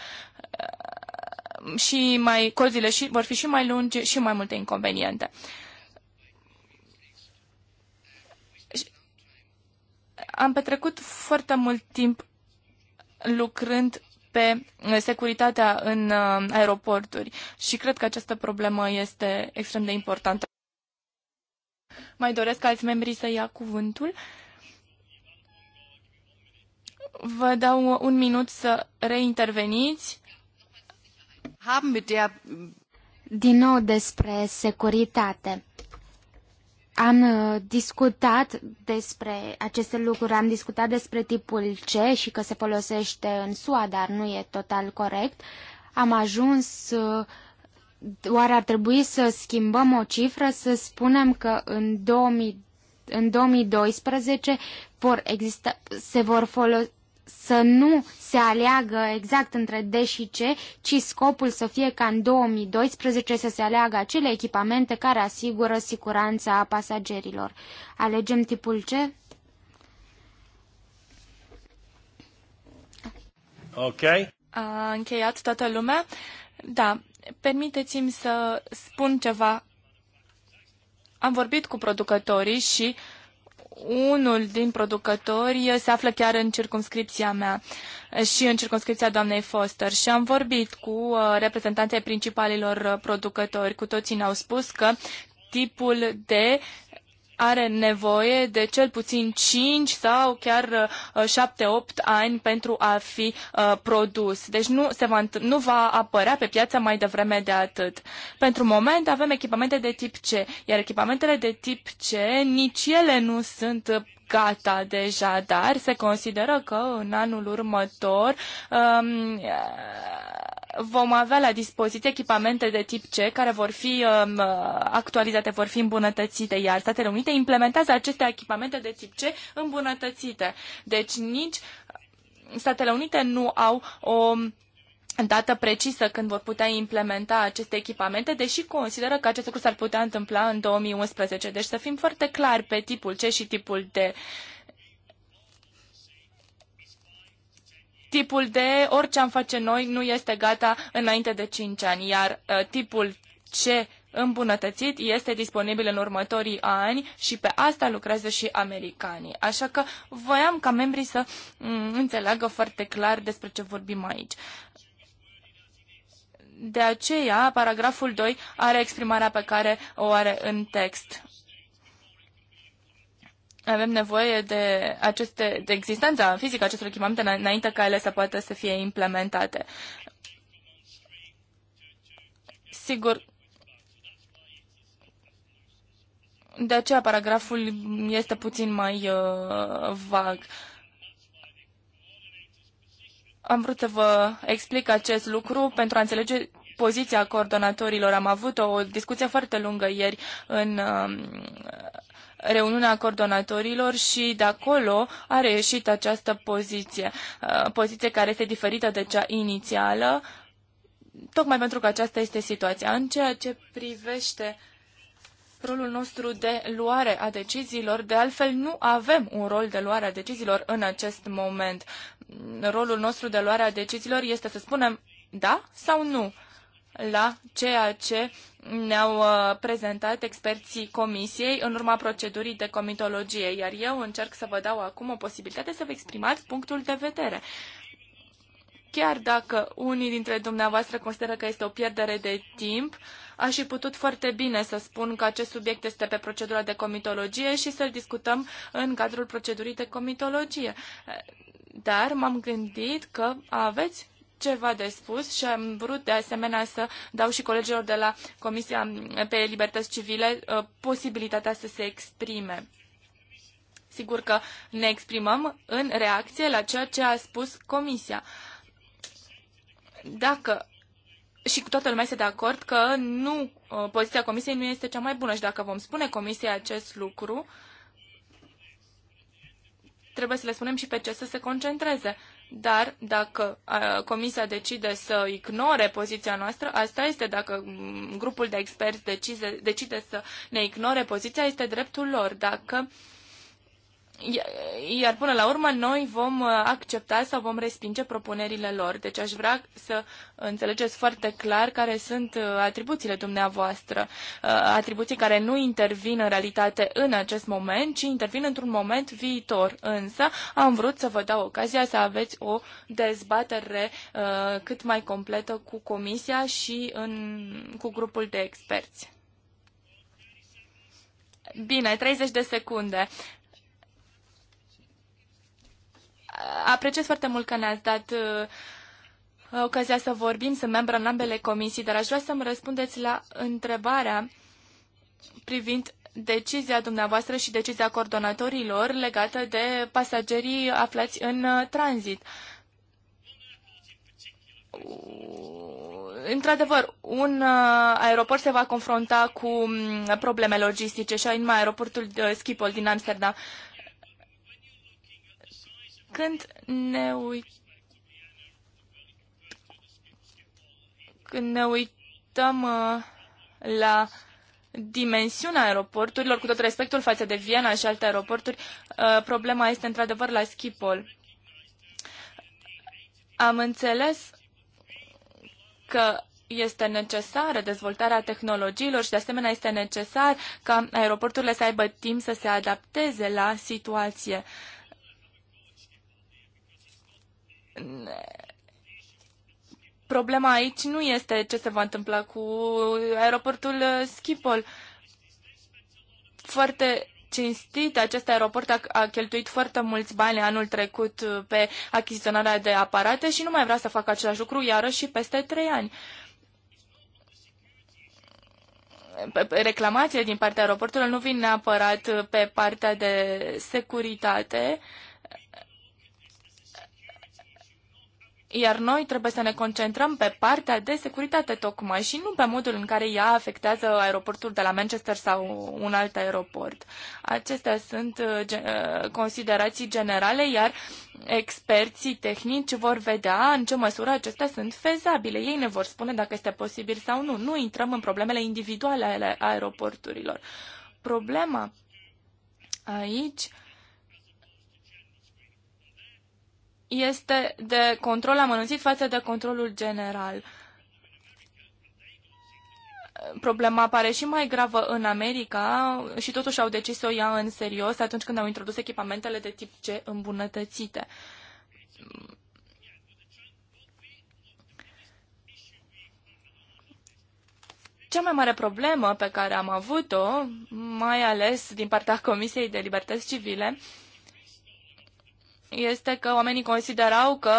și mai, corzile și, vor fi și mai lungi și mai multe inconveniente. Am petrecut foarte mult timp lucrând pe securitatea în uh, aeroporturi și cred că această problemă este extrem de importantă. Mai doresc alți membri să ia cuvântul. Vă dau un minut să reinterveniți din nou despre securitate. Am uh, discutat despre aceste lucruri, am discutat despre tipul C și că se folosește în SUA, dar nu e total corect. Am ajuns, uh, oare ar trebui să schimbăm o cifră, să spunem că în, 2000, în 2012 vor exista, se vor folosi să nu se aleagă exact între D și C, ci scopul să fie ca în 2012 să se aleagă acele echipamente care asigură siguranța pasagerilor. Alegem tipul C? Ok. A încheiat toată lumea? Da. Permiteți-mi să spun ceva. Am vorbit cu producătorii și uh, unul din producători se află chiar în circumscripția mea și în circumscripția doamnei Foster și am vorbit cu uh, reprezentanții principalilor producători. Cu toții ne-au spus că tipul de are nevoie de cel puțin 5 sau chiar 7-8 uh, ani pentru a fi uh, produs. Deci nu, se va, nu va apărea pe piață mai devreme de atât. Pentru moment avem echipamente de tip C, iar echipamentele de tip C nici ele nu sunt gata deja, dar se consideră că în anul următor um, vom avea la dispoziție echipamente de tip C care vor fi um, actualizate, vor fi îmbunătățite, iar Statele Unite implementează aceste echipamente de tip C îmbunătățite. Deci nici Statele Unite nu au o dată precisă când vor putea implementa aceste echipamente, deși consideră că acest lucru s-ar putea întâmpla în 2011. Deci să fim foarte clari pe tipul C și tipul D. tipul de orice am face noi nu este gata înainte de 5 ani, iar uh, tipul ce îmbunătățit este disponibil în următorii ani și pe asta lucrează și americanii. Așa că voiam ca membrii să mm, înțeleagă foarte clar despre ce vorbim aici. De aceea, paragraful 2 are exprimarea pe care o are în text avem nevoie de, aceste, de existența fizică acestor echipamente înainte ca ele să poată să fie implementate. Sigur, de aceea paragraful este puțin mai uh, vag. Am vrut să vă explic acest lucru pentru a înțelege poziția coordonatorilor. Am avut o discuție foarte lungă ieri în uh, reuniunea coordonatorilor și de acolo a reieșit această poziție, uh, poziție care este diferită de cea inițială, tocmai pentru că aceasta este situația. În ceea ce privește rolul nostru de luare a deciziilor, de altfel nu avem un rol de luare a deciziilor în acest moment. Rolul nostru de luare a deciziilor este să spunem da sau nu la ceea ce ne-au uh, prezentat experții comisiei în urma procedurii de comitologie, iar eu încerc să vă dau acum o posibilitate să vă exprimați punctul de vedere. Chiar dacă unii dintre dumneavoastră consideră că este o pierdere de timp, aș fi putut foarte bine să spun că acest subiect este pe procedura de comitologie și să-l discutăm în cadrul procedurii de comitologie. Dar m-am gândit că aveți ceva de spus și am vrut de asemenea să dau și colegilor de la Comisia pe Libertăți Civile uh, posibilitatea să se exprime. Sigur că ne exprimăm în reacție la ceea ce a spus Comisia. Dacă și cu toată lumea este de acord că nu, uh, poziția Comisiei nu este cea mai bună și dacă vom spune Comisiei acest lucru, trebuie să le spunem și pe ce să se concentreze. Dar dacă Comisia decide să ignore poziția noastră, asta este. Dacă grupul de experți decide, decide să ne ignore poziția, este dreptul lor. Dacă uh, iar până la urmă noi vom uh, accepta sau vom respinge propunerile lor. Deci aș vrea să înțelegeți foarte clar care sunt uh, atribuțiile dumneavoastră, uh, atribuții care nu intervin în realitate în acest moment, ci intervin într-un moment viitor. Însă am vrut să vă dau ocazia să aveți o dezbatere cât mai completă cu Comisia și în, cu grupul de experți. Bine, 30 de secunde apreciez foarte mult că ne-ați dat uh, ocazia să vorbim, sunt membra în ambele comisii, dar aș vrea să-mi răspundeți la întrebarea privind decizia dumneavoastră și decizia coordonatorilor legată de pasagerii aflați în uh, tranzit. Într-adevăr, un uh, aeroport se va confrunta cu mm, probleme logistice și în aeroportul uh, Schiphol din Amsterdam când ne uităm când ne uităm la dimensiunea aeroporturilor, cu tot respectul față de Viena și alte aeroporturi, uh, problema este într-adevăr la Schiphol. Am înțeles că este necesară dezvoltarea tehnologiilor și de asemenea este necesar ca aeroporturile să aibă timp să se adapteze la situație. Uh, problema aici nu este ce se va întâmpla cu aeroportul Schiphol. Foarte cinstit, acest aeroport a, a cheltuit foarte mulți bani anul trecut uh, pe achiziționarea de aparate și nu mai vrea să facă același lucru iarăși și peste trei ani. Reclamațiile din partea aeroportului nu vin neapărat uh, pe partea de securitate, uh, Iar noi trebuie să ne concentrăm pe partea de securitate tocmai și nu pe modul în care ea afectează aeroportul de la Manchester sau un alt aeroport. Acestea sunt uh, uh, considerații generale, iar experții tehnici vor vedea în ce măsură acestea sunt fezabile. Ei ne vor spune dacă este posibil sau nu. Nu intrăm în problemele individuale ale aeroporturilor. Problema aici este de control amănunțit față de controlul general. Problema pare și mai gravă în America și totuși au decis să o ia în serios atunci când au introdus echipamentele de tip C îmbunătățite. Cea mai mare problemă pe care am avut-o, mai ales din partea Comisiei de Libertăți Civile, uh, este că oamenii considerau că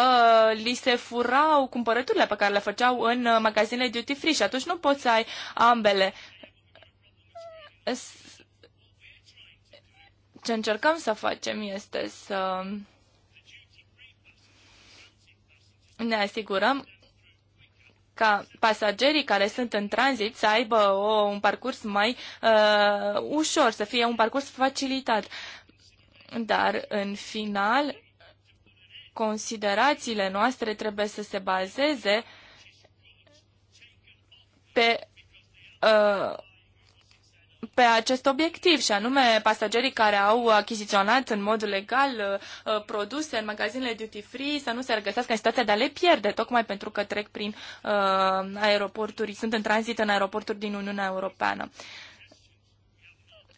uh, li se furau cumpărăturile pe care le făceau în uh, magazinele duty free și atunci nu poți să ai ambele. Ce încercăm să facem este să ne asigurăm ca pasagerii care sunt în tranzit să aibă o, un parcurs mai uh, ușor, să fie un parcurs facilitat. Uh, dar, în final, considerațiile noastre trebuie să se bazeze pe, uh, pe acest obiectiv, și anume pasagerii care au achiziționat în mod legal uh, produse în magazinele duty-free să nu se regăsească în situația de a le pierde, tocmai pentru că trec prin uh, aeroporturi, sunt în tranzit în aeroporturi din Uniunea Europeană. Uh,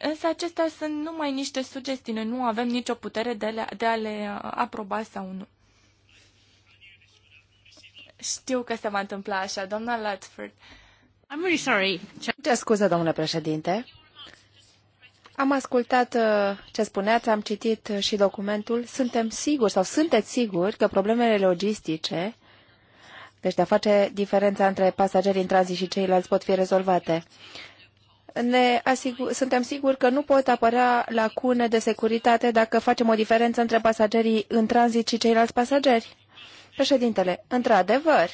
Însă acestea sunt numai niște sugestii, noi nu avem nicio putere de, le, de a le uh, aproba sau nu. Știu că se va întâmpla așa, doamna Latford. I'm really sorry. Ce scuze, domnule președinte. Am ascultat uh, ce spuneați, am citit uh, și documentul. Suntem siguri sau sunteți siguri că problemele logistice, deci de a face diferența între pasagerii în tranzit și ceilalți, pot fi rezolvate ne asigur, suntem siguri că nu pot apărea lacune de securitate dacă facem o diferență între pasagerii în tranzit și ceilalți pasageri? Președintele, într-adevăr,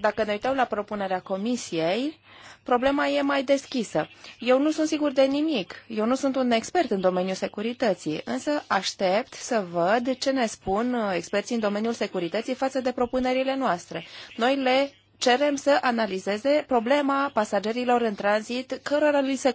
dacă ne uităm la propunerea comisiei, problema e mai deschisă. Eu nu sunt sigur de nimic. Eu nu sunt un expert în domeniul securității, însă aștept să văd ce ne spun uh, experții în domeniul securității față de propunerile noastre. Noi le cerem să analizeze problema pasagerilor în tranzit cărora li se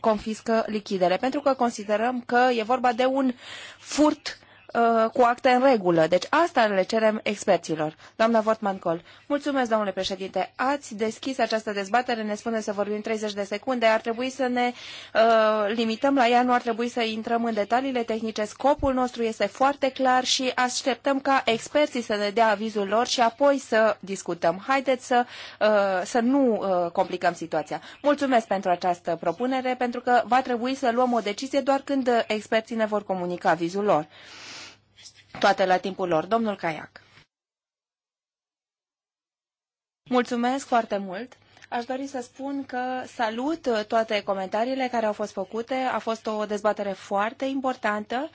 confiscă lichidele, pentru că considerăm că e vorba de un furt Uh, cu acte în regulă. Deci asta le cerem experților. Doamna Vortman-Col, mulțumesc, domnule președinte. Ați deschis această dezbatere, ne spune să vorbim 30 de secunde. Ar trebui să ne uh, limităm la ea, nu ar trebui să intrăm în detaliile tehnice. Scopul nostru este foarte clar și așteptăm ca experții să ne dea avizul lor și apoi să discutăm. Haideți să, uh, să nu uh, complicăm situația. Mulțumesc pentru această propunere, pentru că va trebui să luăm o decizie doar când experții ne vor comunica avizul lor toate la timpul lor. Domnul Caiac. Mulțumesc foarte mult! Aș dori să spun că salut toate comentariile care au fost făcute. A fost o dezbatere foarte importantă.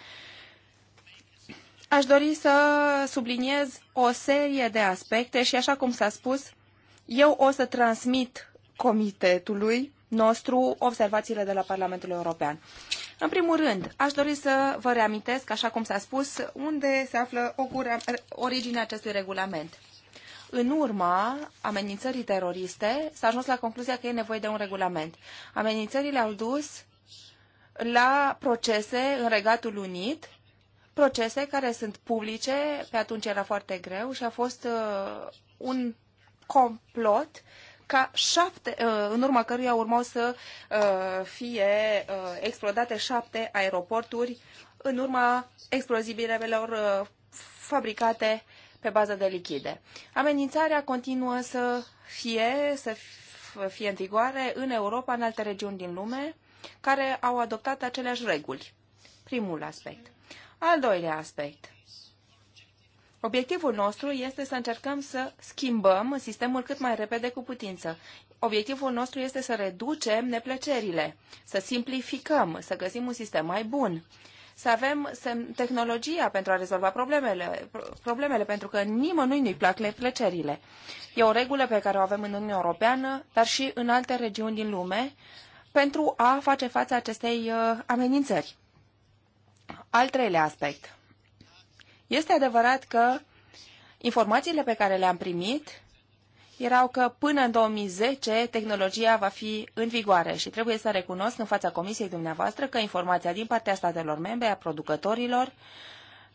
Aș dori să subliniez o serie de aspecte și, așa cum s-a spus, eu o să transmit comitetului nostru observațiile de la Parlamentul European. În primul rând, aș dori să vă reamintesc, așa cum s-a spus, unde se află originea acestui regulament. În urma amenințării teroriste s-a ajuns la concluzia că e nevoie de un regulament. Amenințările au dus la procese în Regatul Unit, procese care sunt publice, pe atunci era foarte greu și a fost uh, un complot ca șapte, uh, în urma căruia urmau să uh, fie uh, explodate șapte aeroporturi în urma explozibilelor fabricate pe bază de lichide. Amenințarea continuă să fie, să fie în vigoare în Europa, în alte regiuni din lume, care au adoptat aceleași reguli. Primul aspect. Al doilea aspect. Obiectivul nostru este să încercăm să schimbăm sistemul cât mai repede cu putință. Obiectivul nostru este să reducem neplăcerile, să simplificăm, să găsim un sistem mai bun, să avem tehnologia pentru a rezolva problemele, problemele pentru că nimănui nu-i plac neplăcerile. E o regulă pe care o avem în Uniunea Europeană, dar și în alte regiuni din lume, pentru a face față acestei uh, amenințări. Al treilea aspect – este adevărat că informațiile pe care le-am primit erau că până în 2010 tehnologia va fi în vigoare și trebuie să recunosc în fața comisiei dumneavoastră că informația din partea statelor membre, a producătorilor,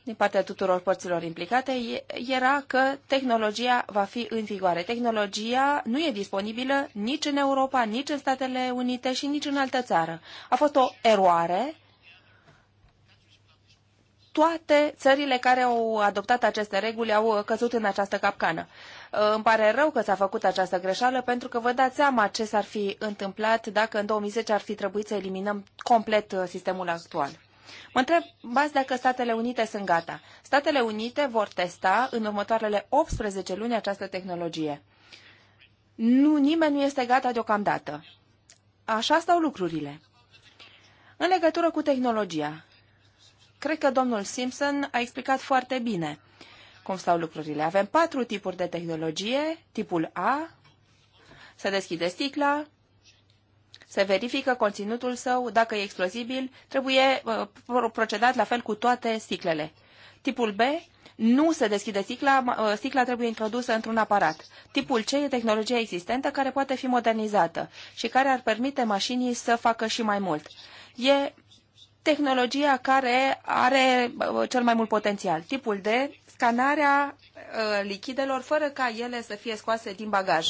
din partea tuturor părților implicate, era că tehnologia va fi în vigoare. Tehnologia nu e disponibilă nici în Europa, nici în Statele Unite și nici în altă țară. A fost o eroare toate țările care au adoptat aceste reguli au uh, căzut în această capcană. Uh, îmi pare rău că s-a făcut această greșeală pentru că vă dați seama ce s-ar fi întâmplat dacă în 2010 ar fi trebuit să eliminăm complet uh, sistemul actual. Mă întrebați dacă Statele Unite sunt gata. Statele Unite vor testa în următoarele 18 luni această tehnologie. Nu, nimeni nu este gata deocamdată. Așa stau lucrurile. În legătură cu tehnologia, Cred că domnul Simpson a explicat foarte bine cum stau lucrurile. Avem patru tipuri de tehnologie. Tipul A, se deschide sticla, se verifică conținutul său, dacă e explozibil, trebuie uh, procedat la fel cu toate sticlele. Tipul B, nu se deschide sticla, uh, sticla trebuie introdusă într-un aparat. Tipul C e tehnologia existentă care poate fi modernizată și care ar permite mașinii să facă și mai mult. E tehnologia care are uh, cel mai mult potențial, tipul de scanarea uh, lichidelor fără ca ele să fie scoase din bagaj.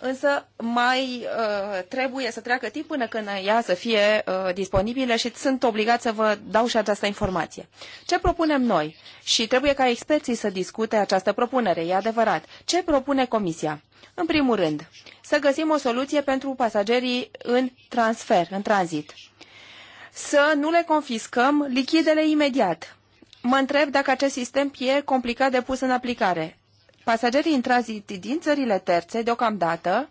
Însă mai uh, trebuie să treacă timp până când ea să fie uh, disponibilă și sunt obligat să vă dau și această informație. Ce propunem noi? Și trebuie ca experții să discute această propunere, e adevărat. Ce propune Comisia? În primul rând, să găsim o soluție pentru pasagerii în transfer, în tranzit. Uh, să nu le confiscăm lichidele imediat. Mă întreb dacă acest sistem e complicat de pus în aplicare. Pasagerii în tranzit din țările terțe, deocamdată,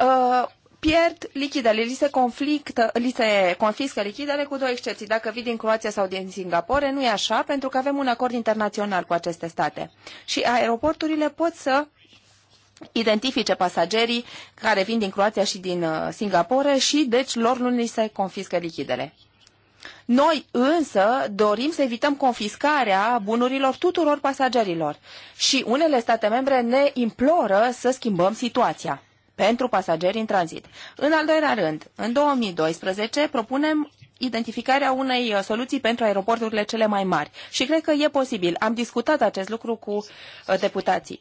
uh, pierd lichidele, li se, conflictă, li se confiscă lichidele cu două excepții. Dacă vii din Croația sau din Singapore, nu e așa, pentru că avem un acord internațional cu aceste state. Și aeroporturile pot să identifice pasagerii care vin din Croația și din uh, Singapore și deci lor nu ni se confiscă lichidele. Noi însă dorim să evităm confiscarea bunurilor tuturor pasagerilor și unele state membre ne imploră să schimbăm situația pentru pasageri în tranzit. În al doilea rând, în 2012 propunem identificarea unei uh, soluții pentru aeroporturile cele mai mari și cred că e posibil. Am discutat acest lucru cu uh, deputații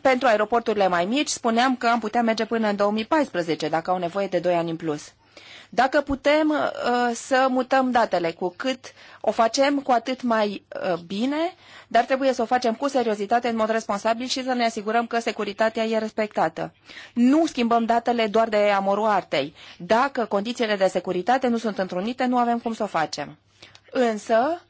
pentru aeroporturile mai mici spuneam că am putea merge până în 2014, dacă au nevoie de 2 ani în plus. Dacă putem uh, să mutăm datele, cu cât o facem, cu atât mai uh, bine, dar trebuie să o facem cu seriozitate, în mod responsabil și să ne asigurăm că securitatea e respectată. Nu schimbăm datele doar de amorul artei. Dacă condițiile de securitate nu sunt întrunite, nu avem cum să o facem. Însă,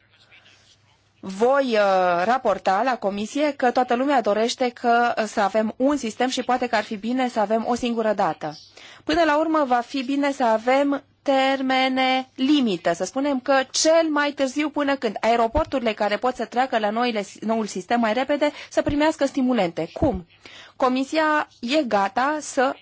voi uh, raporta la comisie că toată lumea dorește că uh, să avem un sistem și poate că ar fi bine să avem o singură dată. Până la urmă va fi bine să avem termene limită, să spunem că cel mai târziu până când aeroporturile care pot să treacă la noile, noul sistem mai repede să primească stimulente. Cum? Comisia e gata să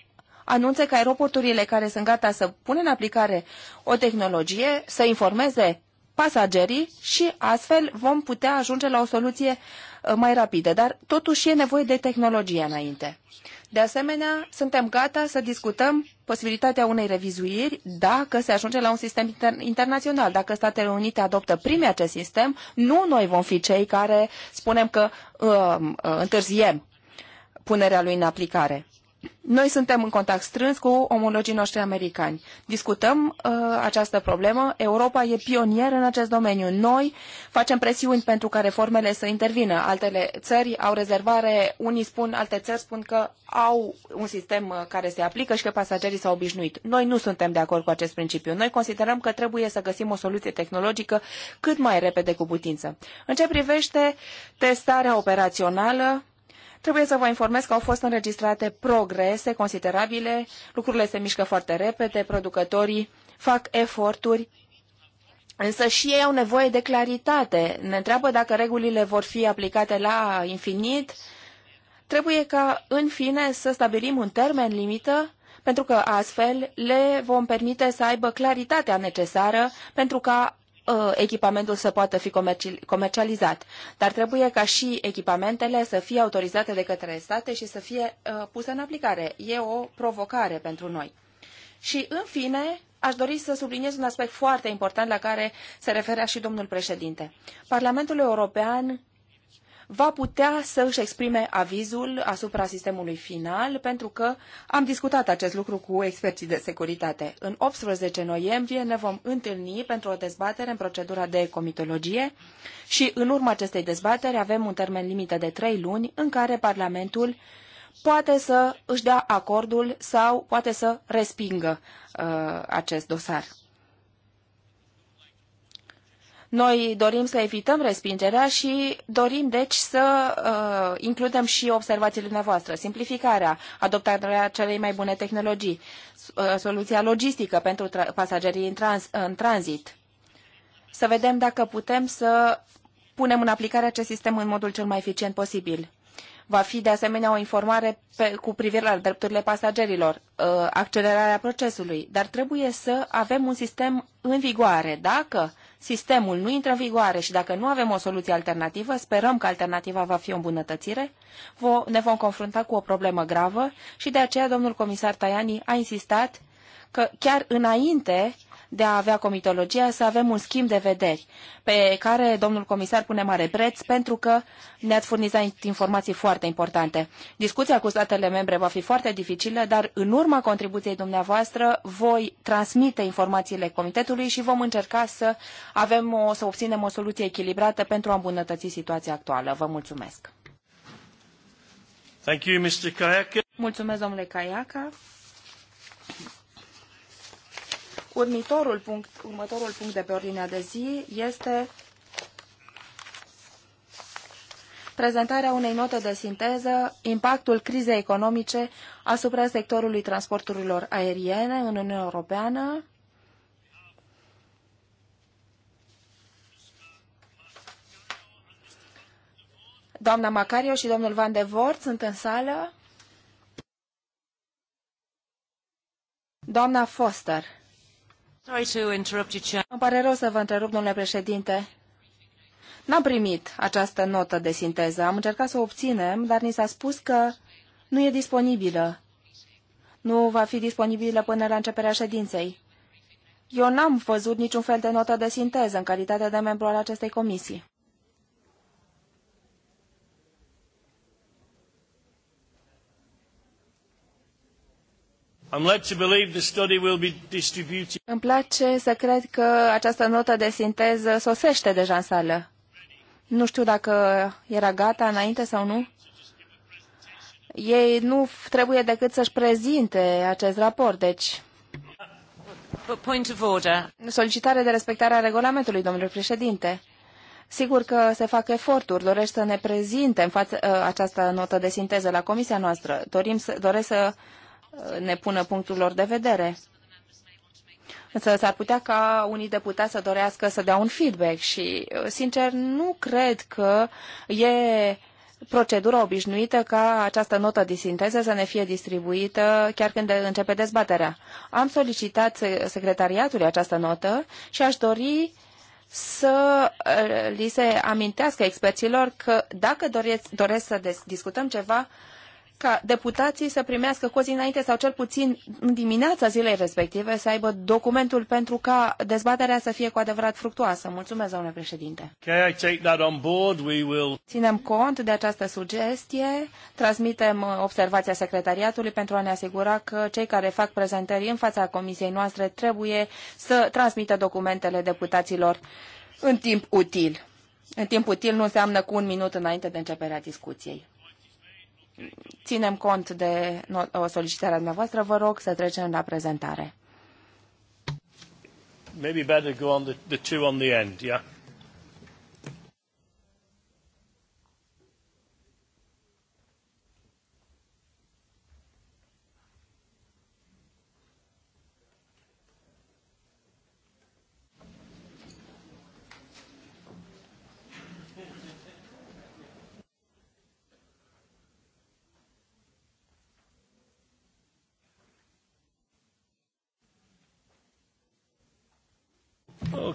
anunțe că aeroporturile care sunt gata să pună în aplicare o tehnologie, să informeze pasagerii și astfel vom putea ajunge la o soluție uh, mai rapidă, dar totuși e nevoie de tehnologie înainte. De asemenea, suntem gata să discutăm posibilitatea unei revizuiri dacă se ajunge la un sistem inter- internațional. Dacă Statele Unite adoptă prime acest sistem, nu noi vom fi cei care spunem că uh, uh, întârziem punerea lui în aplicare. Noi suntem în contact strâns cu omologii noștri americani. Discutăm uh, această problemă. Europa e pionieră în acest domeniu. Noi facem presiuni pentru ca reformele să intervină. Altele țări au rezervare, unii spun, alte țări spun că au un sistem uh, care se aplică și că pasagerii s-au obișnuit. Noi nu suntem de acord cu acest principiu. Noi considerăm că trebuie să găsim o soluție tehnologică cât mai repede cu putință. În ce privește testarea operațională, Trebuie să vă informez că au fost înregistrate progrese considerabile, lucrurile se mișcă foarte repede, producătorii fac eforturi, însă și ei au nevoie de claritate. Ne întreabă dacă regulile vor fi aplicate la infinit. Trebuie ca, în fine, să stabilim un termen limită pentru că astfel le vom permite să aibă claritatea necesară pentru ca Uh, echipamentul să poată fi comercializat, dar trebuie ca și echipamentele să fie autorizate de către state și să fie uh, puse în aplicare. E o provocare pentru noi. Și, în fine, aș dori să subliniez un aspect foarte important la care se referea și domnul președinte. Parlamentul European va putea să își exprime avizul asupra sistemului final, pentru că am discutat acest lucru cu experții de securitate. În 18 noiembrie ne vom întâlni pentru o dezbatere în procedura de comitologie și în urma acestei dezbateri avem un termen limită de 3 luni în care Parlamentul poate să își dea acordul sau poate să respingă uh, acest dosar. Noi dorim să evităm respingerea și dorim, deci, să uh, includem și observațiile noastre. Simplificarea, adoptarea celei mai bune tehnologii, uh, soluția logistică pentru pasagerii în, trans- în tranzit. Să vedem dacă putem să punem în aplicare acest sistem în modul cel mai eficient posibil. Va fi de asemenea o informare pe, cu privire la drepturile pasagerilor, uh, accelerarea procesului, dar trebuie să avem un sistem în vigoare. Dacă sistemul nu intră în vigoare și dacă nu avem o soluție alternativă, sperăm că alternativa va fi o îmbunătățire, ne vom confrunta cu o problemă gravă și de aceea domnul comisar Tajani a insistat că chiar înainte de a avea comitologia, să avem un schimb de vederi pe care domnul comisar pune mare preț pentru că ne-ați furnizat informații foarte importante. Discuția cu statele membre va fi foarte dificilă, dar în urma contribuției dumneavoastră voi transmite informațiile comitetului și vom încerca să avem o, să obținem o soluție echilibrată pentru a îmbunătăți situația actuală. Vă mulțumesc! Thank you, Mr. Mulțumesc, domnule Caiaca. Următorul punct, următorul punct de pe ordinea de zi este prezentarea unei note de sinteză, impactul crizei economice asupra sectorului transporturilor aeriene în Uniunea Europeană. Doamna Macario și domnul Van de Vort sunt în sală. Doamna Foster. Îmi pare rău să vă întrerup, domnule președinte. N-am primit această notă de sinteză. Am încercat să o obținem, dar ni s-a spus că nu e disponibilă. Nu va fi disponibilă până la începerea ședinței. Eu n-am văzut niciun fel de notă de sinteză în calitate de membru al acestei comisii. Îmi place să cred că această notă de sinteză sosește deja în sală. Nu știu dacă era gata înainte sau nu. Ei nu trebuie decât să-și prezinte acest raport, deci... Point of order. Solicitare de respectare a regulamentului, domnule președinte. Sigur că se fac eforturi, Dorește să ne prezinte în față, ă, această notă de sinteză la comisia noastră. Dorim să, doresc să ne pună punctul lor de vedere. Însă s-ar putea ca unii deputați să dorească să dea un feedback și, sincer, nu cred că e procedura obișnuită ca această notă de sinteză să ne fie distribuită chiar când începe dezbaterea. Am solicitat secretariatului această notă și aș dori să eh, li se amintească experților că dacă doresc, doresc să discutăm ceva, ca deputații să primească cu zi înainte sau cel puțin în dimineața zilei respective să aibă documentul pentru ca dezbaterea să fie cu adevărat fructuoasă. Mulțumesc, domnule președinte. Okay, I take that on board. We will... Ținem cont de această sugestie, transmitem uh, observația secretariatului pentru a ne asigura că cei care fac prezentări în fața comisiei noastre trebuie să transmită documentele deputaților în timp util. În timp util nu înseamnă cu un minut înainte de începerea discuției ținem cont de solicitarea dumneavoastră. Vă rog să trecem la prezentare. Maybe better go on the, the two on the end, yeah?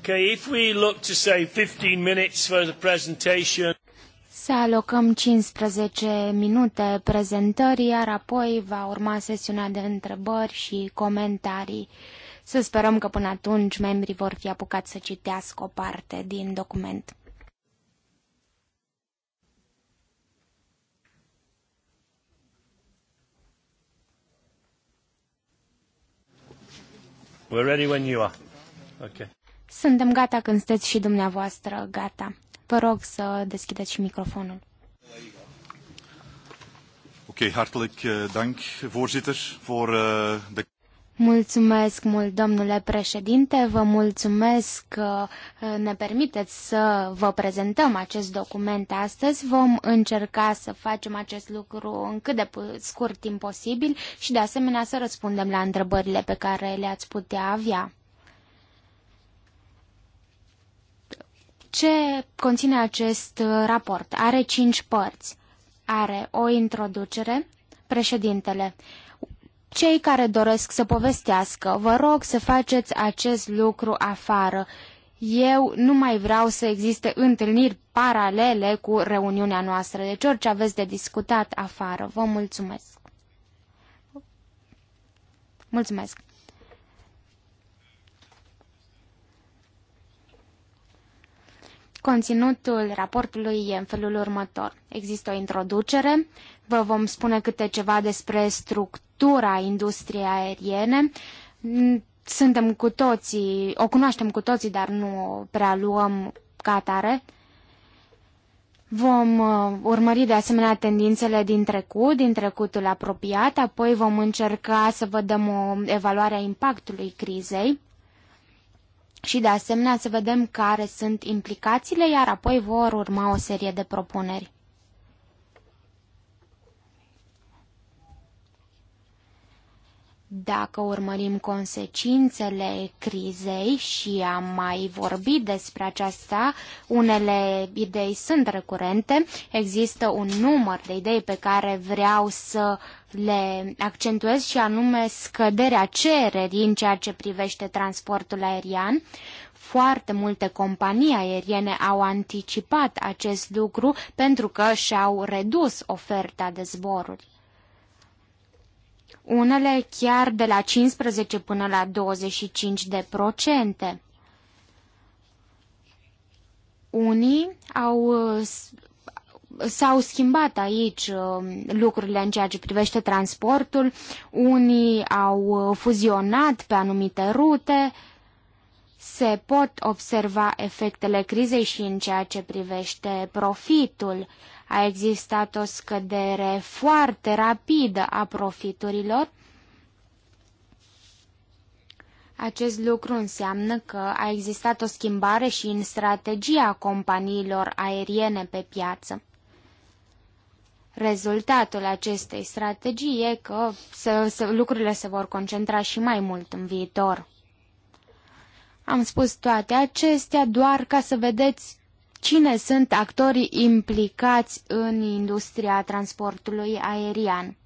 Okay, if we look to say 15 minutes for the presentation. Să alocăm 15 minute prezentării, iar apoi va urma sesiunea de întrebări și comentarii. Să sperăm că până atunci membrii vor fi apucați să citească o parte din document. We're ready when you are. Okay. Suntem gata când sunteți și dumneavoastră gata. Vă rog să deschideți și microfonul. Ok, hartelijk eh, dank, voorzitter, voor eh, de... Mulțumesc mult, domnule președinte, vă mulțumesc că eh, ne permiteți să vă prezentăm acest document astăzi. Vom încerca să facem acest lucru în cât de scurt timp posibil și de asemenea să răspundem la întrebările pe care le-ați putea avea. Ce conține acest uh, raport? Are cinci părți. Are o introducere, președintele. Cei care doresc să povestească, vă rog să faceți acest lucru afară. Eu nu mai vreau să existe întâlniri paralele cu reuniunea noastră, deci orice aveți de discutat afară. Vă mulțumesc! Mulțumesc! Conținutul raportului e în felul următor. Există o introducere, vă vom spune câte ceva despre structura industriei aeriene. Suntem cu toții, o cunoaștem cu toții, dar nu o prea luăm ca atare. Vom uh, urmări de asemenea tendințele din trecut, din trecutul apropiat, apoi vom încerca să vă dăm o evaluare a impactului crizei și de asemenea să vedem care sunt implicațiile, iar apoi vor urma o serie de propuneri. Dacă urmărim consecințele crizei și am mai vorbit despre aceasta, unele idei sunt recurente, există un număr de idei pe care vreau să le accentuez și anume scăderea cererii în ceea ce privește transportul aerian. Foarte multe companii aeriene au anticipat acest lucru pentru că și-au redus oferta de zboruri unele chiar de la 15 până la 25 de procente. Unii au s-au schimbat aici uh, lucrurile în ceea ce privește transportul, unii au uh, fuzionat pe anumite rute, se pot observa efectele crizei și în ceea ce privește profitul. A existat o scădere foarte rapidă a profiturilor. Acest lucru înseamnă că a existat o schimbare și în strategia companiilor aeriene pe piață. Rezultatul acestei strategii e că se, se, lucrurile se vor concentra și mai mult în viitor. Am spus toate acestea doar ca să vedeți cine sunt actorii implicați în industria transportului aerian.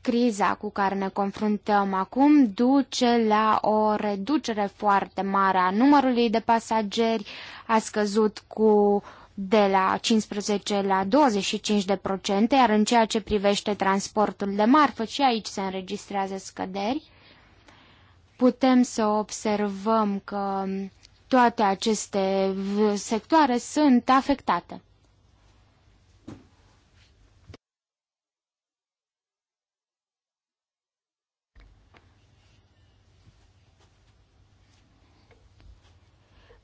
Criza cu care ne confruntăm acum duce la o reducere foarte mare a numărului de pasageri, a scăzut cu de la 15 la 25 de procente, iar în ceea ce privește transportul de marfă și aici se înregistrează scăderi putem să observăm că toate aceste sectoare sunt afectate.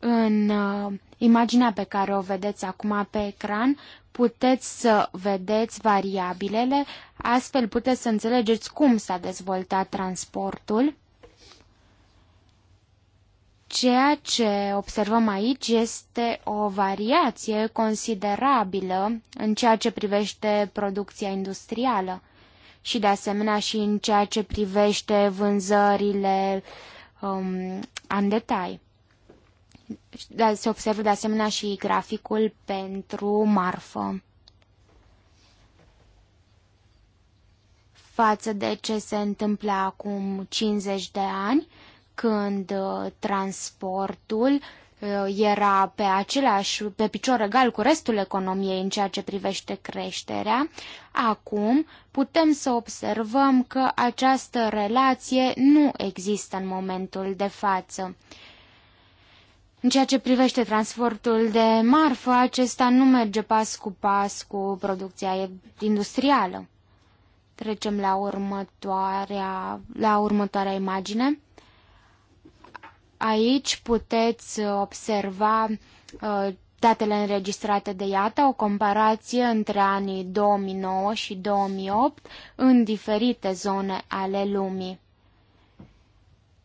În uh, imaginea pe care o vedeți acum pe ecran, puteți să vedeți variabilele, astfel puteți să înțelegeți cum s-a dezvoltat transportul. Ceea ce observăm aici este o variație considerabilă în ceea ce privește producția industrială și de asemenea și în ceea ce privește vânzările um, în detai. Da, se observă de asemenea și graficul pentru marfă. Față de ce se întâmplă acum 50 de ani, când uh, transportul uh, era pe același, pe picior egal cu restul economiei în ceea ce privește creșterea, acum putem să observăm că această relație nu există în momentul de față. În ceea ce privește transportul de marfă, acesta nu merge pas cu pas cu producția industrială. Trecem la următoarea, la următoarea imagine. Aici puteți observa uh, datele înregistrate de IATA, o comparație între anii 2009 și 2008 în diferite zone ale lumii.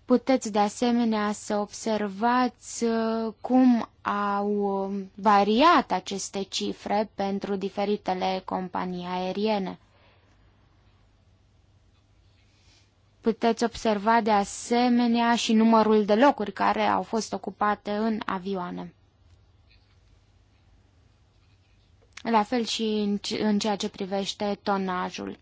Puteți de asemenea să observați uh, cum au variat aceste cifre pentru diferitele companii aeriene. Puteți observa de asemenea și numărul de locuri care au fost ocupate în avioane. La fel și în, în ceea ce privește tonajul.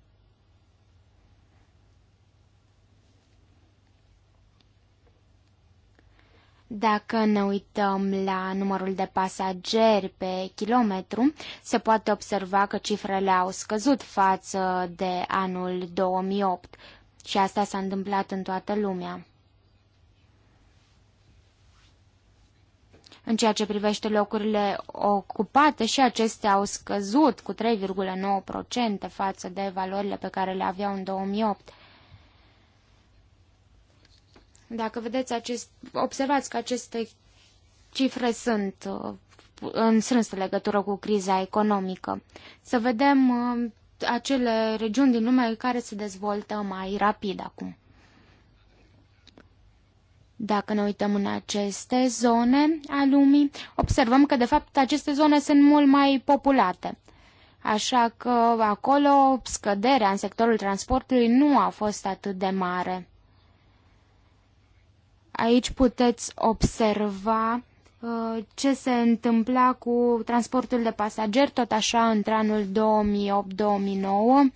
Dacă ne uităm la numărul de pasageri pe kilometru, se poate observa că cifrele au scăzut față de anul 2008, și asta s-a întâmplat în toată lumea. În ceea ce privește locurile ocupate, și acestea au scăzut cu 3,9% față de valorile pe care le aveau în 2008. Dacă vedeți acest, observați că aceste cifre sunt uh, în strânsă legătură cu criza economică. Să vedem uh, acele regiuni din lume care se dezvoltă mai rapid acum. Dacă ne uităm în aceste zone a lumii, observăm că, de fapt, aceste zone sunt mult mai populate. Așa că acolo scăderea în sectorul transportului nu a fost atât de mare. Aici puteți observa Uh, ce se întâmpla cu transportul de pasageri, tot așa între anul 2008-2009.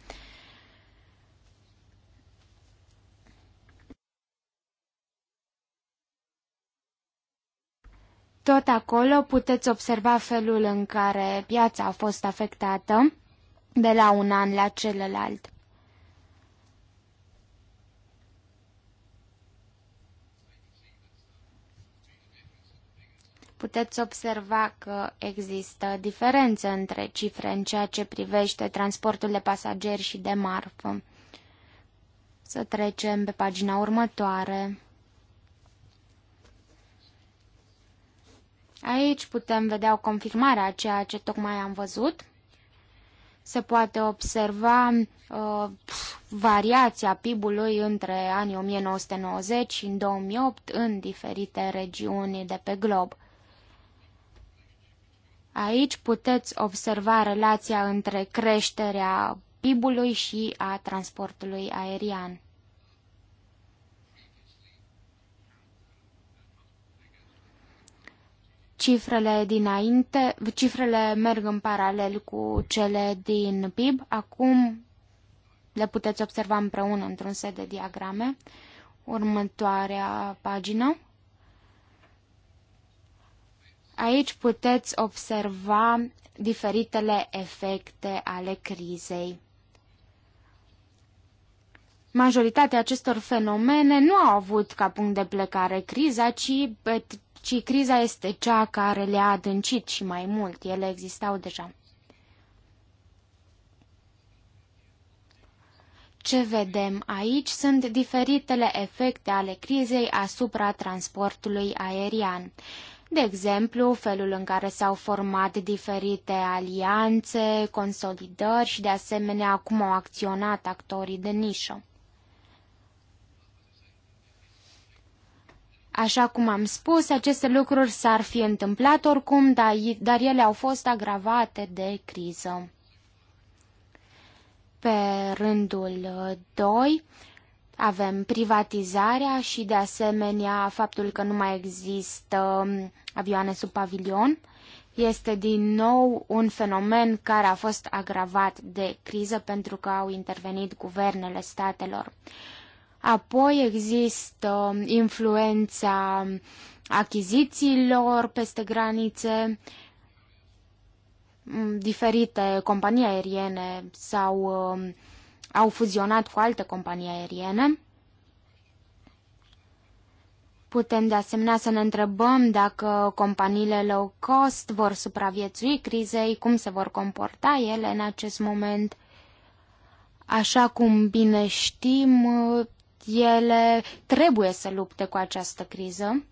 Tot acolo puteți observa felul în care piața a fost afectată de la un an la celălalt. puteți observa că există diferențe între cifre în ceea ce privește transportul de pasageri și de marfă. Să trecem pe pagina următoare. Aici putem vedea o confirmare a ceea ce tocmai am văzut. Se poate observa uh, variația PIB-ului între anii 1990 și în 2008 în diferite regiuni de pe glob. Aici puteți observa relația între creșterea PIB-ului și a transportului aerian. cifrele dinainte, cifrele merg în paralel cu cele din PIB. Acum le puteți observa împreună într-un set de diagrame. Următoarea pagină. Aici puteți observa diferitele efecte ale crizei. Majoritatea acestor fenomene nu au avut ca punct de plecare criza, ci, ci criza este cea care le-a adâncit și mai mult. Ele existau deja. Ce vedem aici sunt diferitele efecte ale crizei asupra transportului aerian de exemplu felul în care s-au format diferite alianțe, consolidări și de asemenea cum au acționat actorii de nișă. Așa cum am spus, aceste lucruri s-ar fi întâmplat oricum, dar ele au fost agravate de criză. Pe rândul 2, avem privatizarea și, de asemenea, faptul că nu mai există um, avioane sub pavilion. Este din nou un fenomen care a fost agravat de criză pentru că au intervenit guvernele statelor. Apoi există um, influența achizițiilor peste granițe, mm, diferite companii aeriene sau uh, au fuzionat cu alte companii aeriene. Putem de asemenea să ne întrebăm dacă companiile low cost vor supraviețui crizei, cum se vor comporta ele în acest moment. Așa cum bine știm, ele trebuie să lupte cu această criză.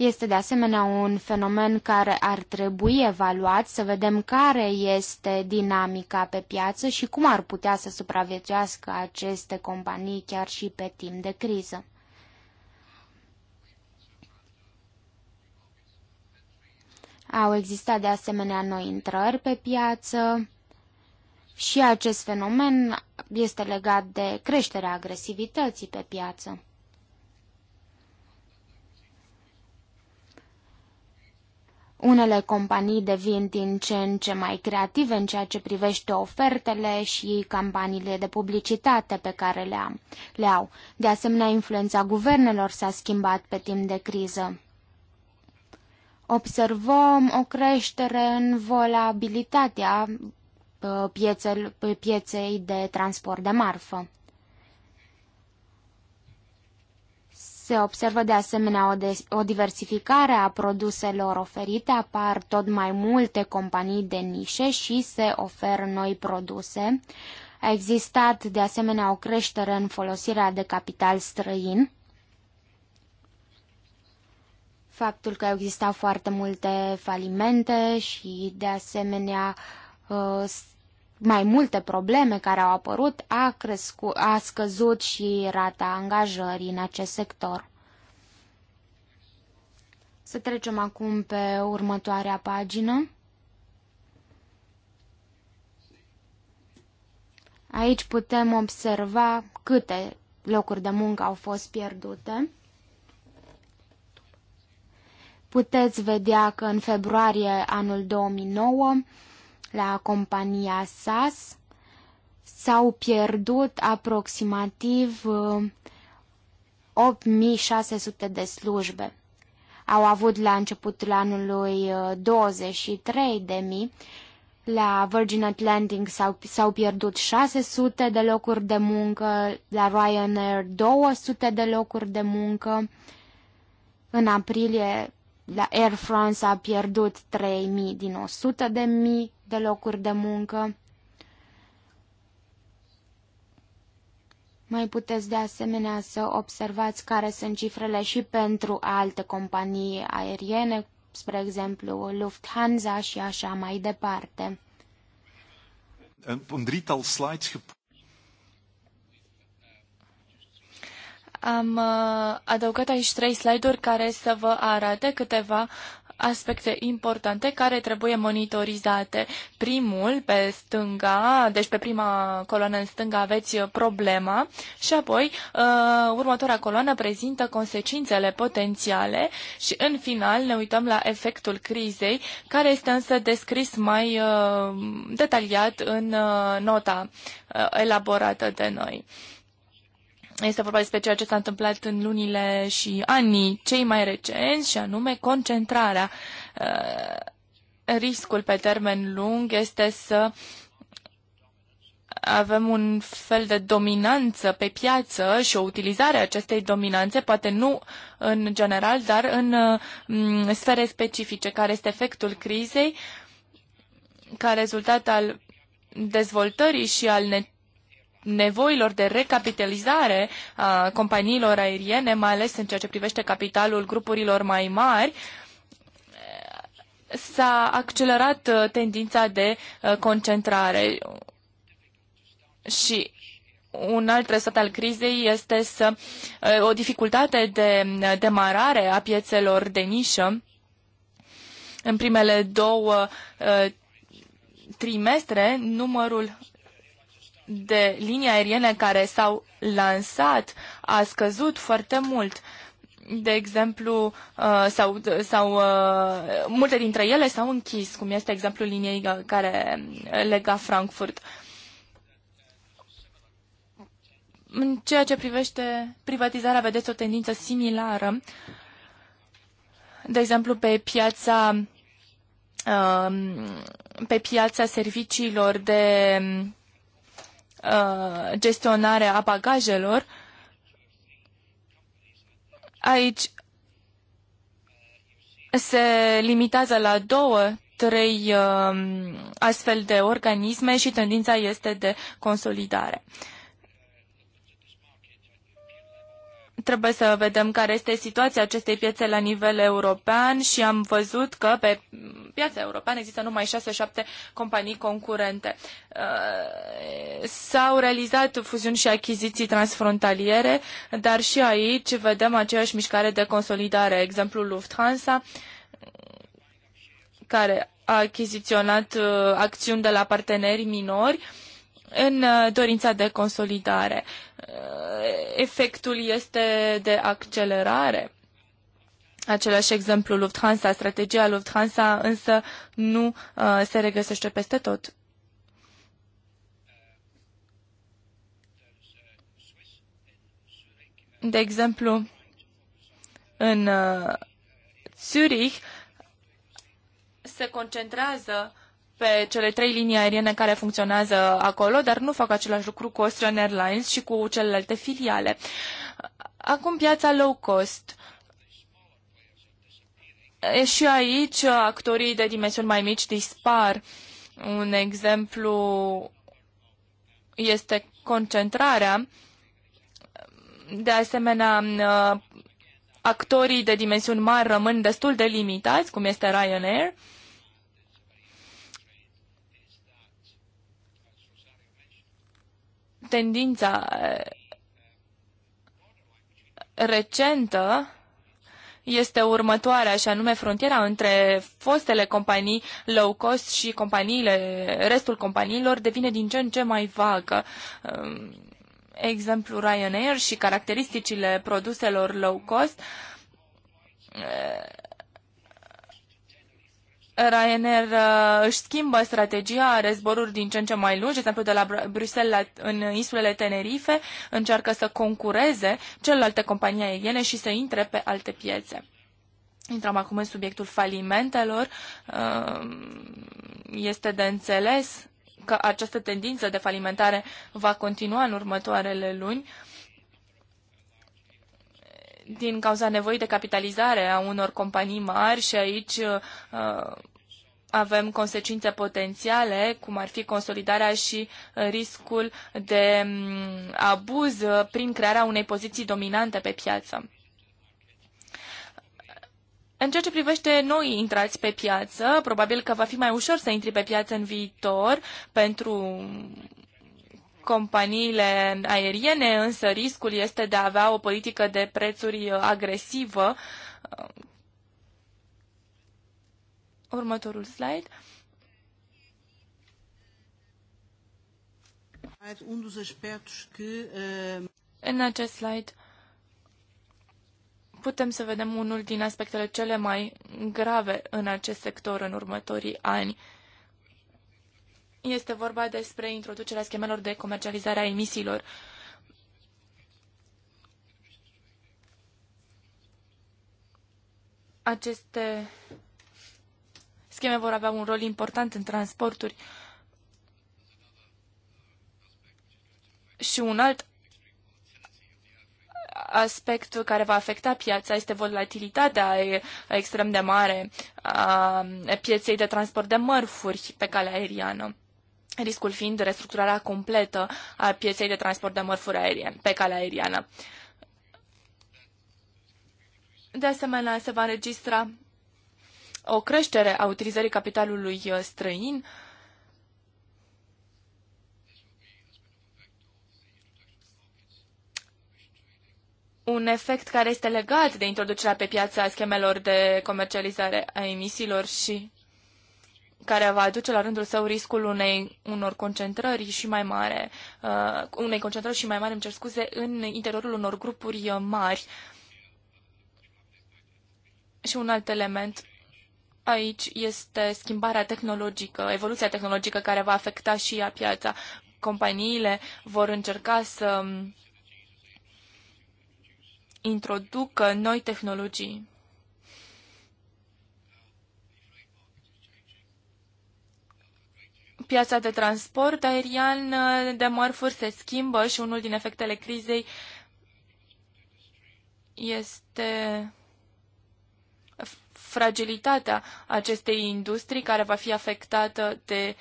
Este de asemenea un fenomen care ar trebui evaluat să vedem care este dinamica pe piață și cum ar putea să supraviețuiască aceste companii chiar și pe timp de criză. Au existat de asemenea noi intrări pe piață și acest fenomen este legat de creșterea agresivității pe piață. Unele companii devin din ce în ce mai creative în ceea ce privește ofertele și campaniile de publicitate pe care le, am, le au. De asemenea, influența guvernelor s-a schimbat pe timp de criză. Observăm o creștere în volabilitatea uh, pieței de transport de marfă. Se observă de asemenea o, de- o diversificare a produselor oferite, apar tot mai multe companii de nișe și se oferă noi produse. A existat de asemenea o creștere în folosirea de capital străin. Faptul că au existat foarte multe falimente și de asemenea uh, mai multe probleme care au apărut, a, crescu, a scăzut și rata angajării în acest sector. Să trecem acum pe următoarea pagină. Aici putem observa câte locuri de muncă au fost pierdute. Puteți vedea că în februarie anul 2009 la compania SAS s-au pierdut aproximativ 8600 uh, de slujbe. Au avut la începutul anului 23.000, uh, la Virgin Atlantic s-au pierdut 600 de locuri de muncă, la Ryanair 200 de locuri de muncă. În aprilie la Air France a pierdut 3.000 din 100.000 de locuri de muncă. Mai puteți de asemenea să observați care sunt cifrele și pentru alte companii aeriene, spre exemplu Lufthansa și așa mai departe. Un drital slides Am uh, adăugat aici trei slide-uri care să vă arate câteva aspecte importante care trebuie monitorizate. Primul, pe stânga, deci pe prima coloană în stânga aveți uh, problema și apoi uh, următoarea coloană prezintă consecințele potențiale și în final ne uităm la efectul crizei, care este însă descris mai uh, detaliat în nota elaborată de noi. Este vorba despre ceea ce s-a întâmplat în lunile și anii cei mai recenți, și anume concentrarea. Uh, riscul pe termen lung este să avem un fel de dominanță pe piață și o utilizare a acestei dominanțe, poate nu în general, dar în mm, sfere specifice, care este efectul crizei ca rezultat al dezvoltării și al nevoilor de recapitalizare a companiilor aeriene, mai ales în ceea ce privește capitalul grupurilor mai mari, s-a accelerat uh, tendința de uh, concentrare. Și un alt rezultat al crizei este să, uh, o dificultate de demarare a piețelor de nișă în primele două trimestre, numărul de linii aeriene care s-au lansat a scăzut foarte mult. De exemplu, uh, sau, sau uh, multe dintre ele s-au închis, cum este exemplul liniei care lega Frankfurt. În ceea ce privește privatizarea, vedeți o tendință similară. De exemplu, pe piața um, pe piața serviciilor de Uh, gestionare a bagajelor, aici se limitează la două, trei uh, astfel de organisme și tendința este de consolidare. trebuie să vedem care este situația acestei piețe la nivel european și am văzut că pe piața europeană există numai 6-7 companii concurente. Uh, s-au realizat fuziuni și achiziții transfrontaliere, dar și aici vedem aceeași mișcare de consolidare. Exemplul Lufthansa, care a achiziționat uh, acțiuni de la parteneri minori, în uh, dorința de consolidare. Uh, efectul este de accelerare. Același exemplu Lufthansa, strategia Lufthansa însă nu uh, se regăsește peste tot. De exemplu, în Zurich se concentrează uh, pe cele trei linii aeriene care funcționează acolo, dar nu fac același lucru cu Austrian Airlines și cu celelalte filiale. Acum piața low cost. E și aici actorii de dimensiuni mai mici dispar. Un exemplu este concentrarea. De asemenea, actorii de dimensiuni mari rămân destul de limitați, cum este Ryanair. tendința eh, recentă este următoarea, și anume frontiera între fostele companii low cost și companiile, restul companiilor devine din ce în ce mai vagă. Um, exemplu Ryanair și caracteristicile produselor low cost eh, Ryanair uh, își schimbă strategia, are zboruri din ce în ce mai lungi, de exemplu de la Bruxelles la, în insulele Tenerife, încearcă să concureze celelalte companii aeriene și să intre pe alte piețe. Intrăm acum în subiectul falimentelor. Uh, este de înțeles că această tendință de falimentare va continua în următoarele luni din cauza nevoii de capitalizare a unor companii mari și aici uh, avem consecințe potențiale, cum ar fi consolidarea și uh, riscul de mm, abuz uh, prin crearea unei poziții dominante pe piață. În ceea ce privește noi intrați pe piață, probabil că va fi mai ușor să intri pe piață în viitor pentru companiile aeriene, însă riscul este de a avea o politică de prețuri uh, agresivă. Uh, următorul slide. Uh, în acest slide putem să vedem unul din aspectele cele mai grave în acest sector în următorii ani. Este vorba despre introducerea schemelor de comercializare a emisiilor. Aceste scheme vor avea un rol important în transporturi. Și un alt aspect care va afecta piața este volatilitatea extrem de mare a pieței de transport de mărfuri pe calea aeriană riscul fiind restructurarea completă a pieței de transport de mărfuri aerien, pe calea aeriană. De asemenea, se va înregistra o creștere a utilizării capitalului uh, străin, un efect care este legat de introducerea pe piață a schemelor de comercializare a emisiilor și care va aduce la rândul său riscul unei unor concentrări și mai mare, uh, unei concentrări și mai mare, îmi cer scuze, în interiorul unor grupuri uh, mari. Și un alt element aici este schimbarea tehnologică, evoluția tehnologică care va afecta și a piața. Companiile vor încerca să um, introducă noi tehnologii. piața de transport aerian de mărfuri se schimbă și unul din efectele crizei este fragilitatea acestei industrii care va fi afectată de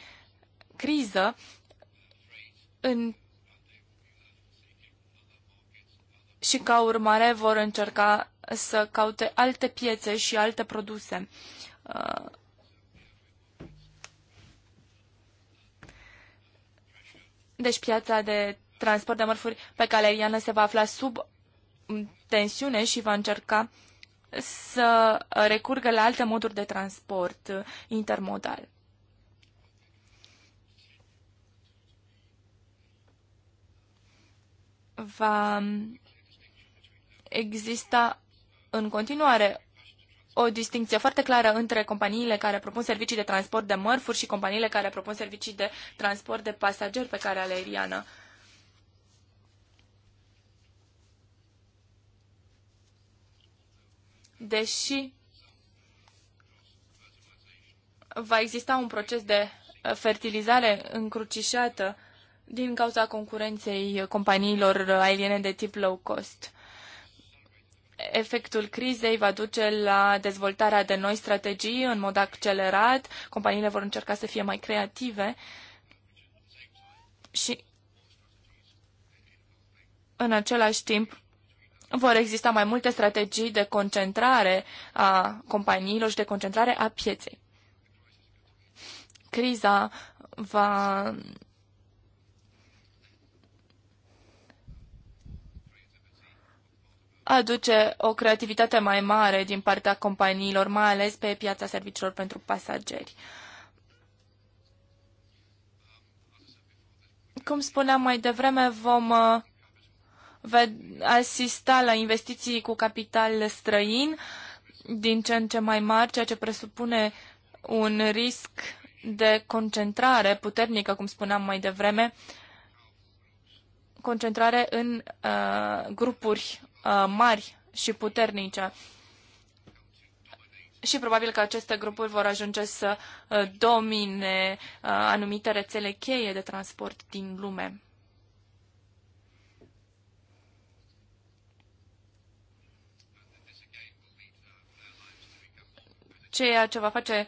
criză. În și ca urmare vor încerca să caute alte piețe și alte produse uh, Deci piața de transport de mărfuri pe caleriană se va afla sub tensiune și va încerca să recurgă la alte moduri de transport intermodal. Va exista în continuare o distinție foarte clară între companiile care propun servicii de transport de mărfuri și companiile care propun servicii de transport de pasageri pe care aeriană. Deși va exista un proces de uh, fertilizare încrucișată din cauza concurenței companiilor uh, aeriene de tip low cost efectul crizei va duce la dezvoltarea de noi strategii în mod accelerat, companiile vor încerca să fie mai creative și în același timp vor exista mai multe strategii de concentrare a companiilor și de concentrare a pieței. Criza va aduce o creativitate mai mare din partea companiilor, mai ales pe piața serviciilor pentru pasageri. Cum spuneam mai devreme, vom uh, asista la investiții cu capital străin din ce în ce mai mari, ceea ce presupune un risc de concentrare puternică, cum spuneam mai devreme, concentrare în uh, grupuri Uh, mari și puternice. Și probabil că aceste grupuri vor ajunge să uh, domine uh, anumite rețele cheie de transport din lume. ceea ce va face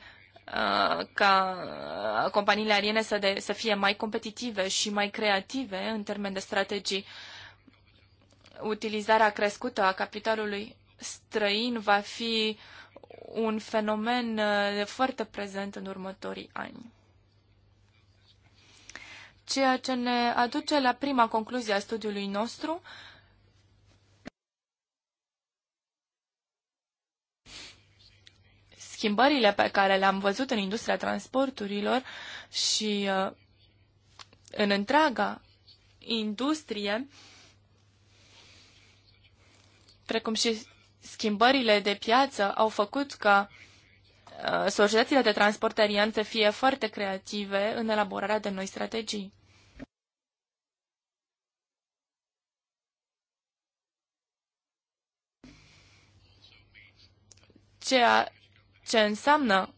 ca companiile aeriene să, de, să fie mai competitive și mai creative în termen de strategii utilizarea crescută a capitalului străin va fi un fenomen uh, foarte prezent în următorii ani. Ceea ce ne aduce la prima concluzie a studiului nostru, schimbările pe care le-am văzut în industria transporturilor și uh, în întreaga industrie uh, precum și schimbările de piață, au făcut ca uh, societățile de transport aerian să fie foarte creative în elaborarea de noi strategii. Ceea ce înseamnă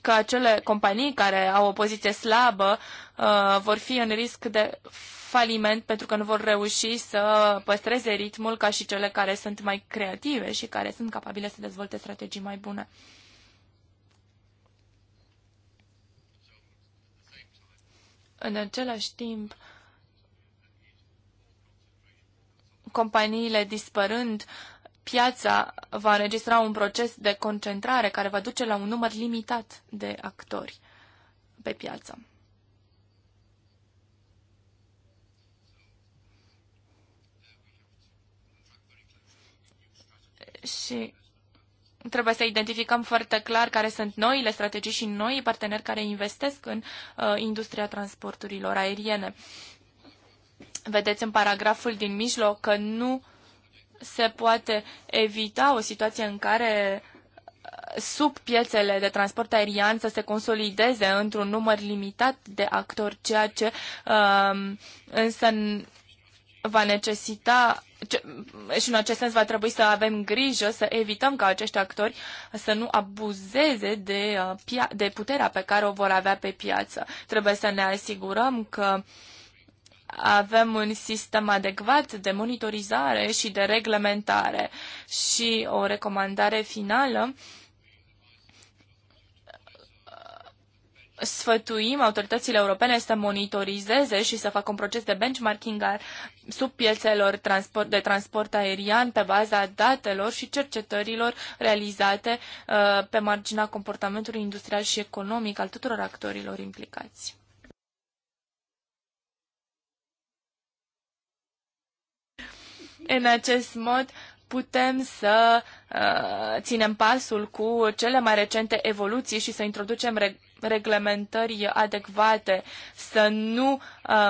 că acele companii care au o poziție slabă uh, vor fi în risc de faliment pentru că nu vor reuși să păstreze ritmul ca și cele care sunt mai creative și care sunt capabile să dezvolte strategii mai bune. În același timp, companiile dispărând, piața va înregistra un proces de concentrare care va duce la un număr limitat de actori pe piață. și trebuie să identificăm foarte clar care sunt noile strategii și noi parteneri care investesc în uh, industria transporturilor aeriene. Vedeți în paragraful din mijloc că nu se poate evita o situație în care uh, sub piețele de transport aerian să se consolideze într-un număr limitat de actori, ceea ce uh, însă va necesita și în acest sens va trebui să avem grijă să evităm ca acești actori să nu abuzeze de, uh, de puterea pe care o vor avea pe piață. Trebuie să ne asigurăm că avem un sistem adecvat de monitorizare și de reglementare și o recomandare finală uh, sfătuim autoritățile europene să monitorizeze și să facă un proces de benchmarking al subpiețelor transport, de transport aerian pe baza datelor și cercetărilor realizate uh, pe marginea comportamentului industrial și economic al tuturor actorilor implicați. În acest mod, putem să uh, ținem pasul cu cele mai recente evoluții și să introducem reglementări adecvate, să nu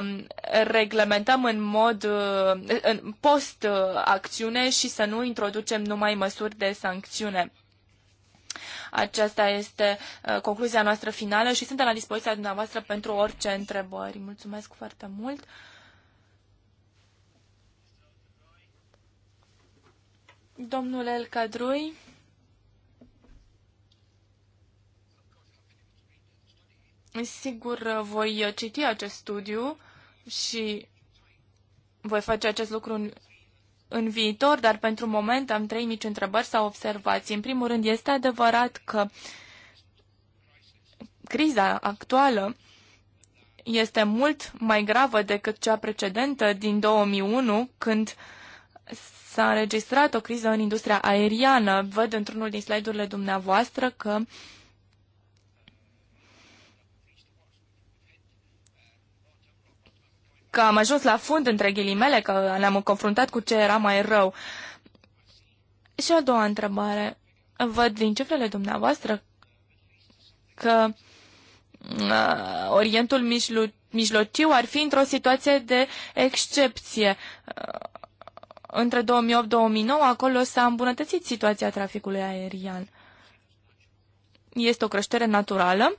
um, reglementăm în mod uh, în post-acțiune și să nu introducem numai măsuri de sancțiune. Aceasta este uh, concluzia noastră finală și suntem la dispoziția dumneavoastră pentru orice întrebări. Mulțumesc foarte mult! Domnul El Cadrui. Sigur, uh, voi uh, citi acest studiu și voi face acest lucru în, în viitor, dar pentru moment am trei mici întrebări sau observații. În primul rând, este adevărat că criza actuală este mult mai gravă decât cea precedentă din 2001, când s-a înregistrat o criză în industria aeriană. Văd într-unul din slide-urile dumneavoastră că uh, că am ajuns la fund, între ghilimele, că ne-am confruntat cu ce era mai rău. Și a doua întrebare. Văd din cifrele dumneavoastră că uh, Orientul Mijlo- Mijlociu ar fi într-o situație de excepție. Uh, între 2008-2009 acolo s-a îmbunătățit situația traficului aerian. Este o creștere naturală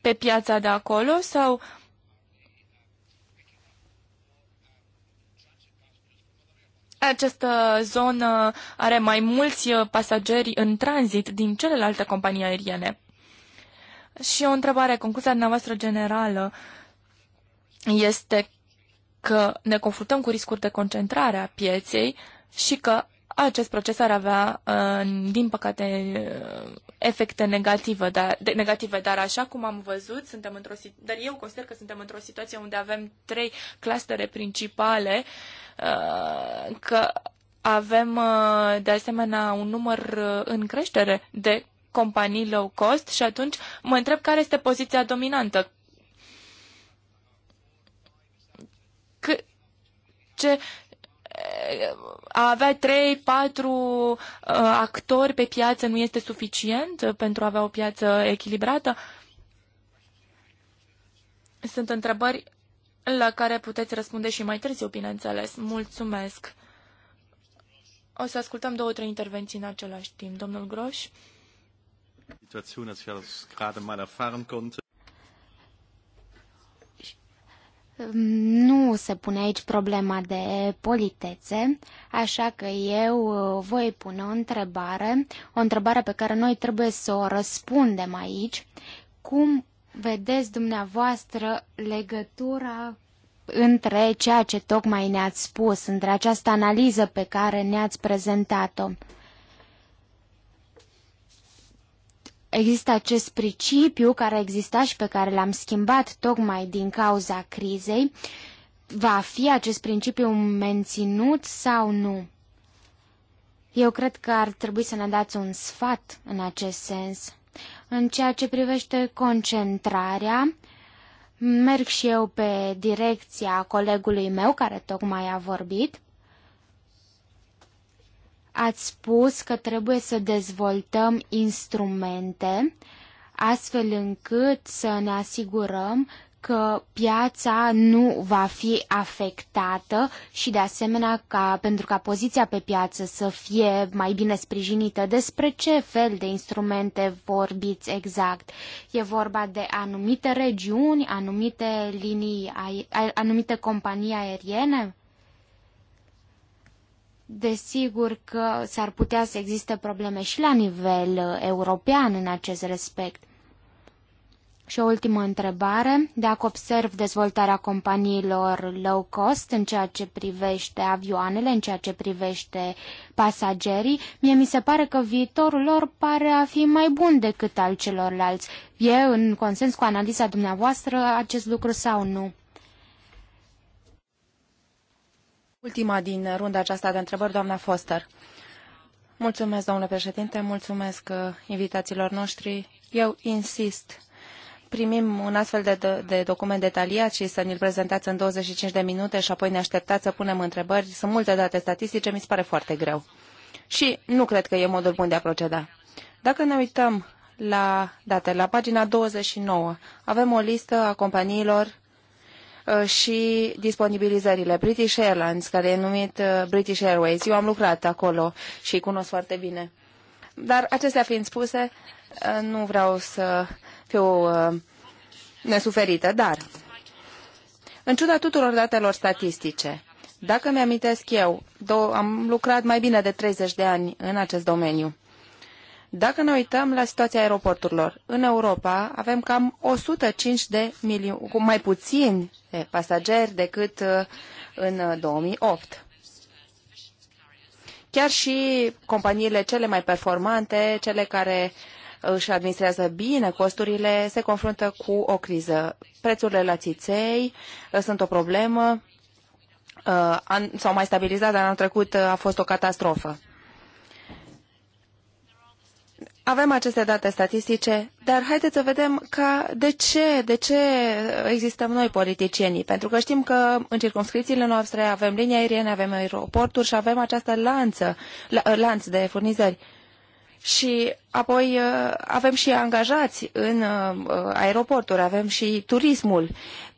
pe piața de acolo sau Această zonă are mai mulți uh, pasageri în tranzit din celelalte companii aeriene. Și o întrebare, concluzia noastră generală este că ne confruntăm cu riscuri de concentrare a pieței și că acest proces ar avea, uh, din păcate, uh, efecte negative, dar, de, negative, dar așa cum am văzut, suntem într-o, dar eu consider că suntem într-o situație unde avem trei clustere principale uh, că avem uh, de asemenea un număr uh, în creștere de companii low cost și atunci mă întreb care este poziția dominantă. C- ce uh, a avea 3, 4 uh, actori pe piață nu este suficient pentru a avea o piață echilibrată? Sunt întrebări la care puteți răspunde și mai târziu, bineînțeles. Mulțumesc! O să ascultăm două, trei intervenții în același timp. Domnul Groș. Nu se pune aici problema de politețe, așa că eu voi pune o întrebare, o întrebare pe care noi trebuie să o răspundem aici. Cum vedeți dumneavoastră legătura între ceea ce tocmai ne-ați spus, între această analiză pe care ne-ați prezentat-o. Există acest principiu care exista și pe care l-am schimbat tocmai din cauza crizei. Va fi acest principiu menținut sau nu? Eu cred că ar trebui să ne dați un sfat în acest sens. În ceea ce privește concentrarea, merg și eu pe direcția colegului meu care tocmai a vorbit. Ați spus că trebuie să dezvoltăm instrumente astfel încât să ne asigurăm că piața nu va fi afectată și de asemenea ca, pentru ca poziția pe piață să fie mai bine sprijinită. Despre ce fel de instrumente vorbiți exact? E vorba de anumite regiuni, anumite linii, anumite companii aeriene? Desigur că s-ar putea să existe probleme și la nivel european în acest respect. Și o ultimă întrebare, dacă observ dezvoltarea companiilor low cost în ceea ce privește avioanele, în ceea ce privește pasagerii, mie mi se pare că viitorul lor pare a fi mai bun decât al celorlalți. E în consens cu analiza dumneavoastră acest lucru sau nu? Ultima din runda aceasta de întrebări, doamna Foster. Mulțumesc, domnule președinte, mulțumesc uh, invitațiilor noștri. Eu insist primim un astfel de, de document detaliat și să ne-l prezentați în 25 de minute și apoi ne așteptați să punem întrebări. Sunt multe date statistice, mi se pare foarte greu. Și nu cred că e modul bun de a proceda. Dacă ne uităm la date, la pagina 29, avem o listă a companiilor uh, și disponibilizările. British Airlines, care e numit uh, British Airways. Eu am lucrat acolo și cunosc foarte bine. Dar acestea fiind spuse, uh, nu vreau să fi o uh, nesuferită, dar în ciuda tuturor datelor statistice, dacă mi-amintesc eu, am lucrat mai bine de 30 de ani în acest domeniu. Dacă ne uităm la situația aeroporturilor, în Europa avem cam 105 de milioane, cu mai puțin de pasageri decât uh, în 2008. Uh, Chiar și companiile cele mai performante, cele care uh, își administrează bine costurile, se confruntă cu o criză. Prețurile la țiței uh, sunt o problemă, uh, s-au mai stabilizat, dar anul trecut uh, a fost o catastrofă. Avem aceste date statistice, dar haideți să vedem ca de ce, de ce existăm noi politicienii. Pentru că știm că în circunscripțiile noastre avem linii aeriene, avem aeroporturi și avem această lanță, lanț de furnizări și apoi uh, avem și angajați în uh, uh, aeroporturi, avem și turismul.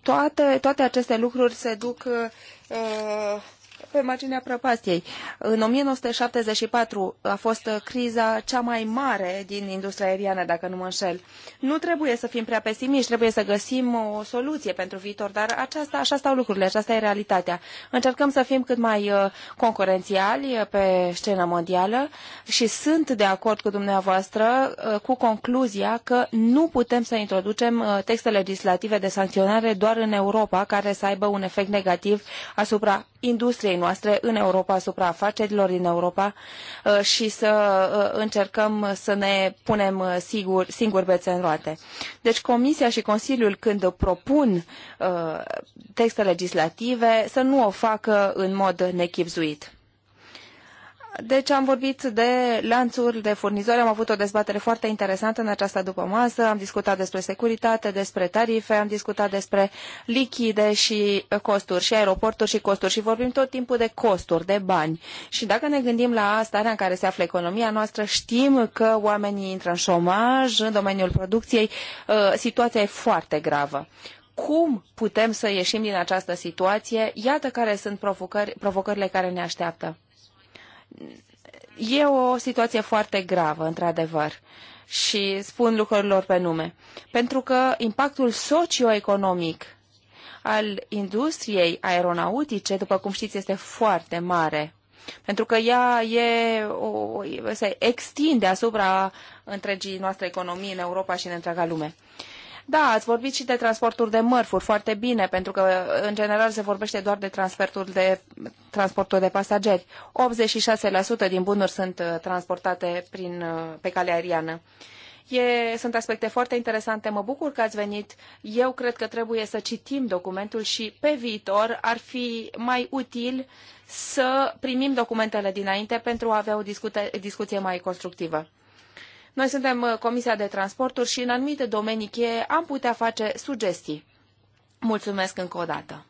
Toate, toate aceste lucruri se duc uh, pe marginea prăpastiei. În 1974 a fost criza cea mai mare din industria aeriană, dacă nu mă înșel. Nu trebuie să fim prea pesimiști, trebuie să găsim o soluție pentru viitor, dar aceasta, așa stau lucrurile, aceasta e realitatea. Încercăm să fim cât mai uh, concurențiali uh, pe scena mondială și sunt de acord cu dumneavoastră uh, cu concluzia că nu putem să introducem texte legislative de sancționare doar în Europa, care să aibă un efect negativ asupra industriei noastre în Europa, asupra afacerilor din Europa uh, și să uh, încercăm să ne punem uh, sigur, singur bețe în roate. Deci Comisia și Consiliul când propun texte legislative să nu o facă în mod nechipzuit. Deci am vorbit de lanțuri de furnizori, am avut o dezbatere foarte interesantă în această după masă, am discutat despre securitate, despre tarife, am discutat despre lichide și uh, costuri și aeroporturi și costuri și vorbim tot timpul de costuri, de bani. Și dacă ne gândim la starea în care se află economia noastră, știm că oamenii intră în șomaj, în domeniul producției, uh, situația e foarte gravă cum putem să ieșim din această situație, iată care sunt provocări, provocările care ne așteaptă. E o situație foarte gravă, într-adevăr, și spun lucrurilor pe nume, pentru că impactul socioeconomic al industriei aeronautice, după cum știți, este foarte mare, pentru că ea e, o, se extinde asupra întregii noastre economii în Europa și în întreaga lume. Uh, da, ați vorbit și de transporturi de mărfuri, foarte bine, pentru că în general se vorbește doar de transporturi de, transporturi de pasageri. 86% din bunuri sunt uh, transportate prin, uh, pe calea aeriană. E, sunt aspecte foarte interesante. Mă bucur că ați venit. Eu cred că trebuie să citim documentul și pe viitor ar fi mai util să primim documentele dinainte pentru a avea o discute, discuție mai constructivă. Noi suntem uh, Comisia de Transporturi și în anumite domenii cheie am putea face sugestii. Mulțumesc încă o dată.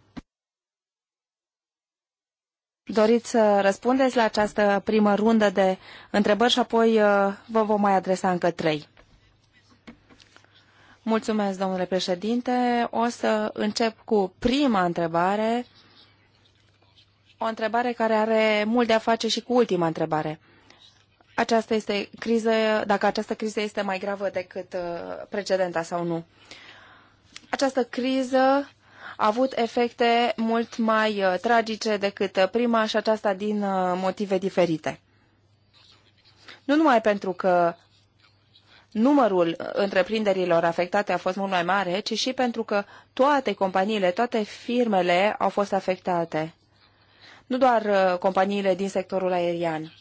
Doriți să răspundeți la această primă rundă de întrebări și apoi uh, vă vom mai adresa încă trei. Mulțumesc, domnule președinte. O să încep cu prima întrebare, o întrebare care are mult de a face și cu ultima întrebare aceasta este criză, dacă această criză este mai gravă decât uh, precedenta sau nu. Această criză a avut efecte mult mai uh, tragice decât uh, prima și aceasta din motive diferite. Nu numai pentru că numărul întreprinderilor afectate a fost mult mai mare, ci și pentru că toate companiile, toate firmele au fost afectate. Nu doar companiile din sectorul aerian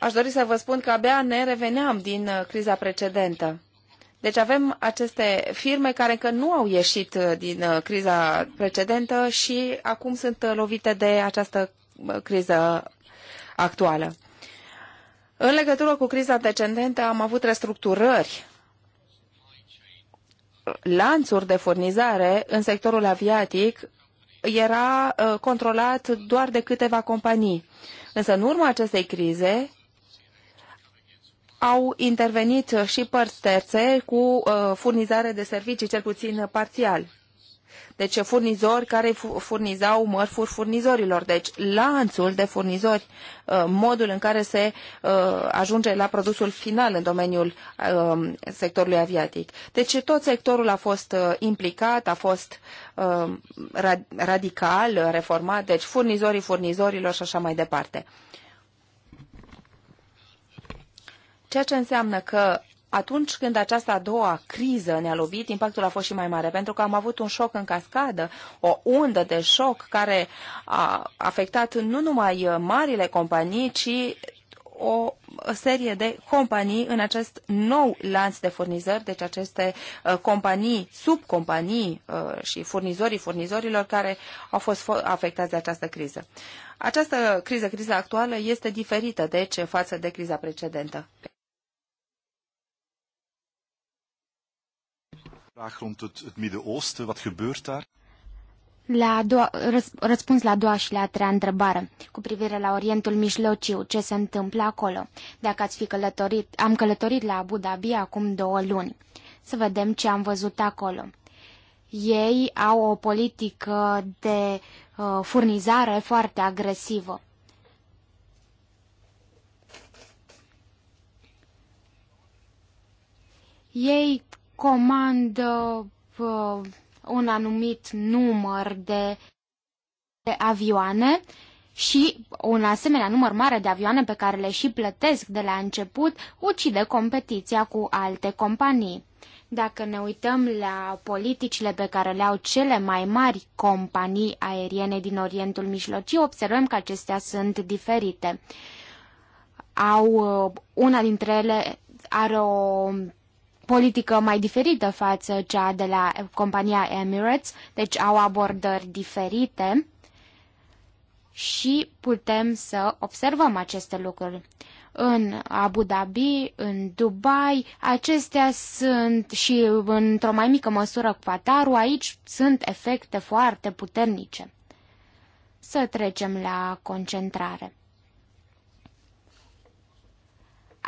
aș dori să vă spun că abia ne reveneam din uh, criza precedentă. Deci avem aceste firme care încă nu au ieșit uh, din uh, criza precedentă și acum sunt lovite de această criză actuală. În legătură cu criza decendentă am avut restructurări lanțuri de furnizare în sectorul aviatic era controlat doar de câteva companii. Însă în urma acestei crize au intervenit și părți terțe cu uh, furnizare de servicii, cel puțin parțial. Deci furnizori care furnizau mărfuri furnizorilor. Deci lanțul de furnizori, uh, modul în care se uh, ajunge la produsul final în domeniul sectorului aviatic. Deci tot sectorul a fost implicat, a fost radical, reformat, deci furnizorii furnizorilor și așa mai departe. Ceea ce înseamnă că atunci când această a doua criză ne-a lovit, impactul a fost și mai mare, pentru că am avut un șoc în cascadă, o undă de șoc care a afectat nu numai marile companii, ci o serie de companii în acest nou lanț de furnizări, deci aceste uh, companii, subcompanii uh, și furnizorii furnizorilor care au fost afectați de această criză. Această criză, criza actuală, este diferită, deci, față de criza precedentă. Vraag rond het, het Midden-Oosten, wat gebeurt daar? La a doua, răs, răspuns la a doua și la a treia întrebare, cu privire la Orientul Mijlociu, ce se întâmplă acolo. Dacă ați fi călătorit, am călătorit la Abu Dhabi acum două luni. Să vedem ce am văzut acolo. Ei au o politică de uh, furnizare foarte agresivă. Ei comandă uh, un anumit număr de, de avioane și un asemenea număr mare de avioane pe care le și plătesc de la început ucide competiția cu alte companii. Dacă ne uităm la politicile pe care le au cele mai mari companii aeriene din Orientul Mijlociu, observăm că acestea sunt diferite. Au uh, una dintre ele are o politică mai diferită față cea de la compania Emirates, deci au abordări diferite și putem să observăm aceste lucruri. În Abu Dhabi, în Dubai, acestea sunt și într-o mai mică măsură Qatar, aici sunt efecte foarte puternice. Să trecem la concentrare.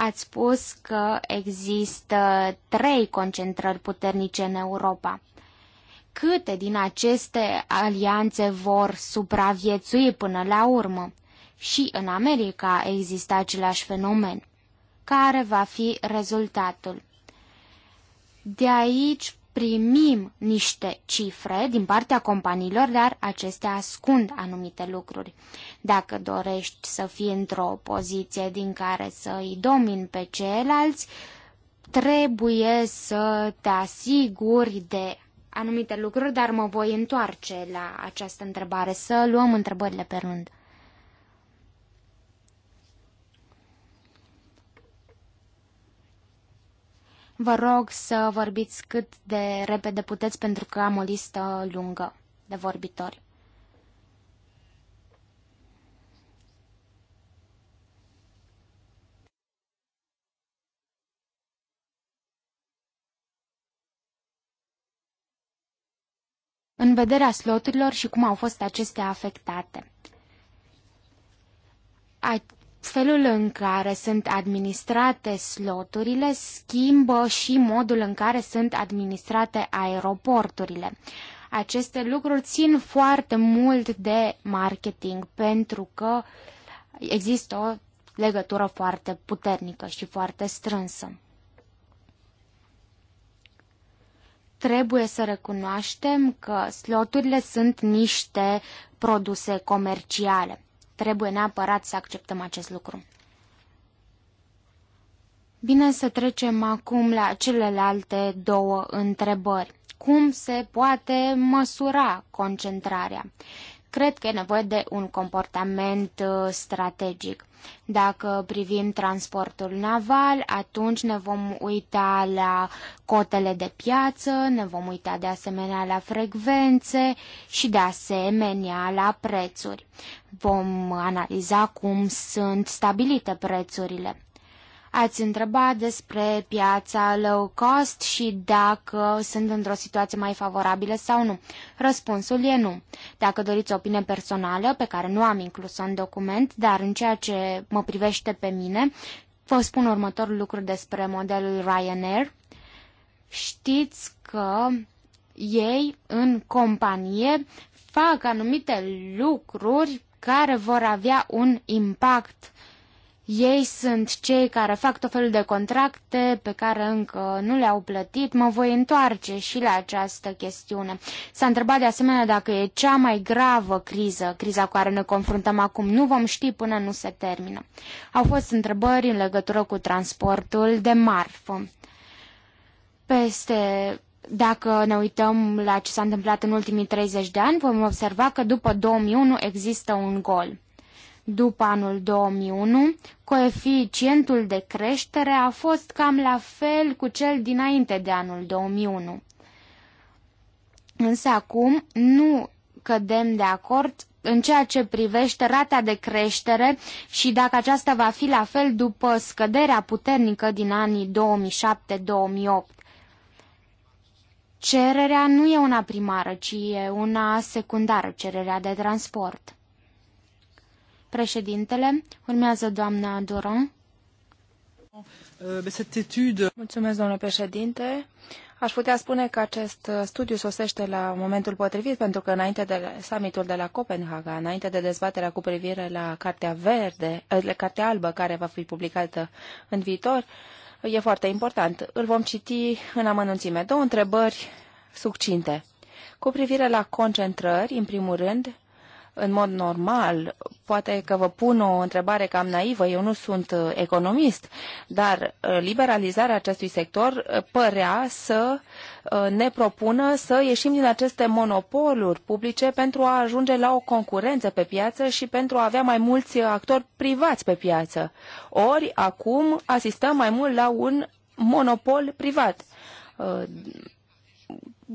Ați spus că există trei concentrări puternice în Europa. Câte din aceste alianțe vor supraviețui până la urmă? Și în America există același fenomen. Care va fi rezultatul? De aici primim niște cifre din partea companiilor, dar acestea ascund anumite lucruri. Dacă dorești să fii într-o poziție din care să îi domini pe ceilalți, trebuie să te asiguri de anumite lucruri, dar mă voi întoarce la această întrebare, să luăm întrebările pe rând. Vă rog să vorbiți cât de repede puteți pentru că am o listă lungă de vorbitori. în vederea sloturilor și cum au fost acestea afectate felul în care sunt administrate sloturile schimbă și modul în care sunt administrate aeroporturile. Aceste lucruri țin foarte mult de marketing pentru că există o legătură foarte puternică și foarte strânsă. Trebuie să recunoaștem că sloturile sunt niște produse comerciale Trebuie neapărat să acceptăm acest lucru. Bine să trecem acum la celelalte două întrebări. Cum se poate măsura concentrarea? Cred că e nevoie de un comportament uh, strategic. Dacă privim transportul naval, atunci ne vom uita la cotele de piață, ne vom uita de asemenea la frecvențe și de asemenea la prețuri. Vom analiza cum sunt stabilite prețurile. Ați întrebat despre piața low cost și dacă sunt într-o situație mai favorabilă sau nu. Răspunsul e nu. Dacă doriți opinie personală, pe care nu am inclus-o în document, dar în ceea ce mă privește pe mine, vă spun următorul lucru despre modelul Ryanair. Știți că ei în companie fac anumite lucruri care vor avea un impact ei sunt cei care fac tot felul de contracte pe care încă nu le-au plătit. Mă voi întoarce și la această chestiune. S-a întrebat de asemenea dacă e cea mai gravă criză, criza cu care ne confruntăm acum. Nu vom ști până nu se termină. Au fost întrebări în legătură cu transportul de marfă. Peste dacă ne uităm la ce s-a întâmplat în ultimii 30 de ani, vom observa că după 2001 există un gol după anul 2001, coeficientul de creștere a fost cam la fel cu cel dinainte de anul 2001. Însă acum nu cădem de acord în ceea ce privește rata de creștere și dacă aceasta va fi la fel după scăderea puternică din anii 2007-2008. Cererea nu e una primară, ci e una secundară, cererea de transport. Președintele, urmează doamna Doron. Mulțumesc, domnule președinte. Aș putea spune că acest studiu sosește la momentul potrivit, pentru că înainte de summitul de la Copenhaga, înainte de dezbaterea cu privire la Cartea Verde, Cartea Albă, care va fi publicată în viitor, e foarte important. Îl vom citi în amănunțime. Două întrebări succinte. Cu privire la concentrări, în primul rând, în mod normal, poate că vă pun o întrebare cam naivă, eu nu sunt uh, economist, dar uh, liberalizarea acestui sector uh, părea să ne propună să ieșim din aceste monopoluri publice pentru a ajunge la o concurență pe piață și pentru a avea mai mulți actori privați pe piață. Ori, acum, asistăm mai mult la un monopol privat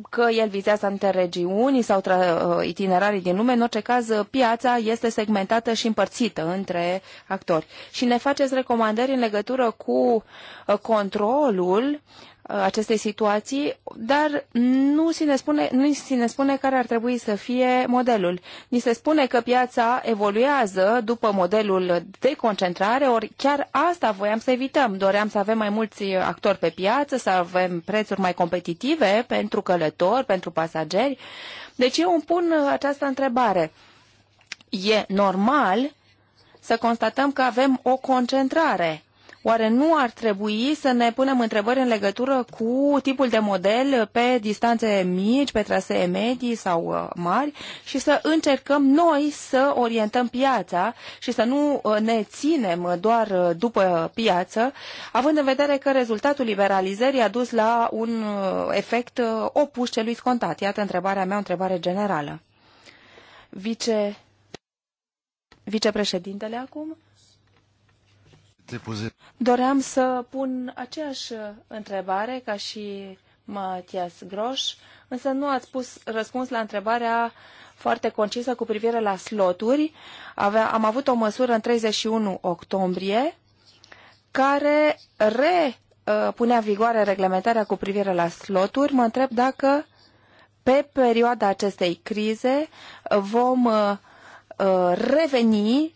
că el vizează anumite regiuni sau uh, itinerarii din lume, în orice caz uh, piața este segmentată și împărțită între actori. Și ne faceți recomandări în legătură cu uh, controlul uh, Uh, acestei situații, dar nu se ne spune, nu se ne spune care ar trebui să fie modelul. Ni se spune că piața evoluează după modelul de concentrare, ori chiar asta voiam să evităm. Doream să avem mai mulți actori pe piață, să avem prețuri mai competitive pentru călători, pentru pasageri. Deci eu îmi pun această întrebare. E normal să constatăm că avem o concentrare Oare nu ar trebui să ne punem întrebări în legătură cu tipul de model pe distanțe mici, pe trasee medii sau uh, mari și să încercăm noi să orientăm piața și să nu uh, ne ținem doar uh, după piață, având în vedere că rezultatul liberalizării a dus la un efect opus celui scontat? Iată întrebarea mea, o întrebare generală. Vice... Vicepreședintele acum? Doream să pun aceeași întrebare ca și Matias Groș, însă nu ați pus răspuns la întrebarea foarte concisă cu privire la sloturi. Avea, am avut o măsură în 31 octombrie care re în vigoare reglementarea cu privire la sloturi. Mă întreb dacă pe perioada acestei crize vom uh, reveni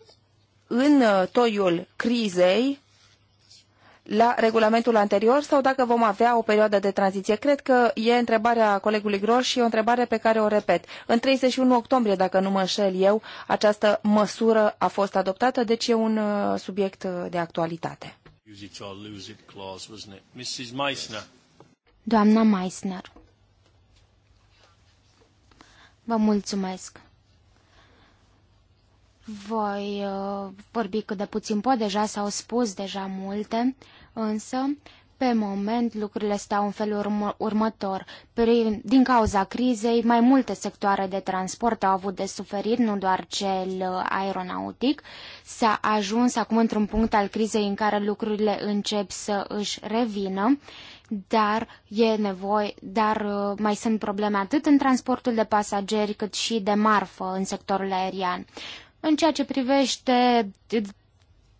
în uh, toiul crizei la regulamentul anterior sau dacă vom avea o perioadă de tranziție. Cred că e întrebarea colegului Groș și e o întrebare pe care o repet. În 31 octombrie, dacă nu mă înșel eu, această măsură a fost adoptată, deci e un uh, subiect uh, de actualitate. Doamna Meissner. Vă mulțumesc. Voi uh, vorbi cât de puțin pot, deja s-au spus deja multe, însă pe moment lucrurile stau în felul urmă, următor. Prin, din cauza crizei, mai multe sectoare de transport au avut de suferit, nu doar cel uh, aeronautic. S-a ajuns acum într-un punct al crizei în care lucrurile încep să își revină dar e nevoie, dar uh, mai sunt probleme atât în transportul de pasageri cât și de marfă în sectorul aerian. În ceea ce privește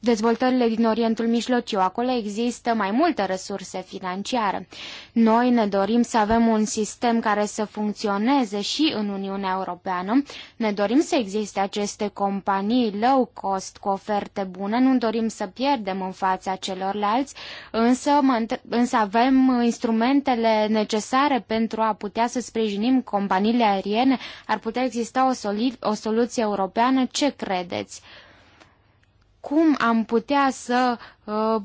dezvoltările din Orientul Mijlociu. Acolo există mai multe resurse financiare. Noi ne dorim să avem un sistem care să funcționeze și în Uniunea Europeană. Ne dorim să existe aceste companii low cost cu oferte bune. Nu dorim să pierdem în fața celorlalți, însă, însă avem instrumentele necesare pentru a putea să sprijinim companiile aeriene. Ar putea exista o, o soluție europeană? Ce credeți? cum am putea să, uh,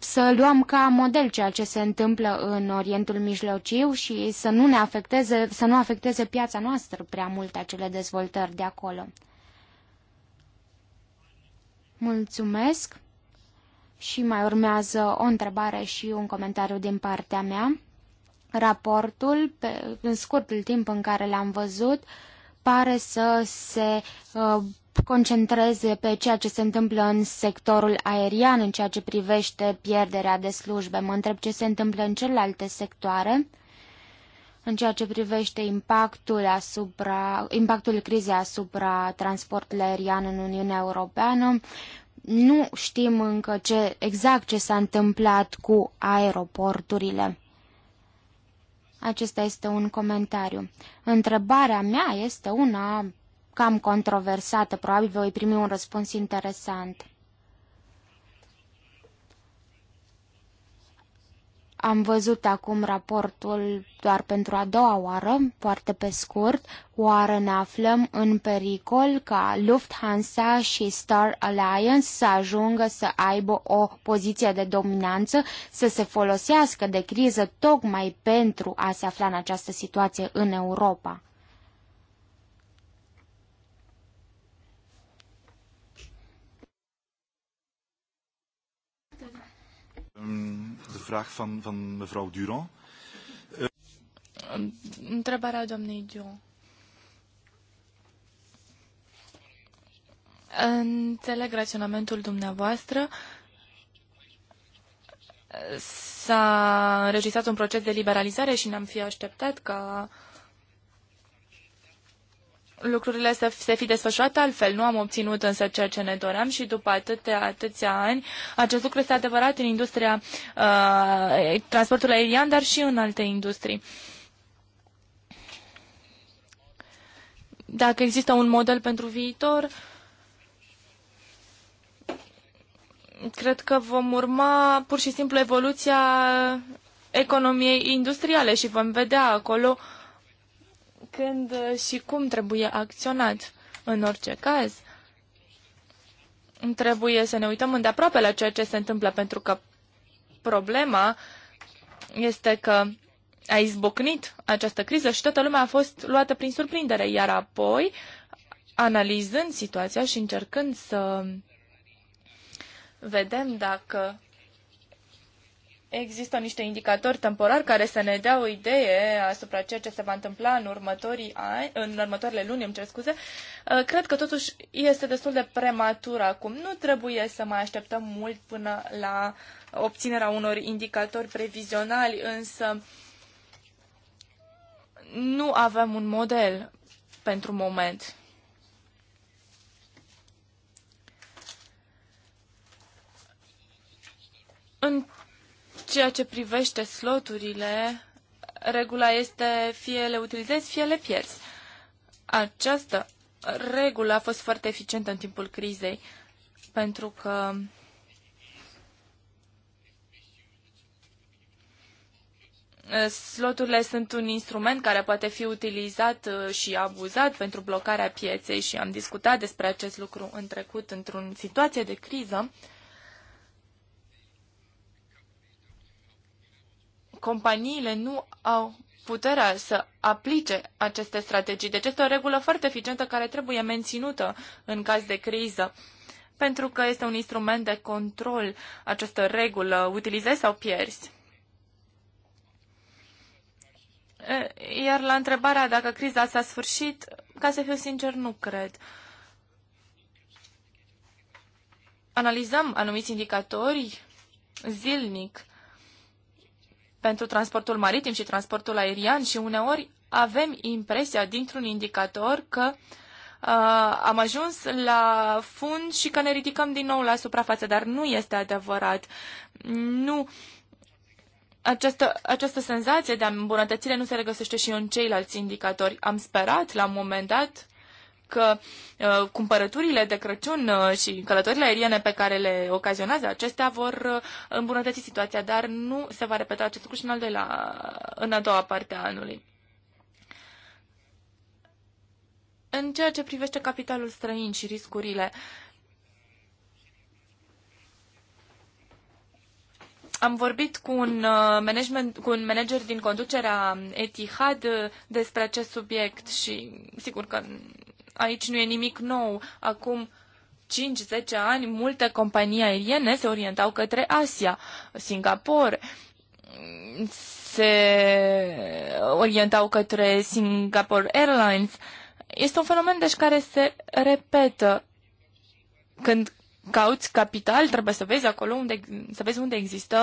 să luăm ca model ceea ce se întâmplă în Orientul Mijlociu și să nu ne afecteze, să nu afecteze piața noastră prea mult acele dezvoltări de acolo. Mulțumesc și mai urmează o întrebare și un comentariu din partea mea. Raportul, pe, în scurtul timp în care l-am văzut, pare să se uh, concentreze pe ceea ce se întâmplă în sectorul aerian în ceea ce privește pierderea de slujbe. Mă întreb ce se întâmplă în celelalte sectoare în ceea ce privește impactul, asupra, impactul crizei asupra transportului aerian în Uniunea Europeană. Nu știm încă ce, exact ce s-a întâmplat cu aeroporturile. Acesta este un comentariu. Întrebarea mea este una cam controversată, probabil voi primi un răspuns interesant. Am văzut acum raportul doar pentru a doua oară, foarte pe scurt. oară ne aflăm în pericol ca Lufthansa și Star Alliance să ajungă să aibă o poziție de dominanță, să se folosească de criză tocmai pentru a se afla în această situație în Europa? De vraag van, van mevrouw Durand. Eh, întrebarea doamnei Durand. Înțeleg raționamentul dumneavoastră. S-a înregistrat un proces de liberalizare și ne-am fi așteptat ca lucrurile să se fi desfășurat altfel. Nu am obținut însă ceea ce ne doream și după atâtea, atâția ani acest lucru este adevărat în industria uh, transportului aerian, dar și în alte industrii. Dacă există un model pentru viitor, cred că vom urma pur și simplu evoluția economiei industriale și vom vedea acolo uh, când uh, și cum trebuie acționat. În orice caz, trebuie să ne uităm îndeaproape la ceea ce se întâmplă, pentru că problema este că a izbucnit această criză și toată lumea a fost luată prin surprindere, iar apoi, analizând situația și încercând să vedem dacă Există niște indicatori temporari care să ne dea o idee asupra ceea ce se va întâmpla în, următorii ani, în următoarele luni, îmi cer scuze. Uh, cred că totuși este destul de prematur acum. Nu trebuie să mai așteptăm mult până la obținerea unor indicatori previzionali, însă nu avem un model pentru moment. În ceea ce privește sloturile, regula este fie le utilizezi, fie le pierzi. Această regulă a fost foarte eficientă în timpul crizei, pentru că sloturile sunt un instrument care poate fi utilizat uh, și abuzat pentru blocarea pieței și am discutat despre acest lucru în trecut într-o situație de criză. companiile nu au puterea să aplice aceste strategii. Deci este o regulă foarte eficientă care trebuie menținută în caz de criză pentru că este un instrument de control această regulă, utilizezi sau pierzi. Iar la întrebarea dacă criza s-a sfârșit, ca să fiu sincer, nu cred. Analizăm anumiți indicatori zilnic pentru transportul maritim și transportul aerian și uneori avem impresia dintr-un indicator că uh, am ajuns la fund și că ne ridicăm din nou la suprafață, dar nu este adevărat. Nu. Această, această senzație de îmbunătățire nu se regăsește și în ceilalți indicatori. Am sperat la un moment dat că uh, cumpărăturile de Crăciun uh, și călătorile aeriene pe care le ocazionează acestea vor uh, îmbunătăți situația, dar nu se va repeta acest lucru și în, al doilea, în a doua parte a anului. În ceea ce privește capitalul străin și riscurile, am vorbit cu un, management, cu un manager din conducerea Etihad despre acest subiect și sigur că aici nu e nimic nou. Acum 5-10 ani, multe companii aeriene se orientau către Asia, Singapore, mm, se orientau către Singapore Airlines. Este un fenomen, deci, care se repetă. Când cauți capital, trebuie să vezi acolo unde, să vezi unde există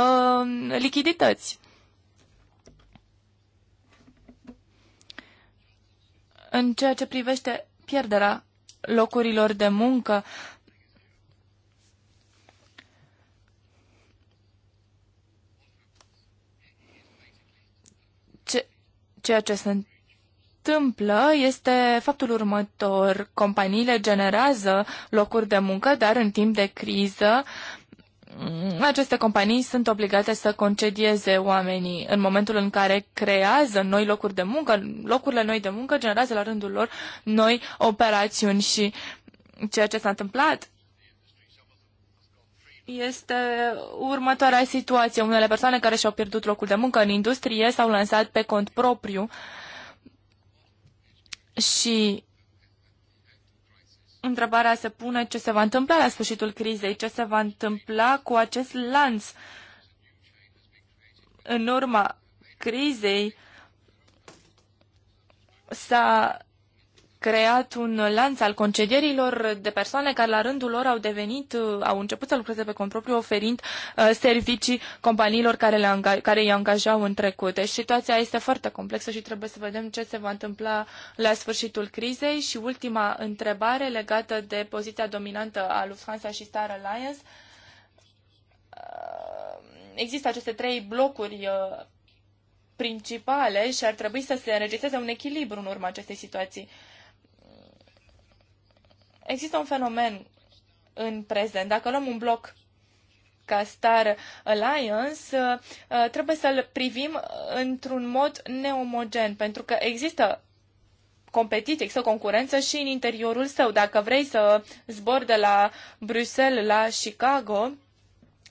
mm, lichidități. În ceea ce privește pierderea locurilor de muncă. Ce, ceea ce se întâmplă este faptul următor. Companiile generează locuri de muncă, dar în timp de criză uh, Mm, aceste companii sunt obligate să concedieze oamenii în momentul în care creează noi locuri de muncă, locurile noi de muncă generează la rândul lor noi operațiuni și ceea ce s-a întâmplat este următoarea situație. Unele persoane care și-au pierdut locul de muncă în industrie s-au lansat pe cont propriu și întrebarea se pune ce se va întâmpla la sfârșitul crizei, ce se va întâmpla cu acest lanț în urma crizei s-a creat un lanț al concedierilor de persoane care la rândul lor au devenit, uh, au început să lucreze pe cont propriu oferind uh, servicii companiilor care, le anga- care îi angajau în trecut. Deci situația este foarte complexă și trebuie să vedem ce se va întâmpla la sfârșitul crizei. Și ultima întrebare legată de poziția dominantă a Lufthansa și Star Alliance. Uh, există aceste trei blocuri principale și ar trebui să se înregistreze un echilibru în urma acestei situații. Uh, Există un fenomen în prezent. Dacă luăm un bloc ca Star Alliance, uh, trebuie să-l privim într-un mod neomogen, pentru că există competiție, există concurență și în interiorul său. Dacă vrei să zbori de la Bruxelles la Chicago,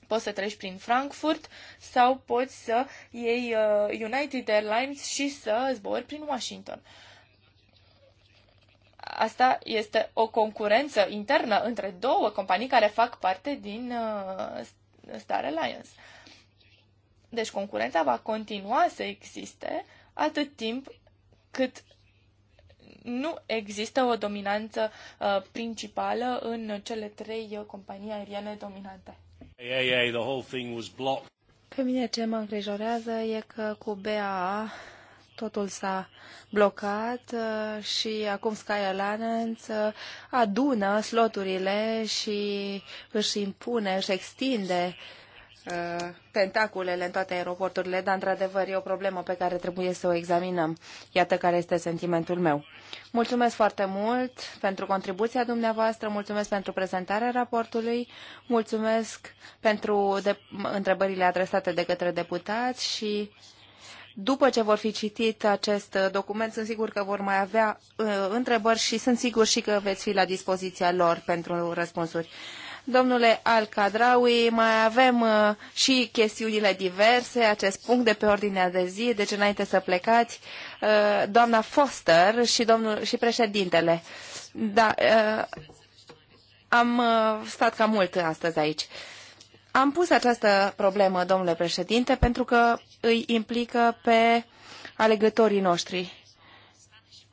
poți să treci prin Frankfurt sau poți să iei uh, United Airlines și să zbori prin Washington. Uh, asta este o concurență internă între două companii care fac parte din uh, Star Alliance. Deci concurența va continua să existe atât timp cât nu există o dominanță uh, principală în cele trei uh, companii aeriene dominante. Pe mine ce mă îngrijorează e că cu BAA totul s-a blocat uh, și acum Sky Alliance uh, adună sloturile și își impune, își extinde tentaculele uh, în toate aeroporturile, dar într-adevăr e o problemă pe care trebuie să o examinăm. Iată care este sentimentul meu. Mulțumesc foarte mult pentru contribuția dumneavoastră, mulțumesc pentru prezentarea raportului, mulțumesc pentru întrebările adresate de către deputați și după ce vor fi citit acest document, sunt sigur că vor mai avea uh, întrebări și sunt sigur și că veți fi la dispoziția lor pentru răspunsuri. Domnule Al-Kadraui, mai avem uh, și chestiunile diverse, acest punct de pe ordinea de zi, deci înainte să plecați, uh, doamna Foster și, domnul, și președintele. Da, uh, am uh, stat cam mult astăzi aici. Am pus această problemă, domnule președinte, pentru că îi implică pe alegătorii noștri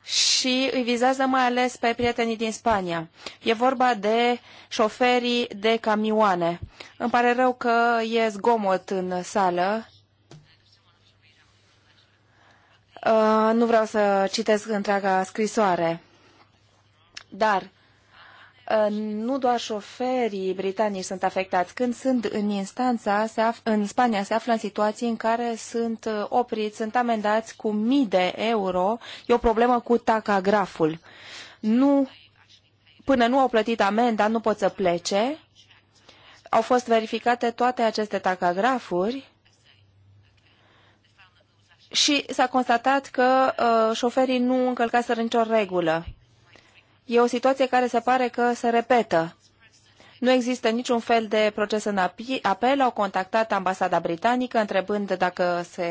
și îi vizează mai ales pe prietenii din Spania. E vorba de șoferii de camioane. Îmi pare rău că e zgomot în sală. Uh, nu vreau să citesc întreaga scrisoare. Dar nu doar șoferii britanici sunt afectați. Când sunt în instanța, se af- în Spania se află în situații în care sunt uh, opriți, sunt amendați cu mii de euro. E o problemă cu tacagraful. Nu, până nu au plătit amenda, nu pot să plece. Au fost verificate toate aceste tacagrafuri și s-a constatat că uh, șoferii nu încălcaseră nicio regulă E o situație care se pare că se repetă. Nu există niciun fel de proces în apel. Au contactat ambasada britanică întrebând dacă se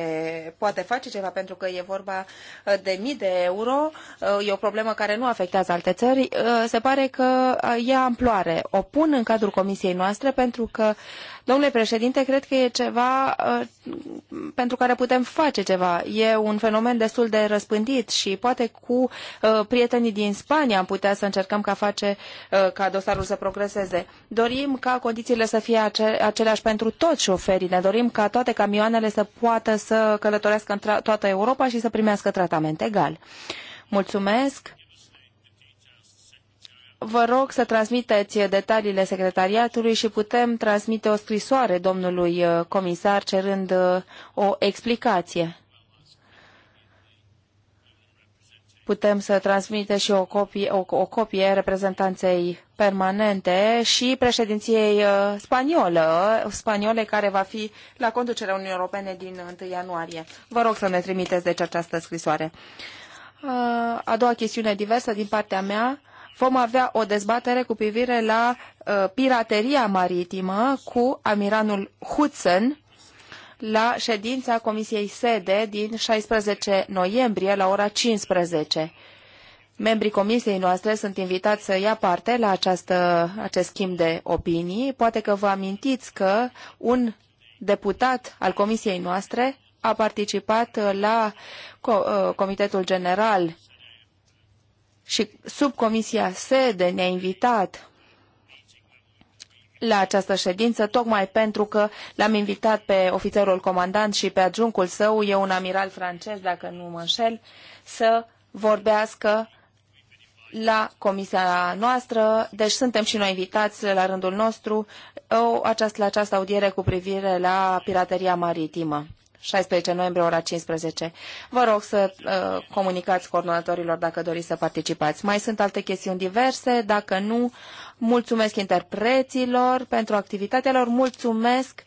poate face ceva, pentru că e vorba uh, de mii de euro. Uh, e o problemă care nu afectează alte țări. Uh, se pare că ia amploare. O pun în cadrul comisiei noastre pentru că Domnule președinte, cred că e ceva uh, pentru care putem face ceva. E un fenomen destul de răspândit și poate cu uh, prietenii din Spania am putea să încercăm ca face uh, ca dosarul să progreseze. Dorim ca condițiile să fie aceleași pentru toți șoferii. Ne dorim ca toate camioanele să poată să călătorească în toată Europa și să primească tratament egal. Mulțumesc! Vă rog să transmiteți detaliile secretariatului și putem transmite o scrisoare domnului uh, comisar cerând uh, o explicație. Putem să transmitem și o copie, o, o copie reprezentanței permanente și președinției uh, spaniolă, spaniole care va fi la conducerea Uniunii Europene din 1 ianuarie. Vă rog să ne trimiteți deci această scrisoare. A doua chestiune diversă din partea mea vom avea o dezbatere cu privire la uh, pirateria maritimă cu amiranul Hudson la ședința Comisiei Sede din 16 noiembrie la ora 15. Membrii comisiei noastre sunt invitați să ia parte la această, acest schimb de opinii. Poate că vă amintiți că un deputat al comisiei noastre a participat la uh, Comitetul General și subcomisia sede ne-a invitat la această ședință, tocmai pentru că l-am invitat pe ofițerul comandant și pe adjuncul său, e un amiral francez, dacă nu mă înșel, să vorbească la comisia noastră, deci suntem și noi invitați la rândul nostru o, la această audiere cu privire la pirateria maritimă. 16 noiembrie, ora 15. Vă rog să uh, comunicați coordonatorilor dacă doriți să participați. Mai sunt alte chestiuni diverse, dacă nu, mulțumesc interpreților pentru activitatea lor, mulțumesc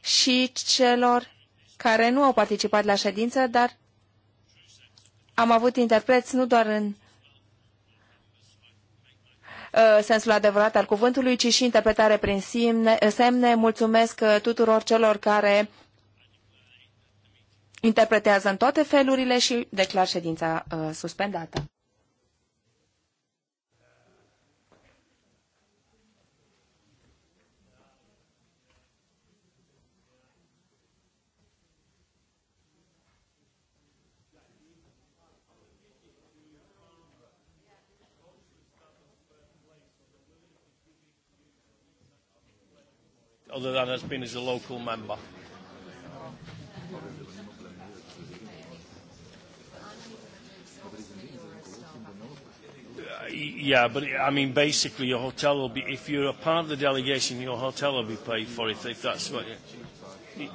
și celor care nu au participat la ședință, dar am avut interpreți nu doar în uh, sensul adevărat al cuvântului, ci și interpretare prin semne. Mulțumesc uh, tuturor celor care interpretează în toate felurile și declar ședința uh, suspendată. other than has been as a local member. yeah, but I mean, basically, your hotel will be, if you're a part of the delegation, your hotel will be paid for it, if that's what you.